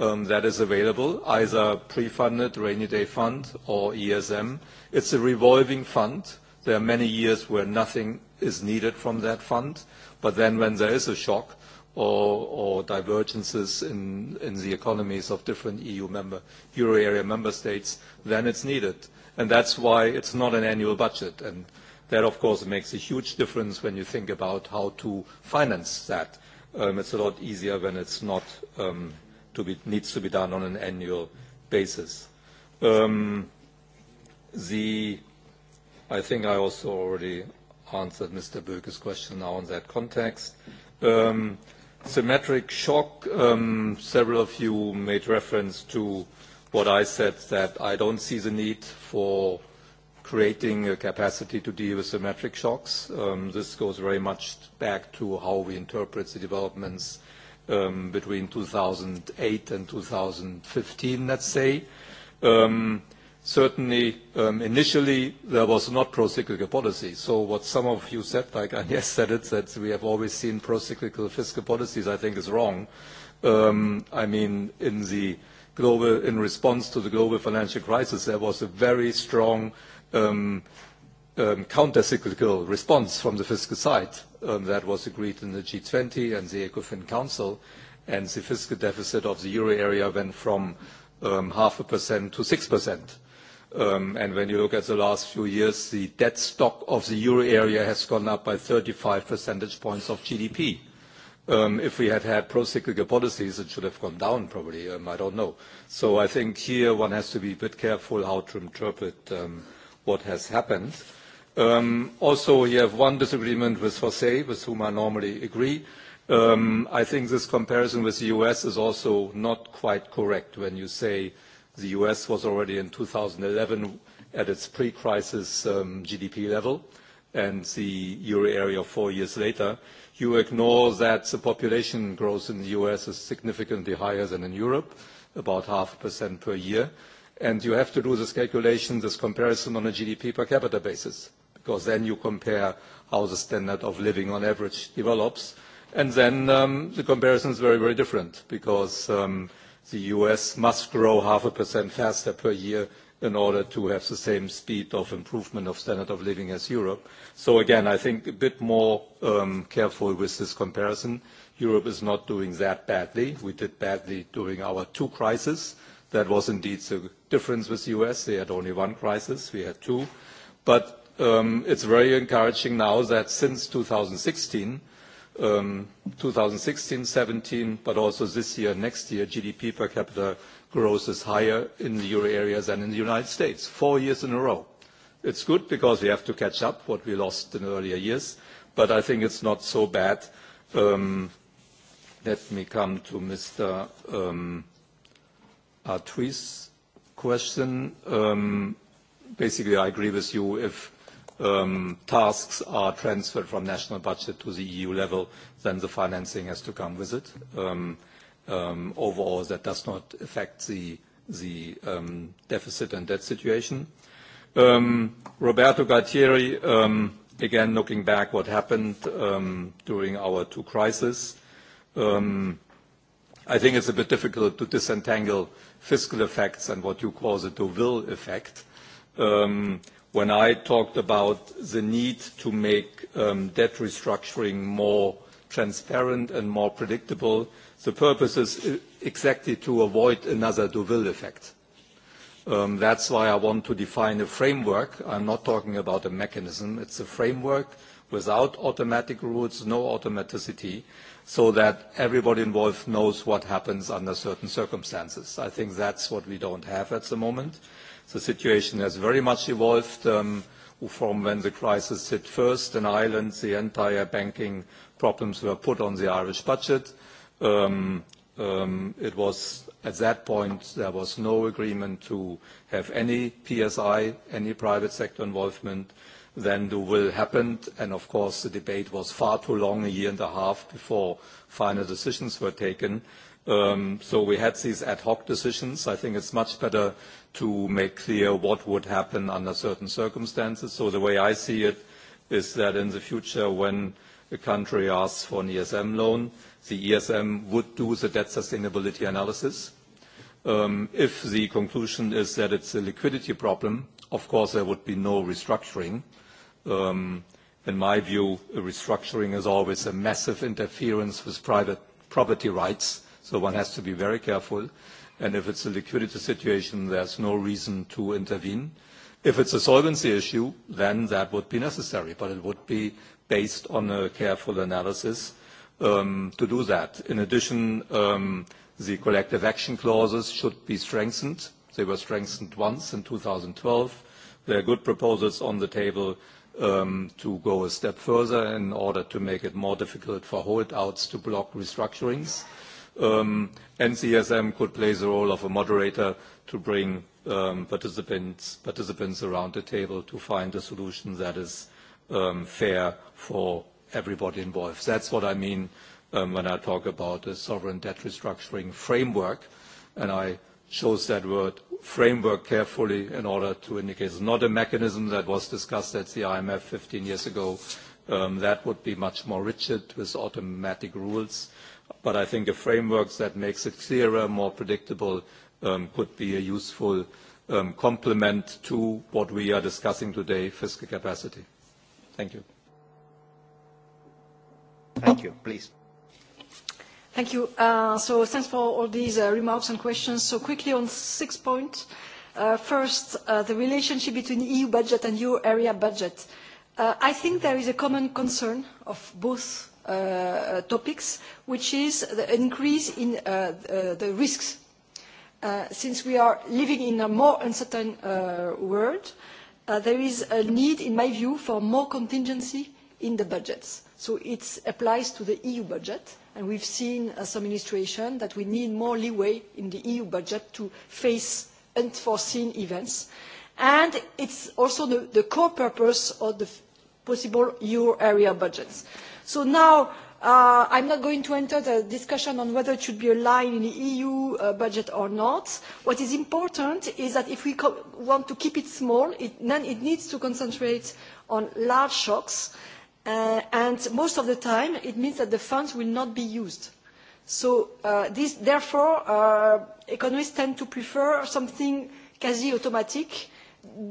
um, that is available, either pre-funded, rainy day fund, or ESM. It's a revolving fund. There are many years where nothing is needed from that fund. But then when there is a shock or, divergences in, in the economies of different EU member, euro area member states, then it's needed. And that's why it's not an annual budget. And that, of course, makes a huge difference when you think about how to finance that. Um, it's a lot easier when it's not um, to be, needs to be done on an annual basis. Um, the, I think I also already answered Mr. Burke's question now in that context. Um, symmetric shock, um, several of you made reference to what I said, that I don't see the need for creating a capacity to deal with symmetric shocks. Um, this goes very much back to how we interpret the developments um, between 2008 and 2015, let's say certainly um, initially there was not procyclical policy. So what some of you said, like Agnes said it, that we have always seen procyclical fiscal policies, I think is wrong. Um, I mean, in the response to the global financial crisis, there was a very strong um, countercyclical response from the fiscal side that was agreed in the G20 and the ECOFIN Council, and the fiscal deficit of the euro area went from 0.5% half percent to 6%. Um, and when you look at the last few years, the debt stock of the euro area has gone up by 35 percentage points of GDP. Um, if we had had pro-cyclical policies, it should have gone down probably. Um, I don't know. So I think here one has to be a bit careful how to interpret what has happened. Also, you have one disagreement with José, with whom I normally agree. I think this comparison with the U.S. is also not quite correct when you say The US was already in 2011 at its pre-crisis um, GDP level and the euro area four years later. You ignore that the population growth in the US is significantly higher than in Europe, about half percent per year. And you have to do this calculation, this comparison on a GDP per capita basis, because then you compare how the standard of living on average develops. And then um, the comparison is very, very different because um, the US must grow half a percent faster per year in order to have the same speed of improvement of standard of living as Europe. So again, I think a bit more um, careful with this comparison. Europe is not doing that badly. We did badly during our two crises. That was indeed the difference with the US. They had only one crisis. We had two. But um, it's very encouraging now that since 2016, 2016, um, 17, but also this year, next year, GDP per capita growth is higher in the euro area than in the United States, four years in a row. It's good because we have to catch up what we lost in earlier years, but I think it's not so bad. Um, let me come to Mr. Um, Artus' question. basically, I agree with you. If um, tasks are transferred from national budget to the EU level, then the financing has to come with it. Um, um, overall, that does not affect the, the um, deficit and debt situation. Roberto Galtieri, again, looking back what happened during our two crises, I think it's a bit difficult to disentangle fiscal effects and what you call the will effect when I talked about the need to make um, debt restructuring more transparent and more predictable, the purpose is uh, exactly to avoid another Deauville effect. That um, that's why I want to define a framework. I'm not talking about a mechanism. It's a framework without automatic rules, no automaticity, so that everybody involved knows what happens under certain circumstances. I think that's what we don't have at the moment. The situation has very much evolved um, from when the crisis hit first in Ireland. The entire banking problems were put on the Irish budget. Um, um, it was at that point there was no agreement to have any PSI, any private sector involvement. Then the will happened, and of course the debate was far too long, a year and a half before final decisions were taken. Um, so we had these ad hoc decisions. I think it's much better to make clear what would happen under certain circumstances. So the way I see it is that in the future, when a country asks for an ESM loan, the ESM would do the debt sustainability analysis. Um, if the conclusion is that it's a liquidity problem, of course, there would be no restructuring. Um, in my view, a restructuring is always a massive interference with private property rights, so one has to be very careful and if it's a liquidity situation, there's no reason to intervene. If it's a solvency issue, then that would be necessary, but it would be based on a careful analysis um, to do that. In addition, um, the collective action clauses should be strengthened. They were strengthened once in 2012. There are good proposals on the table um, to go a step further in order to make it more difficult for holdouts to block restructurings. Um, and CSM could play the role of a moderator to bring um, participants, participants around the table to find a solution that is um, fair for everybody involved. That's what I mean um, when I talk about a sovereign debt restructuring framework, and I chose that word framework carefully in order to indicate it's not a mechanism that was discussed at the IMF 15 years ago, Um, that would be much more rigid with automatic rules. But I think a framework that makes it clearer, more predictable um, could be a useful um, complement to what we are discussing today, fiscal capacity. Thank you. Thank you. Please. Thank you. Uh, so thanks for all these uh, remarks and questions. So quickly on six points. Uh, first, the relationship between EU budget and euro area budget. Uh, I think there is a common concern of both uh, topics, which is the increase in uh, the risks. Since we are living in a more uncertain world, there is a need, in my view, for more contingency in the budgets. So it applies to the EU budget, and we've seen some illustration that we need more leeway in the EU budget to face unforeseen events and it is also the, the core purpose of the possible euro area budgets. So now I uh, I'm not going to enter the discussion on whether it should be a line in the EU uh, budget or not. What is important is that if we want to keep it small, it, then it needs to concentrate on large shocks uh, and most of the time it means that the funds will not be used. So therefore economists tend to prefer something quasi automatic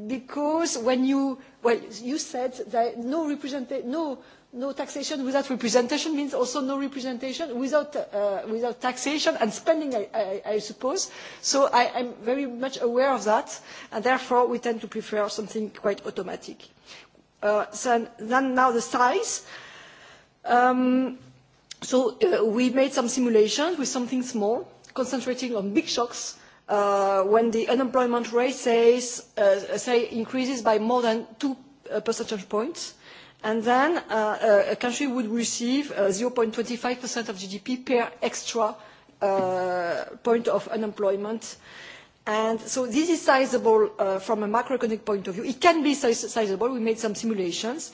because when you well you said that no, no, no taxation without representation means also no representation without, uh, without taxation and spending i, I, I suppose so i am very much aware of that and therefore we tend to prefer something quite automatic. Uh, so, then now the size um, so uh, we made some simulations with something small concentrating on big shocks Uh, when the unemployment rate uh, increases by more than two uh, percentage points, and then a country would receive uh, 0.25% of GDP per extra point of unemployment. And so this is sizable from a macroeconomic point of view. It can be sizable. We made some simulations.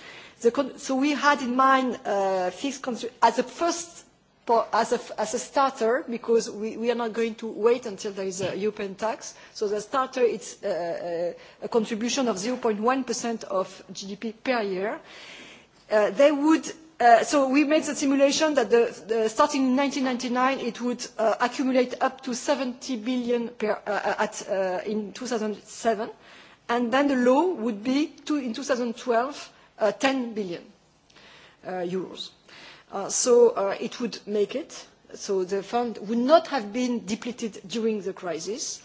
so we had in mind fixed as a first as a, as a starter because we, we are not going to wait until there is a european tax so the starter is uh, uh, a contribution of. zero one of gdp per year. Uh, they would, uh, so we made the simulation that the, starting in one thousand nine and ninety nine it would accumulate up to eur seventy billion at, in two thousand and seven and then the low would be to, in two thousand and twelve eur ten billion euros Uh, so uh, it would make it so the fund would not have been depleted during the crisis.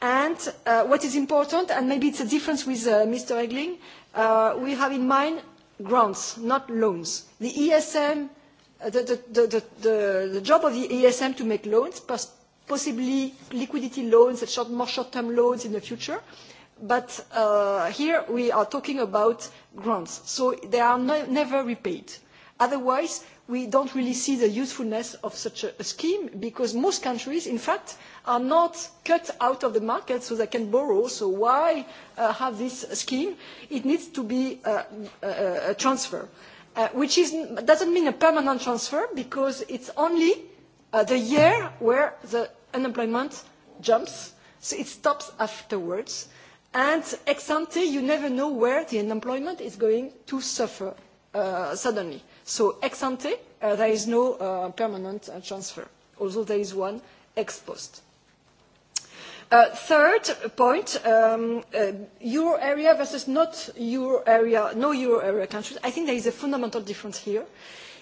And uh, what is important, and maybe it is a difference with Mr. regling we have in mind grants, not loans. The ESM, the, job of the ESM to make loans, possibly liquidity loans and short, more short-term loans in the future. But here we are talking about grants, so they are never repaid otherwise we do not really see the usefulness of such a scheme because most countries in fact are not cut out of the market so they can borrow so why uh, have this scheme? it needs to be uh, uh, a transfer which does not mean a permanent transfer because it is only the year where the unemployment jumps so it stops afterwards and ex ante you never know where the unemployment is going to suffer suddenly so ex ante uh, there is no uh, permanent uh, transfer although there is one ex post. third point um, euro area versus not euro area no euro area countries i think there is a fundamental difference here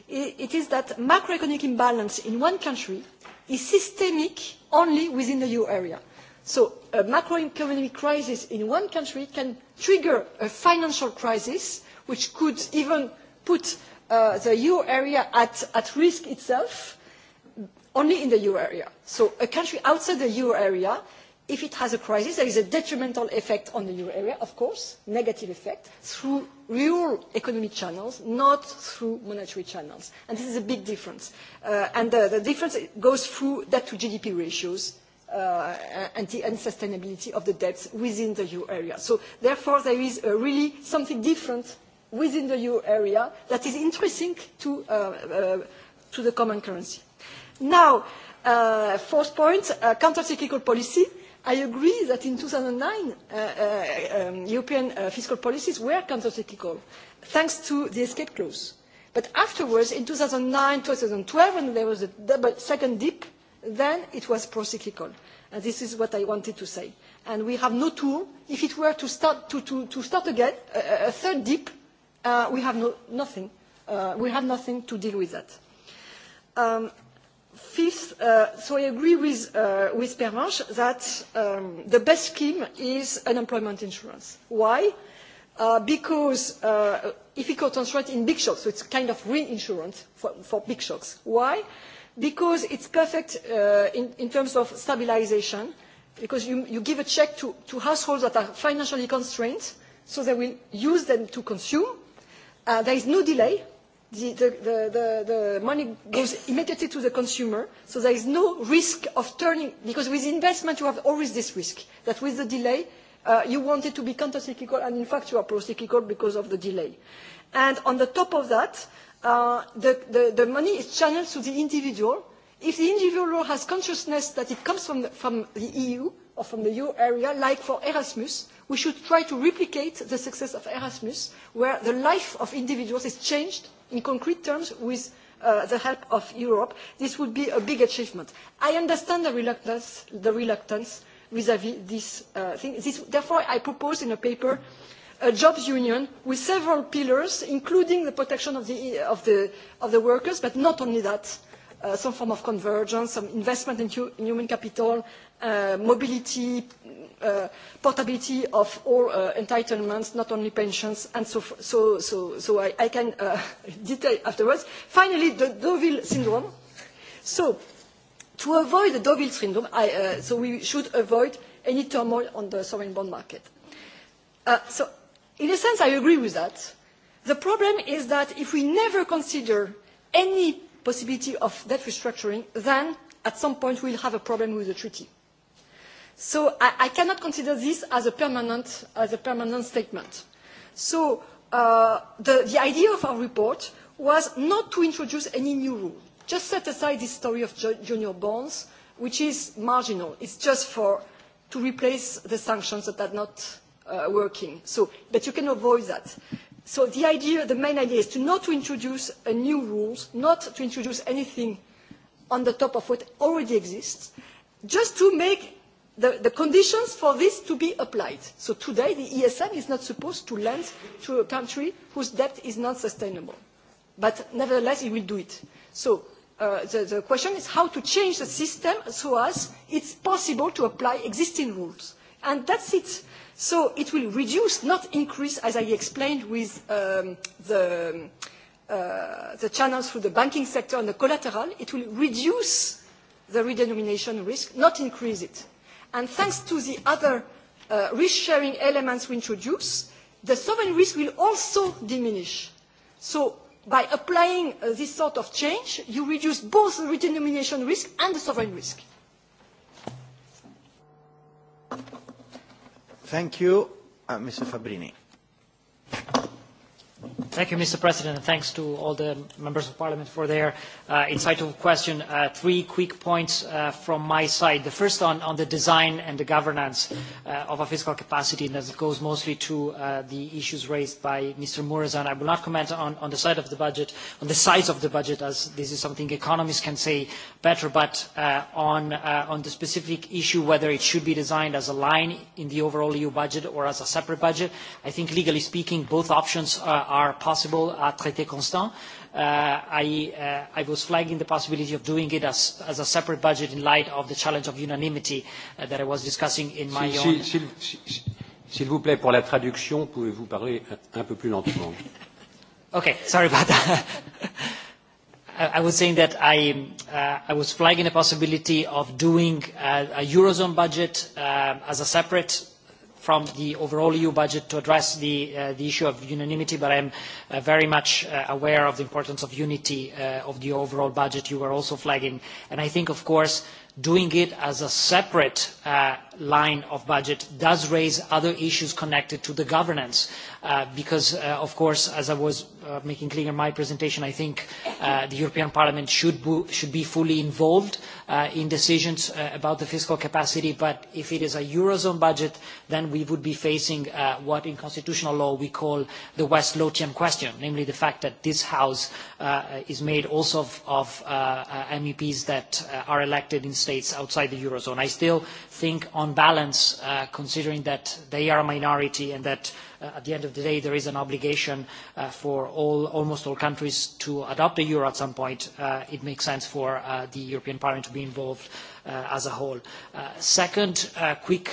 it is that macroeconomic imbalance in one country is systemic only within the euro area. So a macroeconomic crisis in one country can trigger a financial crisis which could even put Uh, the euro area at, at risk itself only in the euro area. So a country outside the euro area, if it has a crisis, there is a detrimental effect on the euro area, of course, negative effect, through real economic channels, not through monetary channels. And this is a big difference. Uh, and the, difference goes through debt to GDP ratios uh, and the unsustainability of the debts within the euro area. So therefore, there is really something different within the euro area that is intrinsic to, uh, uh, to the common currency. Now, uh, fourth point, uh, counter-cyclical policy. I agree that in 2009, uh, um, European fiscal policies were counter-cyclical, thanks to the escape clause. But afterwards, in 2009, 2012, when there was a double, second dip, then it was pro-cyclical. And this is what I wanted to say and we have no tool if it were to start, to, to, start again a, a third dip Uh, we have no, nothing. Uh, we have nothing to deal with that. Um, fifth, uh, so I agree with, uh, with that um, the best scheme is unemployment insurance. Why? Uh, because uh, if you concentrate in big shocks, so it's kind of reinsurance for, for big shocks. Why? Because it's perfect uh, in, in terms of stabilization, because you, you give a check to, to households that are financially constrained, so they will use them to consume, Uh, there is no delay. The, the, the, money goes immediately to the consumer, so there is no risk of turning, because with investment you have always this risk, that with the delay uh, you want it to be counter-cyclical, and in fact you are pro-cyclical because of the delay. And on the top of that, uh, the, the, money is channeled to the individual. If the individual has consciousness that it comes from the, from the EU or from the euro area, like for Erasmus, we should try to replicate the success of erasmus where the life of individuals is changed in concrete terms with uh, the help of europe. this would be a big achievement. i understand the reluctance, the reluctance vis vis this uh, thing. therefore i propose in a paper a jobs union with several pillars including the protection of the, of the, workers but not only that uh, some form of convergence some investment in human capital Uh, mobility uh, portability of all uh, entitlements not only pensions and so so so, i, can [laughs] detail afterwards. finally the deauville syndrome. so to avoid the deauville syndrome so we should avoid any turmoil on the sovereign bond market. so in a sense i agree with that. the problem is that if we never consider any possibility of debt restructuring then at some point we will have a problem with the treaty So I, I cannot consider this as a permanent, as a permanent statement. So uh, the, the idea of our report was not to introduce any new rule. Just set aside this story of junior bonds, which is marginal. It's just for, to replace the sanctions that are not uh, working. So, but you can avoid that. So the idea, the main idea is not to introduce a new rules, not to introduce anything on the top of what already exists, just to make the, conditions for this to be applied. So today the ESM is not supposed to lend to a country whose debt is not sustainable. But nevertheless it will do it. So uh, the, question is how to change the system so as it's possible to apply existing rules. And that's it. So it will reduce, not increase, as I explained with um, the, um, uh, the channels through the banking sector and the collateral, it will reduce the redenomination risk, not increase it and thanks to the other uh, risk sharing elements we introduce the sovereign risk will also diminish. so by applying uh, this sort of change you reduce both the redenomination risk and the sovereign risk. Thank you, uh, Mr. Fabrini. Thank you, Mr. President, and thanks to all the members of parliament for their uh, insightful question. Uh, three quick points uh, from my side. The first on, on the design and the governance uh, of a fiscal capacity, and that goes mostly to uh, the issues raised by Mr. Murazan. I will not comment on, on the side of the budget, on the size of the budget, as this is something economists can say better, but uh, on, on the specific issue whether it should be designed as a line in the overall EU budget or as a separate budget, I think legally speaking, both options are possible at traité constant. Uh, I, uh, I was flagging the possibility of doing it as, as a separate budget in light of the challenge of unanimity uh, that I was discussing in my si, own... S'il si, si, vous plaît, pour la traduction, pouvez-vous parler un, un peu plus lentement [laughs] Okay, sorry about that. [laughs] I, I was saying that I, uh, I was flagging the possibility of doing a Eurozone budget um, as a separate from the overall EU budget to address uh, the, issue of unanimity, but I am uh, very much uh, aware of the importance of unity of the overall budget you were also flagging. And I think, of course, doing it as a separate line of budget does raise other issues connected to the governance uh, because uh, of course as i was uh, making clear in my presentation i think the european parliament should, should be fully involved in decisions about the fiscal capacity but if it is a eurozone budget then we would be facing what in constitutional law we call the west lothian question namely the fact that this house is made also of, of meps that are elected in states outside the eurozone. i still think on balance uh, considering that they are a minority and that uh, at the end of the day there is an obligation uh, for all, almost all countries to adopt the euro at some point it makes sense for the european parliament to be involved as a whole. second quick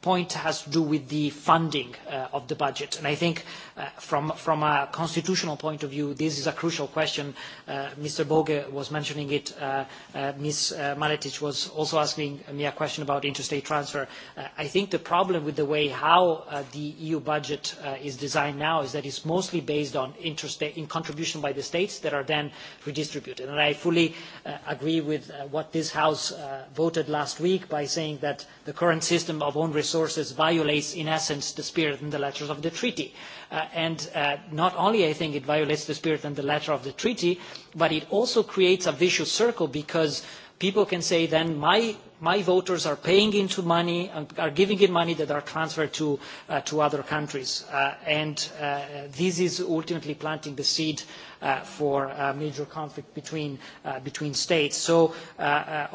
point has to do with the funding of the budget and i think Uh, from, from a constitutional point of view, this is a crucial question. Uh, Mr. Boge was mentioning it. Uh, Ms. Maletic was also asking me a question about interstate transfer. I think the problem with the way how the EU budget is designed now is that it's mostly based on interstate in contribution by the states that are then redistributed. And I fully agree with what this House voted last week by saying that the current system of own resources violates in essence the spirit and the letters of the treaty. Uh, and uh, not only I think it violates the spirit and the letter of the treaty, but it also creates a vicious circle because people can say then my my voters are paying into money and are giving in money that are transferred to uh, to other countries uh, and uh, this is ultimately planting the seed for a major conflict between between states so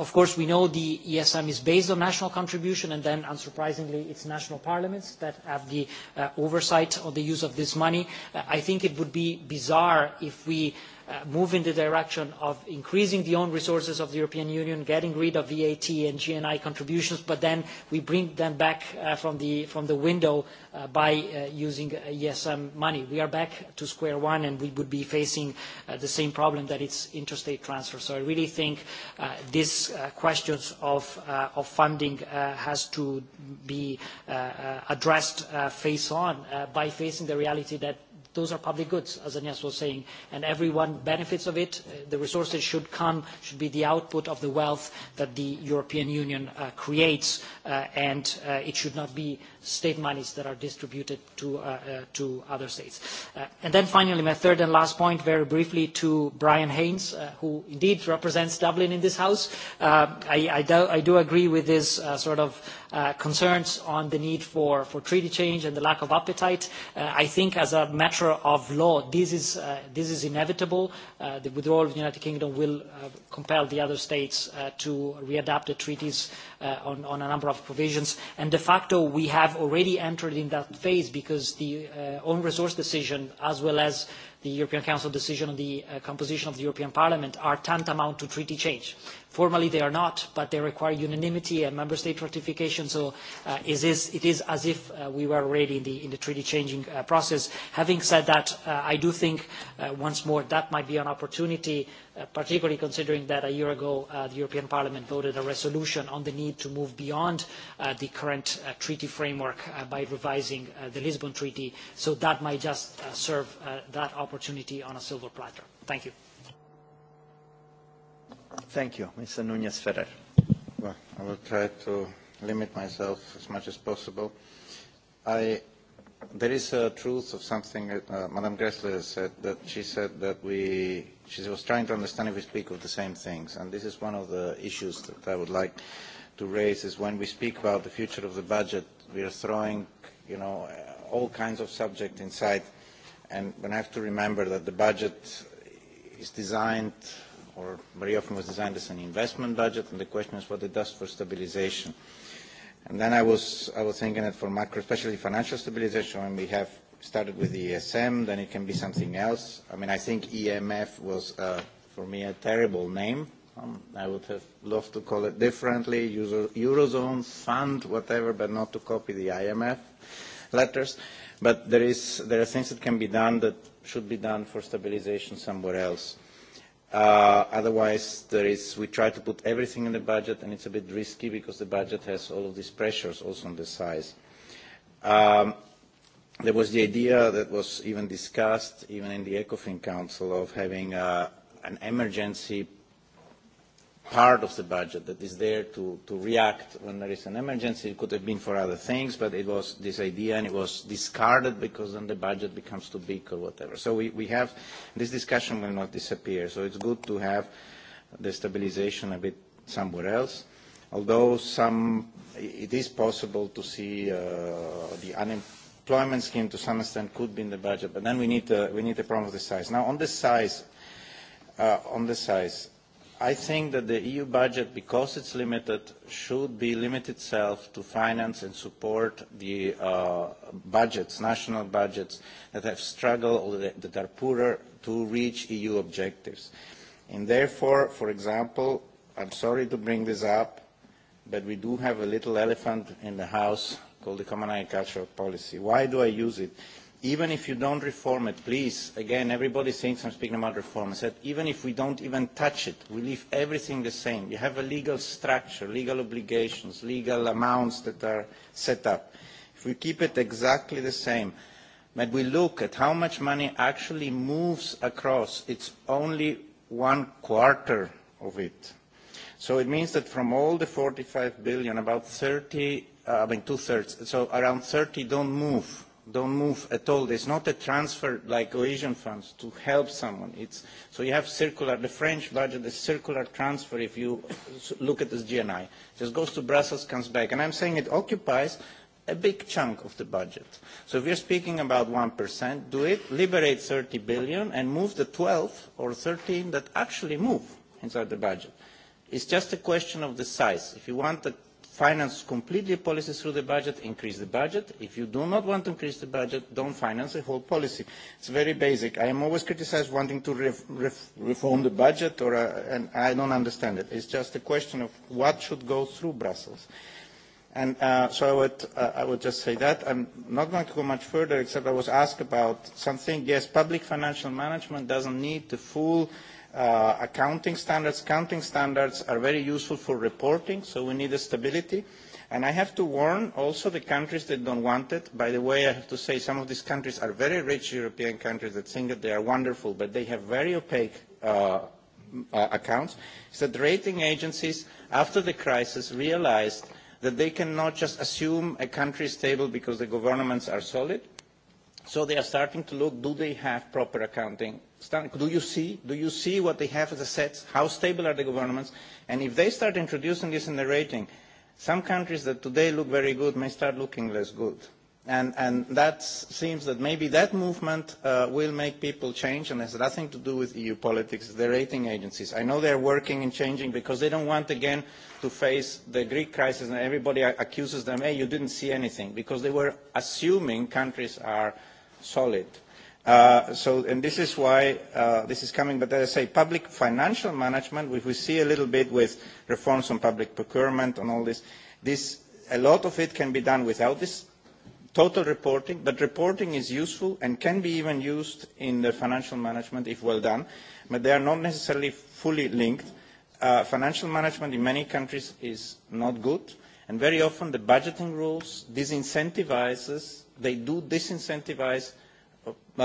of course we know the esm is based on national contribution and then unsurprisingly it's national parliaments that have the oversight of the use of this money i think it would be bizarre if we Uh, move in the direction of increasing the own resources of the European Union, getting rid of VAT and GNI contributions, but then we bring them back uh, from, the, window uh, by using ESM money. We are back to square one, and we would be facing the same problem that is interstate transfer. So I really think this question of funding has to be addressed face on by facing the reality that those are public goods, as Agnes was saying, and everyone benefits of it. Uh, the resources should come, should be the output of the wealth that the European Union uh, creates, uh, and it should not be state monies that are distributed to, to other states. And then finally, my third and last point, very briefly, to Brian Haynes, who indeed represents Dublin in this House. I, I, do, I do agree with this sort of Uh, concerns on the need for, for treaty change and the lack of appetite. Uh, I think as a matter of law, this is, uh, this is inevitable. The withdrawal of the United Kingdom will compel the other states to readapt the treaties on, on a number of provisions. And de facto, we have already entered in that phase because the own resource decision, as well as the European Council decision on the composition of the European Parliament, are tantamount to treaty change. Formally, they are not, but they require unanimity and member state ratification, so it, uh, is, it is as if uh, we were already in the, in the treaty-changing uh, process. Having said that, I do think, once more, that might be an opportunity, particularly considering that a year ago the European Parliament voted a resolution on the need to move beyond the current treaty framework by revising the Lisbon Treaty, so that might just serve that opportunity on a silver platter. Thank you. Thank you. Mr. Nunez Ferrer. I will try to limit myself as much as possible. I, there is a truth of something that uh, Gressler said, that she said that we, she was trying to understand if we speak of the same things. And this is one of the issues that I would like to raise, is when we speak about the future of the budget, we are throwing, you know, all kinds of subjects inside. And we have to remember that the budget is designed or very often was designed as an investment budget, and the question is what it does for stabilization. And then I was, I was thinking that for macro, especially financial stabilization, when we have started with the ESM, then it can be something else. I mean, I think EMF was, uh, for me, a terrible name. Um, I would have loved to call it differently, Eurozone, Fund, whatever, but not to copy the IMF letters. But there, is, there are things that can be done that should be done for stabilization somewhere else. Uh, otherwise, there is, we try to put everything in the budget, and it's a bit risky because the budget has all of these pressures also on the size. Um, there was the idea that was even discussed, even in the ECOFIN Council, of having uh, an emergency part of the budget that is there to, to react when there is an emergency. It could have been for other things, but it was this idea and it was discarded because then the budget becomes too big or whatever. So we, we have, this discussion will not disappear. So it's good to have the stabilization a bit somewhere else. Although some, it is possible to see uh, the unemployment scheme to some extent could be in the budget, but then we need, uh, we need a problem of the size. Now on the size, uh, on the size, i think that the EU budget, because it's limited, should be limited itself to finance and support the uh, budgets, national budgets that have struggled or that are poorer to reach EU objectives. And therefore, for example, I'm sorry to bring this up, but we do have a little elephant in the house called the Common Agricultural Policy. Why do I use it? even if you don't reform it, please, again, everybody thinks I'm speaking about reform. I said, even if we don't even touch it, we leave everything the same. You have a legal structure, legal obligations, legal amounts that are set up. If we keep it exactly the same, but we look at how much money actually moves across, it's only one quarter of it. So it means that from all the 45 billion, about 30, uh, I mean two-thirds, so around 30 don't move don't move at all. There's not a transfer like cohesion funds to help someone. It's, so you have circular, the French budget is circular transfer if you look at this GNI. Just goes to Brussels, comes back. And I'm saying it occupies a big chunk of the budget. So if you're speaking about 1%, do it, liberate 30 billion and move the 12 or 13 that actually move inside the budget. It's just a question of the size. If you want a finance completely policies through the budget, increase the budget. If you do not want to increase the budget, don't finance the whole policy. It's very basic. I am always criticized wanting to ref, ref, reform the budget, or, uh, and I don't understand it. It's just a question of what should go through Brussels. And uh, so I would, uh, I would just say that. I'm not going to go much further, except I was asked about something. Yes, public financial management doesn't need the full uh, accounting standards. Accounting standards are very useful for reporting, so we need a stability. And I have to warn also the countries that don't want it. By the way, I have to say some of these countries are very rich European countries that think that they are wonderful, but they have very opaque uh, uh, accounts. Is that rating agencies, after the crisis, realized that they cannot just assume a country is stable because the governments are solid. So they are starting to look, do they have proper accounting do you see do you see what they have as set? how stable are the governments and if they start introducing this in the rating some countries that today look very good may start looking less good and and that seems that maybe that movement uh, will make people change and has nothing to do with eu politics the rating agencies i know they are working and changing because they don't want again to face the greek crisis and everybody accuses them hey you didn't see anything because they were assuming countries are solid Uh, so, and this is why uh, this is coming. But as I say, public financial management, which we see a little bit with reforms on public procurement and all this, this a lot of it can be done without this total reporting. But reporting is useful and can be even used in the financial management if well done. But they are not necessarily fully linked. Uh, financial management in many countries is not good, and very often the budgeting rules disincentivizes. They do disincentivize countercyclical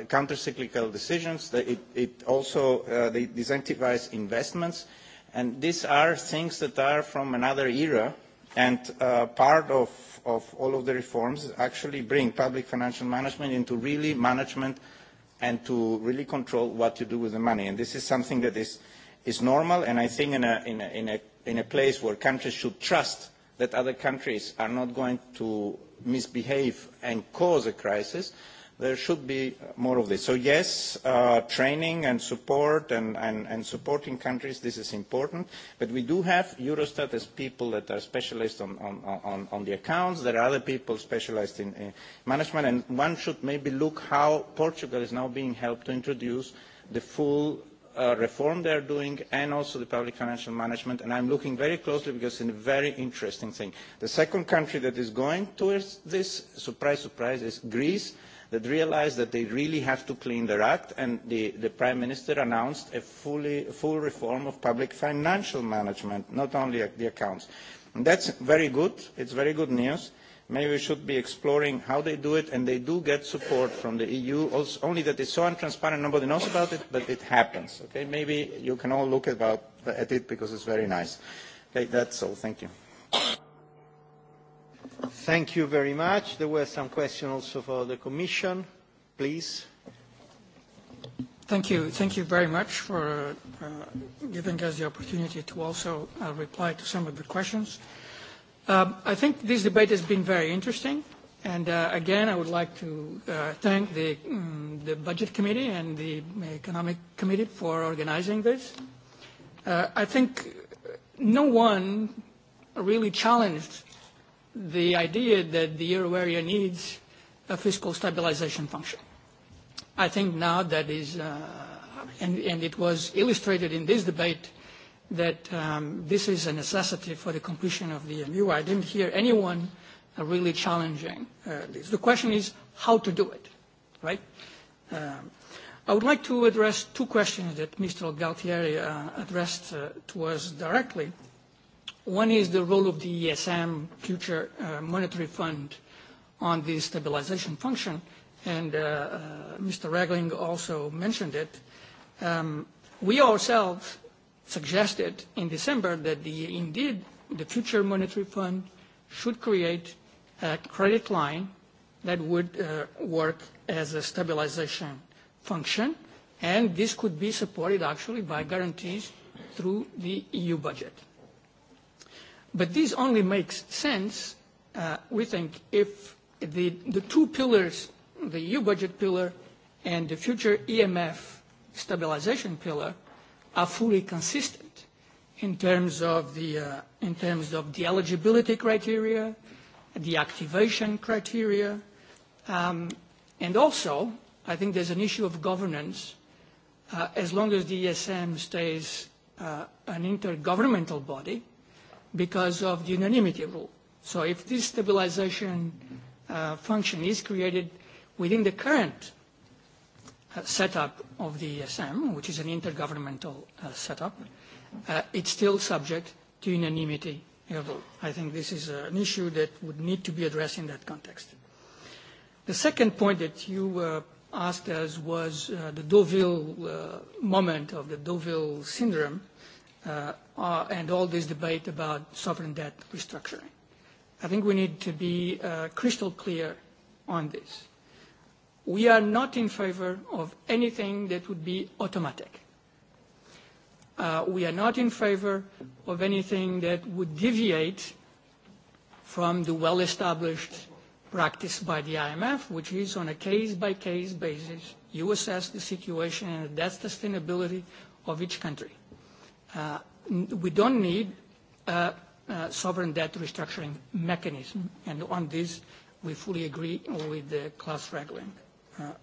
uh, counter-cyclical decisions. It, it also uh, investments. And these are things that are from another era and uh, part of, all of the reforms actually bring public financial management into really management and to really control what you do with the money. And this is something that is, is normal, and I think in a, in, a, in, a, in a place where countries should trust that other countries are not going to misbehave and cause a crisis, there should be more of this. So yes, uh, training and support and, and, supporting countries, this is important. But we do have Eurostat as people that are specialised on, on, on, the accounts. There are other people specialised in management. And one should maybe look how Portugal is now being helped to introduce the full uh, reform they are doing and also the public financial management. And I'm looking very closely because it's a very interesting thing. The second country that is going towards this, surprise, surprise, is Greece that realized that they really have to clean their act and the, the prime minister announced a fully, full reform of public financial management not only the accounts. And that's very good it's very good news maybe we should be exploring how they do it and they do get support from the eu also, only that it's so untransparent nobody knows about it but it happens okay maybe you can all look about at it because it's very nice okay that's all thank you Thank you very much. There were some questions also for the Commission. Please. Thank you. Thank you very much for uh, giving us the opportunity to also uh, reply to some of the questions. Um I think this debate has been very interesting. And uh, again, I would like to uh, thank the, um, the Budget Committee and the Economic Committee for organizing this. Uh, I think no one really challenged the idea that the euro area needs a fiscal stabilization function. I think now that is, uh, and, and it was illustrated in this debate, that um, this is a necessity for the completion of the EMU. I didn't hear anyone uh, really challenging uh, this. The question is how to do it, right? Um, I would like to address two questions that Mr. Galtieri uh, addressed uh, to us directly. One is the role of the ESM future uh, monetary fund on the stabilization function, and uh, uh, Mr. Regling also mentioned it. Um, we ourselves suggested in December that the, indeed the future monetary fund should create a credit line that would work as a stabilization function, and this could be supported actually by guarantees through the EU budget. But this only makes sense, uh, we think, if the, the two pillars, the EU budget pillar and the future EMF stabilization pillar, are fully consistent in terms of the, uh, in terms of the eligibility criteria, the activation criteria, um, and also I think there's an issue of governance. Uh, as long as the ESM stays an intergovernmental body, because of the unanimity rule. So if this stabilization uh, function is created within the current uh, setup of the ESM, which is an intergovernmental uh, setup, uh, it's still subject to unanimity rule. I think this is uh, an issue that would need to be addressed in that context. The second point that you asked us was the Deauville moment of the Deauville syndrome Uh, uh, and all this debate about sovereign debt restructuring. I think we need to be uh, crystal clear on this. We are not in favor of anything that would be automatic. Uh, we are not in favor of anything that would deviate from the well-established practice by the IMF, which is on a case-by-case -case basis, you assess the situation and the debt sustainability of each country Uh, we don't need a, uh, uh, sovereign debt restructuring mechanism, and on this we fully agree with the class regling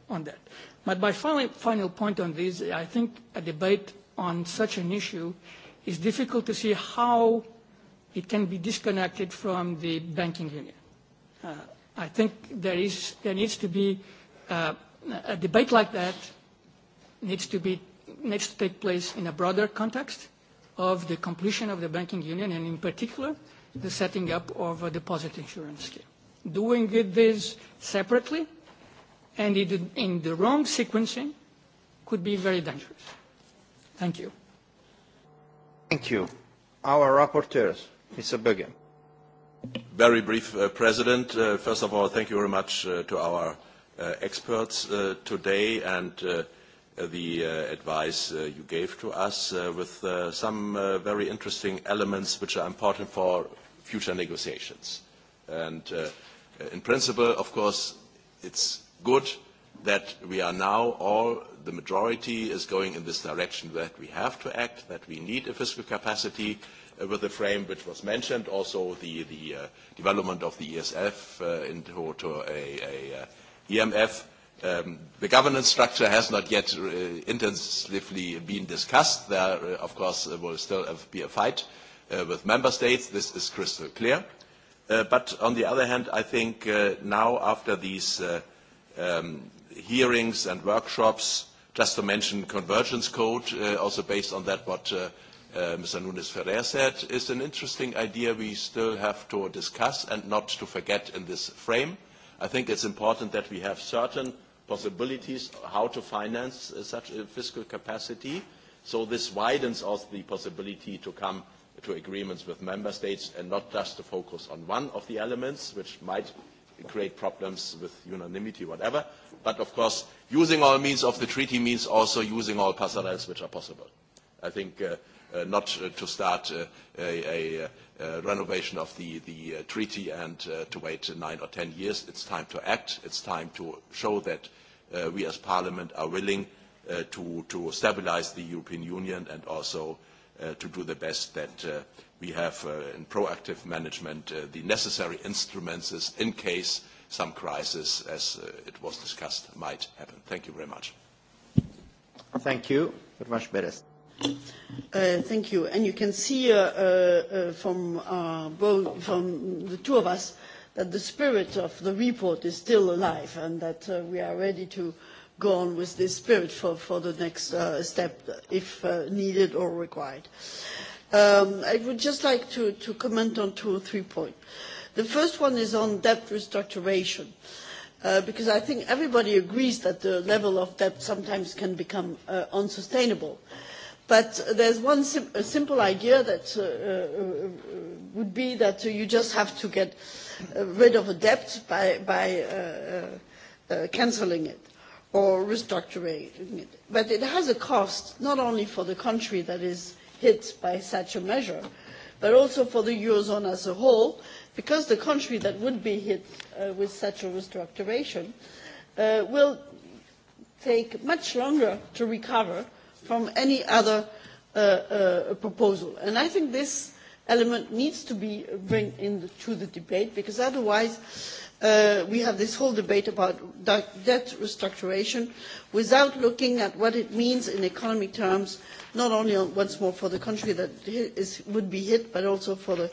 on that. But my final, final point on this, I think a debate on such an issue is difficult to see how it can be disconnected from the banking union. Uh, I think there, is, there needs to be uh, a debate like that needs to, be, needs to take place in a broader context of the completion of the banking union and in particular the setting up of a deposit insurance scheme. Doing this separately and in the wrong sequencing could be very dangerous. Thank you. Thank you. Our rapporteurs, Mr. Böge. Very brief, uh, President. Uh, first of all, thank you very much uh, to our experts today and Uh, the uh, advice uh, you gave to us with some very interesting elements which are important for future negotiations. And in principle, of course, it's good that we are now all, the majority is going in this direction that we have to act, that we need a fiscal capacity with the frame which was mentioned, also the, the development of the ESF into to a, a EMF. Um, the governance structure has not yet uh, intensively been discussed. There, uh, of course, uh, will still be a fight with member states. This is crystal clear. But on the other hand, I think now after these um, hearings and workshops, just to mention Convergence Code, also based on that what Mr. Nunes Ferrer said, is an interesting idea we still have to discuss and not to forget in this frame. I think it's important that we have certain possibilities how to finance uh, such a fiscal capacity. So this widens also the possibility to come to agreements with member states and not just to focus on one of the elements, which might create problems with unanimity, whatever. But of course, using all means of the treaty means also using all passerelles which are possible. I think uh, Uh, not uh, to start uh, a, renovation of the, treaty and to wait nine or ten years. It's time to act. It's time to show that we as Parliament are willing to, to stabilise the European Union and also to do the best that we have in proactive management the necessary instruments in case some crisis, as it was discussed, might happen. Thank you very much. Thank you. Uh, thank you. And you can see uh, uh, from, from the two of us that the spirit of the report is still alive and that we are ready to go on with this spirit for, for the next step if needed or required. Um, I would just like to, to comment on two or three points. The first one is on debt restructuration. because I think everybody agrees that the level of debt sometimes can become unsustainable. But there's one sim a simple idea that uh, uh, would be that you just have to get uh, rid of a debt by, by uh, uh, uh, cancelling it or restructuring it. But it has a cost, not only for the country that is hit by such a measure, but also for the Eurozone as a whole, because the country that would be hit uh, with such a restructuration uh, will take much longer to recover from any other uh, uh, proposal. And I think this element needs to be brought into the debate because otherwise uh, we have this whole debate about debt restructuration without looking at what it means in economic terms, not only once more for the country that is, would be hit, but also for the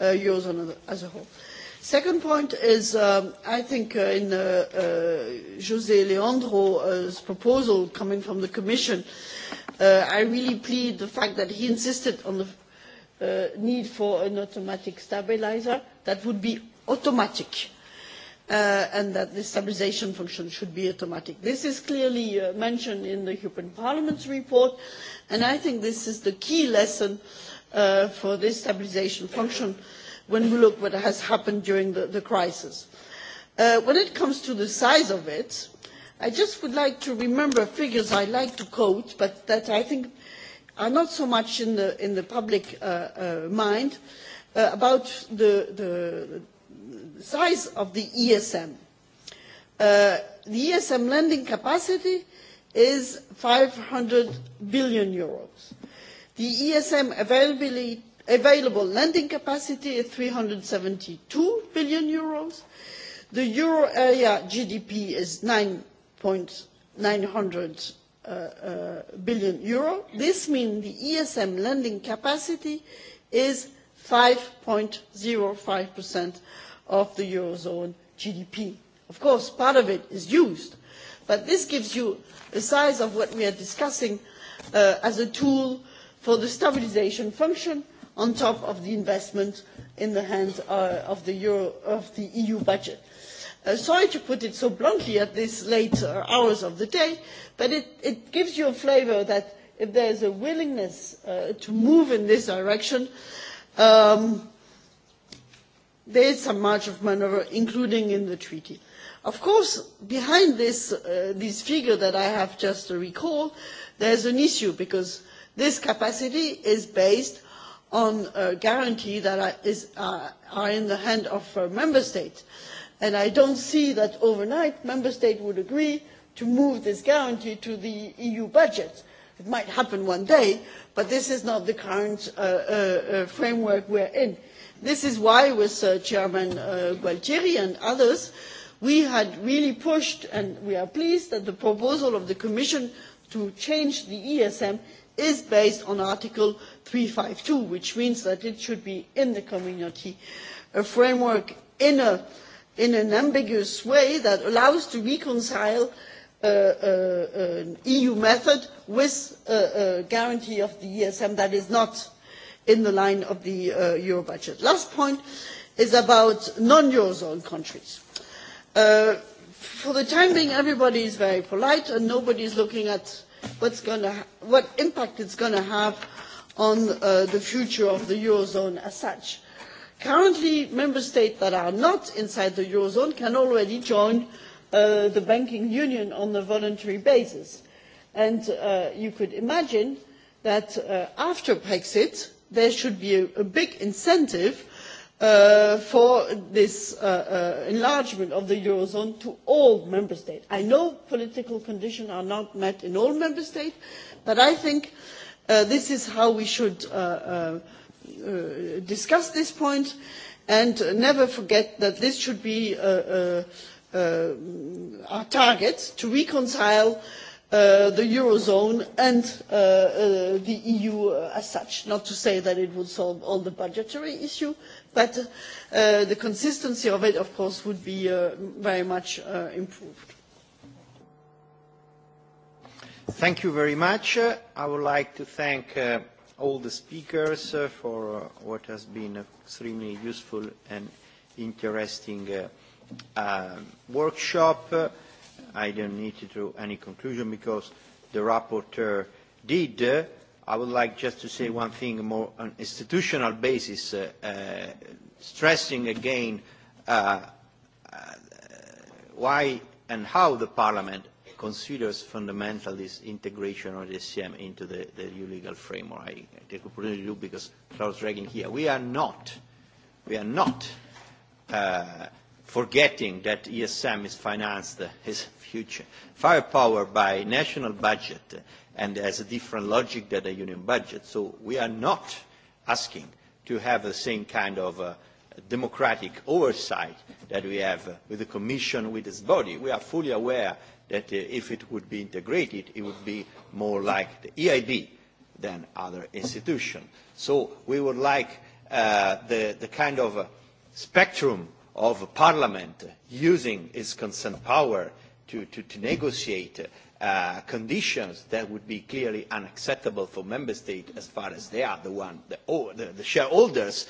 Eurozone as a whole second point is um, i think uh, in uh, uh leandro's proposal coming from the commission uh, i really plead the fact that he insisted on the need for an automatic stabiliser that would be automatic and that the stabilisation function should be automatic. this is clearly mentioned in the european parliament's report and i think this is the key lesson for this stabilisation function when we look what has happened during the, the crisis. Uh, when it comes to the size of it, I just would like to remember figures I like to quote, but that I think are not so much in the, in the public uh, uh, mind about the, the size of the ESM. The ESM lending capacity is 500 billion euros. The ESM availability available lending capacity is eur three hundred and seventy two billion. the euro area gdp is eur. nine hundred uh, uh, billion. this means the esm lending capacity is. five zero five of the eurozone gdp. of course part of it is used but this gives you the size of what we are discussing uh, as a tool for the stabilisation function on top of the investment in the hands uh, of, the of the EU budget. Uh, sorry to put it so bluntly at this late uh, hours of the day, but it, it gives you a flavour that if there is a willingness to move in this direction, um, there is some margin of maneuver including in the treaty. Of course, behind this, this figure that I have just recalled, there is an issue because this capacity is based on a guarantee that is, uh, are in the hands of uh, member states and i do not see that overnight member states would agree to move this guarantee to the eu budget. it might happen one day but this is not the current uh, framework we are in. this is why with chairman gualtieri and others we had really pushed and we are pleased that the proposal of the commission to change the esm is based on article three two, which means that it should be in the community, a framework in, an ambiguous way that allows to reconcile uh, uh, an EU method with a, guarantee of the ESM that is not in the line of the uh, euro budget. Last point is about non-eurozone countries. For the time being, everybody is very polite and nobody is looking at what impact it is going to have on uh, the future of the eurozone as such. currently member states that are not inside the eurozone can already join uh, the banking union on a voluntary basis and uh, you could imagine that after brexit there should be a, a big incentive for this enlargement of the eurozone to all member states. i know political conditions are not met in all member states but i think Uh, this is how we should uh, uh, discuss this point and never forget that this should be our target to reconcile the eurozone and the eu as such not to say that it would solve all the budgetary issues but the consistency of it of course would be very much improved. Thank you very much. I would like to thank uh, all the speakers uh, for uh, what has been extremely useful and interesting workshop. I don't need to draw any conclusion because the rapporteur did. I would like just to say one thing more on institutional basis, stressing again why and how the Parliament considers fundamental this integration of the SCM e into the, the EU legal framework. I take opportunity to because Klaus Reagan here. We are not, we are not uh, forgetting that ESM is financed his uh, future firepower by national budget and has a different logic than the union budget. So we are not asking to have the same kind of uh, democratic oversight that we have uh, with the Commission, with this body. We are fully aware that uh, if it would be integrated, it would be more like the EIB than other institutions. So we would like uh, the, the kind of uh, spectrum of Parliament using its consent power to, to, negotiate conditions that would be clearly unacceptable for member states as far as they are the one the, the, shareholders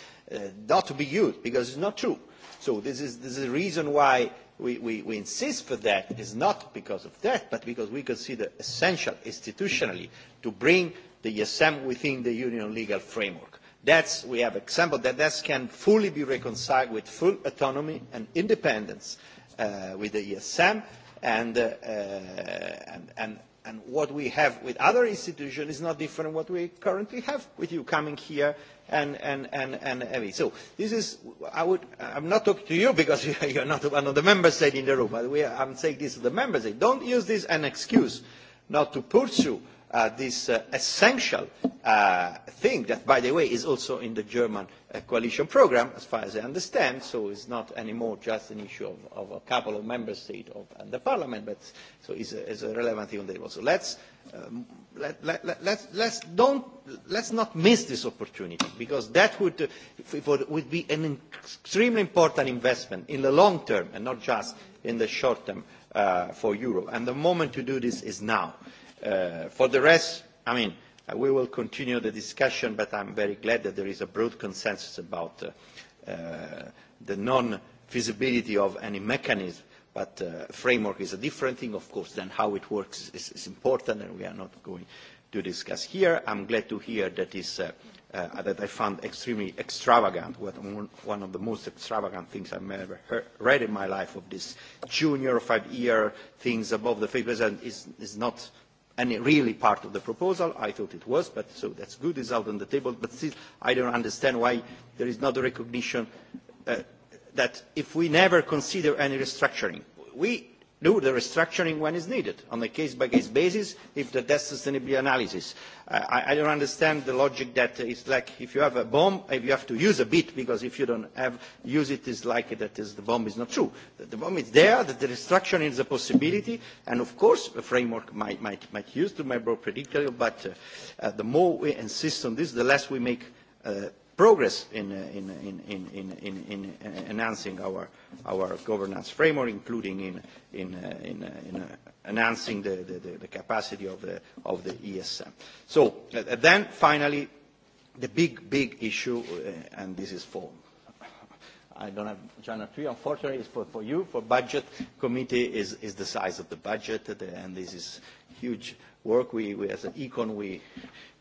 not to be used because it's not true so this is, this is the reason why we, we, we insist for that is not because of that, but because we consider essential institutionally to bring the ESM within the Union legal framework. That's, we have example that that can fully be reconciled with full autonomy and independence uh, with the ESM and, uh, uh, and, and, and what we have with other institutions is not different from what we currently have with you coming here and, and, and, and heavy. So this is, I would, I'm not talking to you because [laughs] you're not one of the member states in the room. But we, I'm saying this to the members. Don't use this as an excuse not to pursue Uh, this uh, essential uh, thing that, by the way, is also in the German coalition programme, as far as I understand, so is not anymore just an issue of, a couple of member states and the parliament, but so it's relevant thing on So let's, um, let, let, let's, let's, don't, let's not miss this opportunity, because that would, would be an extremely important investment in the long term and not just in the short term for Europe. And the moment to do this is now Uh, for the rest, I mean, uh, we will continue the discussion, but I'm very glad that there is a broad consensus about uh, the non-feasibility of any mechanism, but framework is a different thing, of course, than how it works is, important, and we are not going to discuss here. I'm glad to hear that, is, that I found extremely extravagant, one of the most extravagant things I've ever read in my life of this junior five-year things above the 5% is not any really part of the proposal. I thought it was, but so that's good. It's out on the table. But still, I don't understand why there is not a recognition uh, that if we never consider any restructuring, we do the restructuring when is needed on a case by case basis if the does sustainability analysis. I, I don't understand the logic that it's like if you have a bomb, you have to use a bit because if you don't have, use it, is like that the bomb is not true. the bomb is there, that the restructuring is a possibility, and of course the framework might, might, might use to my more predictable, but uh, uh, the more we insist on this, the less we make uh, progress uh, in, in, in, in uh, enhancing our, our governance framework, including in uh, enhancing the, the, the capacity of the, of the ESM. So then finally, the big, big issue, and this is for i don't have China 3, unfortunately, it's for, for you, for budget committee is, is the size of the budget, and this is huge work. We, we as an econ, we,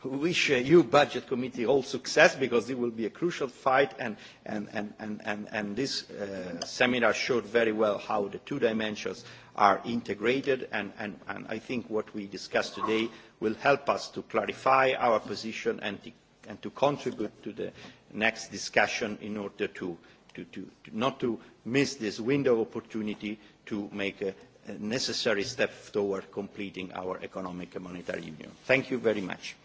wish the Budget Committee all success because it will be a crucial fight and, and, and, and, and this uh, seminar showed very well how the two dimensions are integrated and, and, and I think what we discussed today will help us to clarify our position and, and to contribute to the next discussion in order to, to, not to miss this window of opportunity to make a, necessary step toward completing our economic and monetary union. Thank you very much.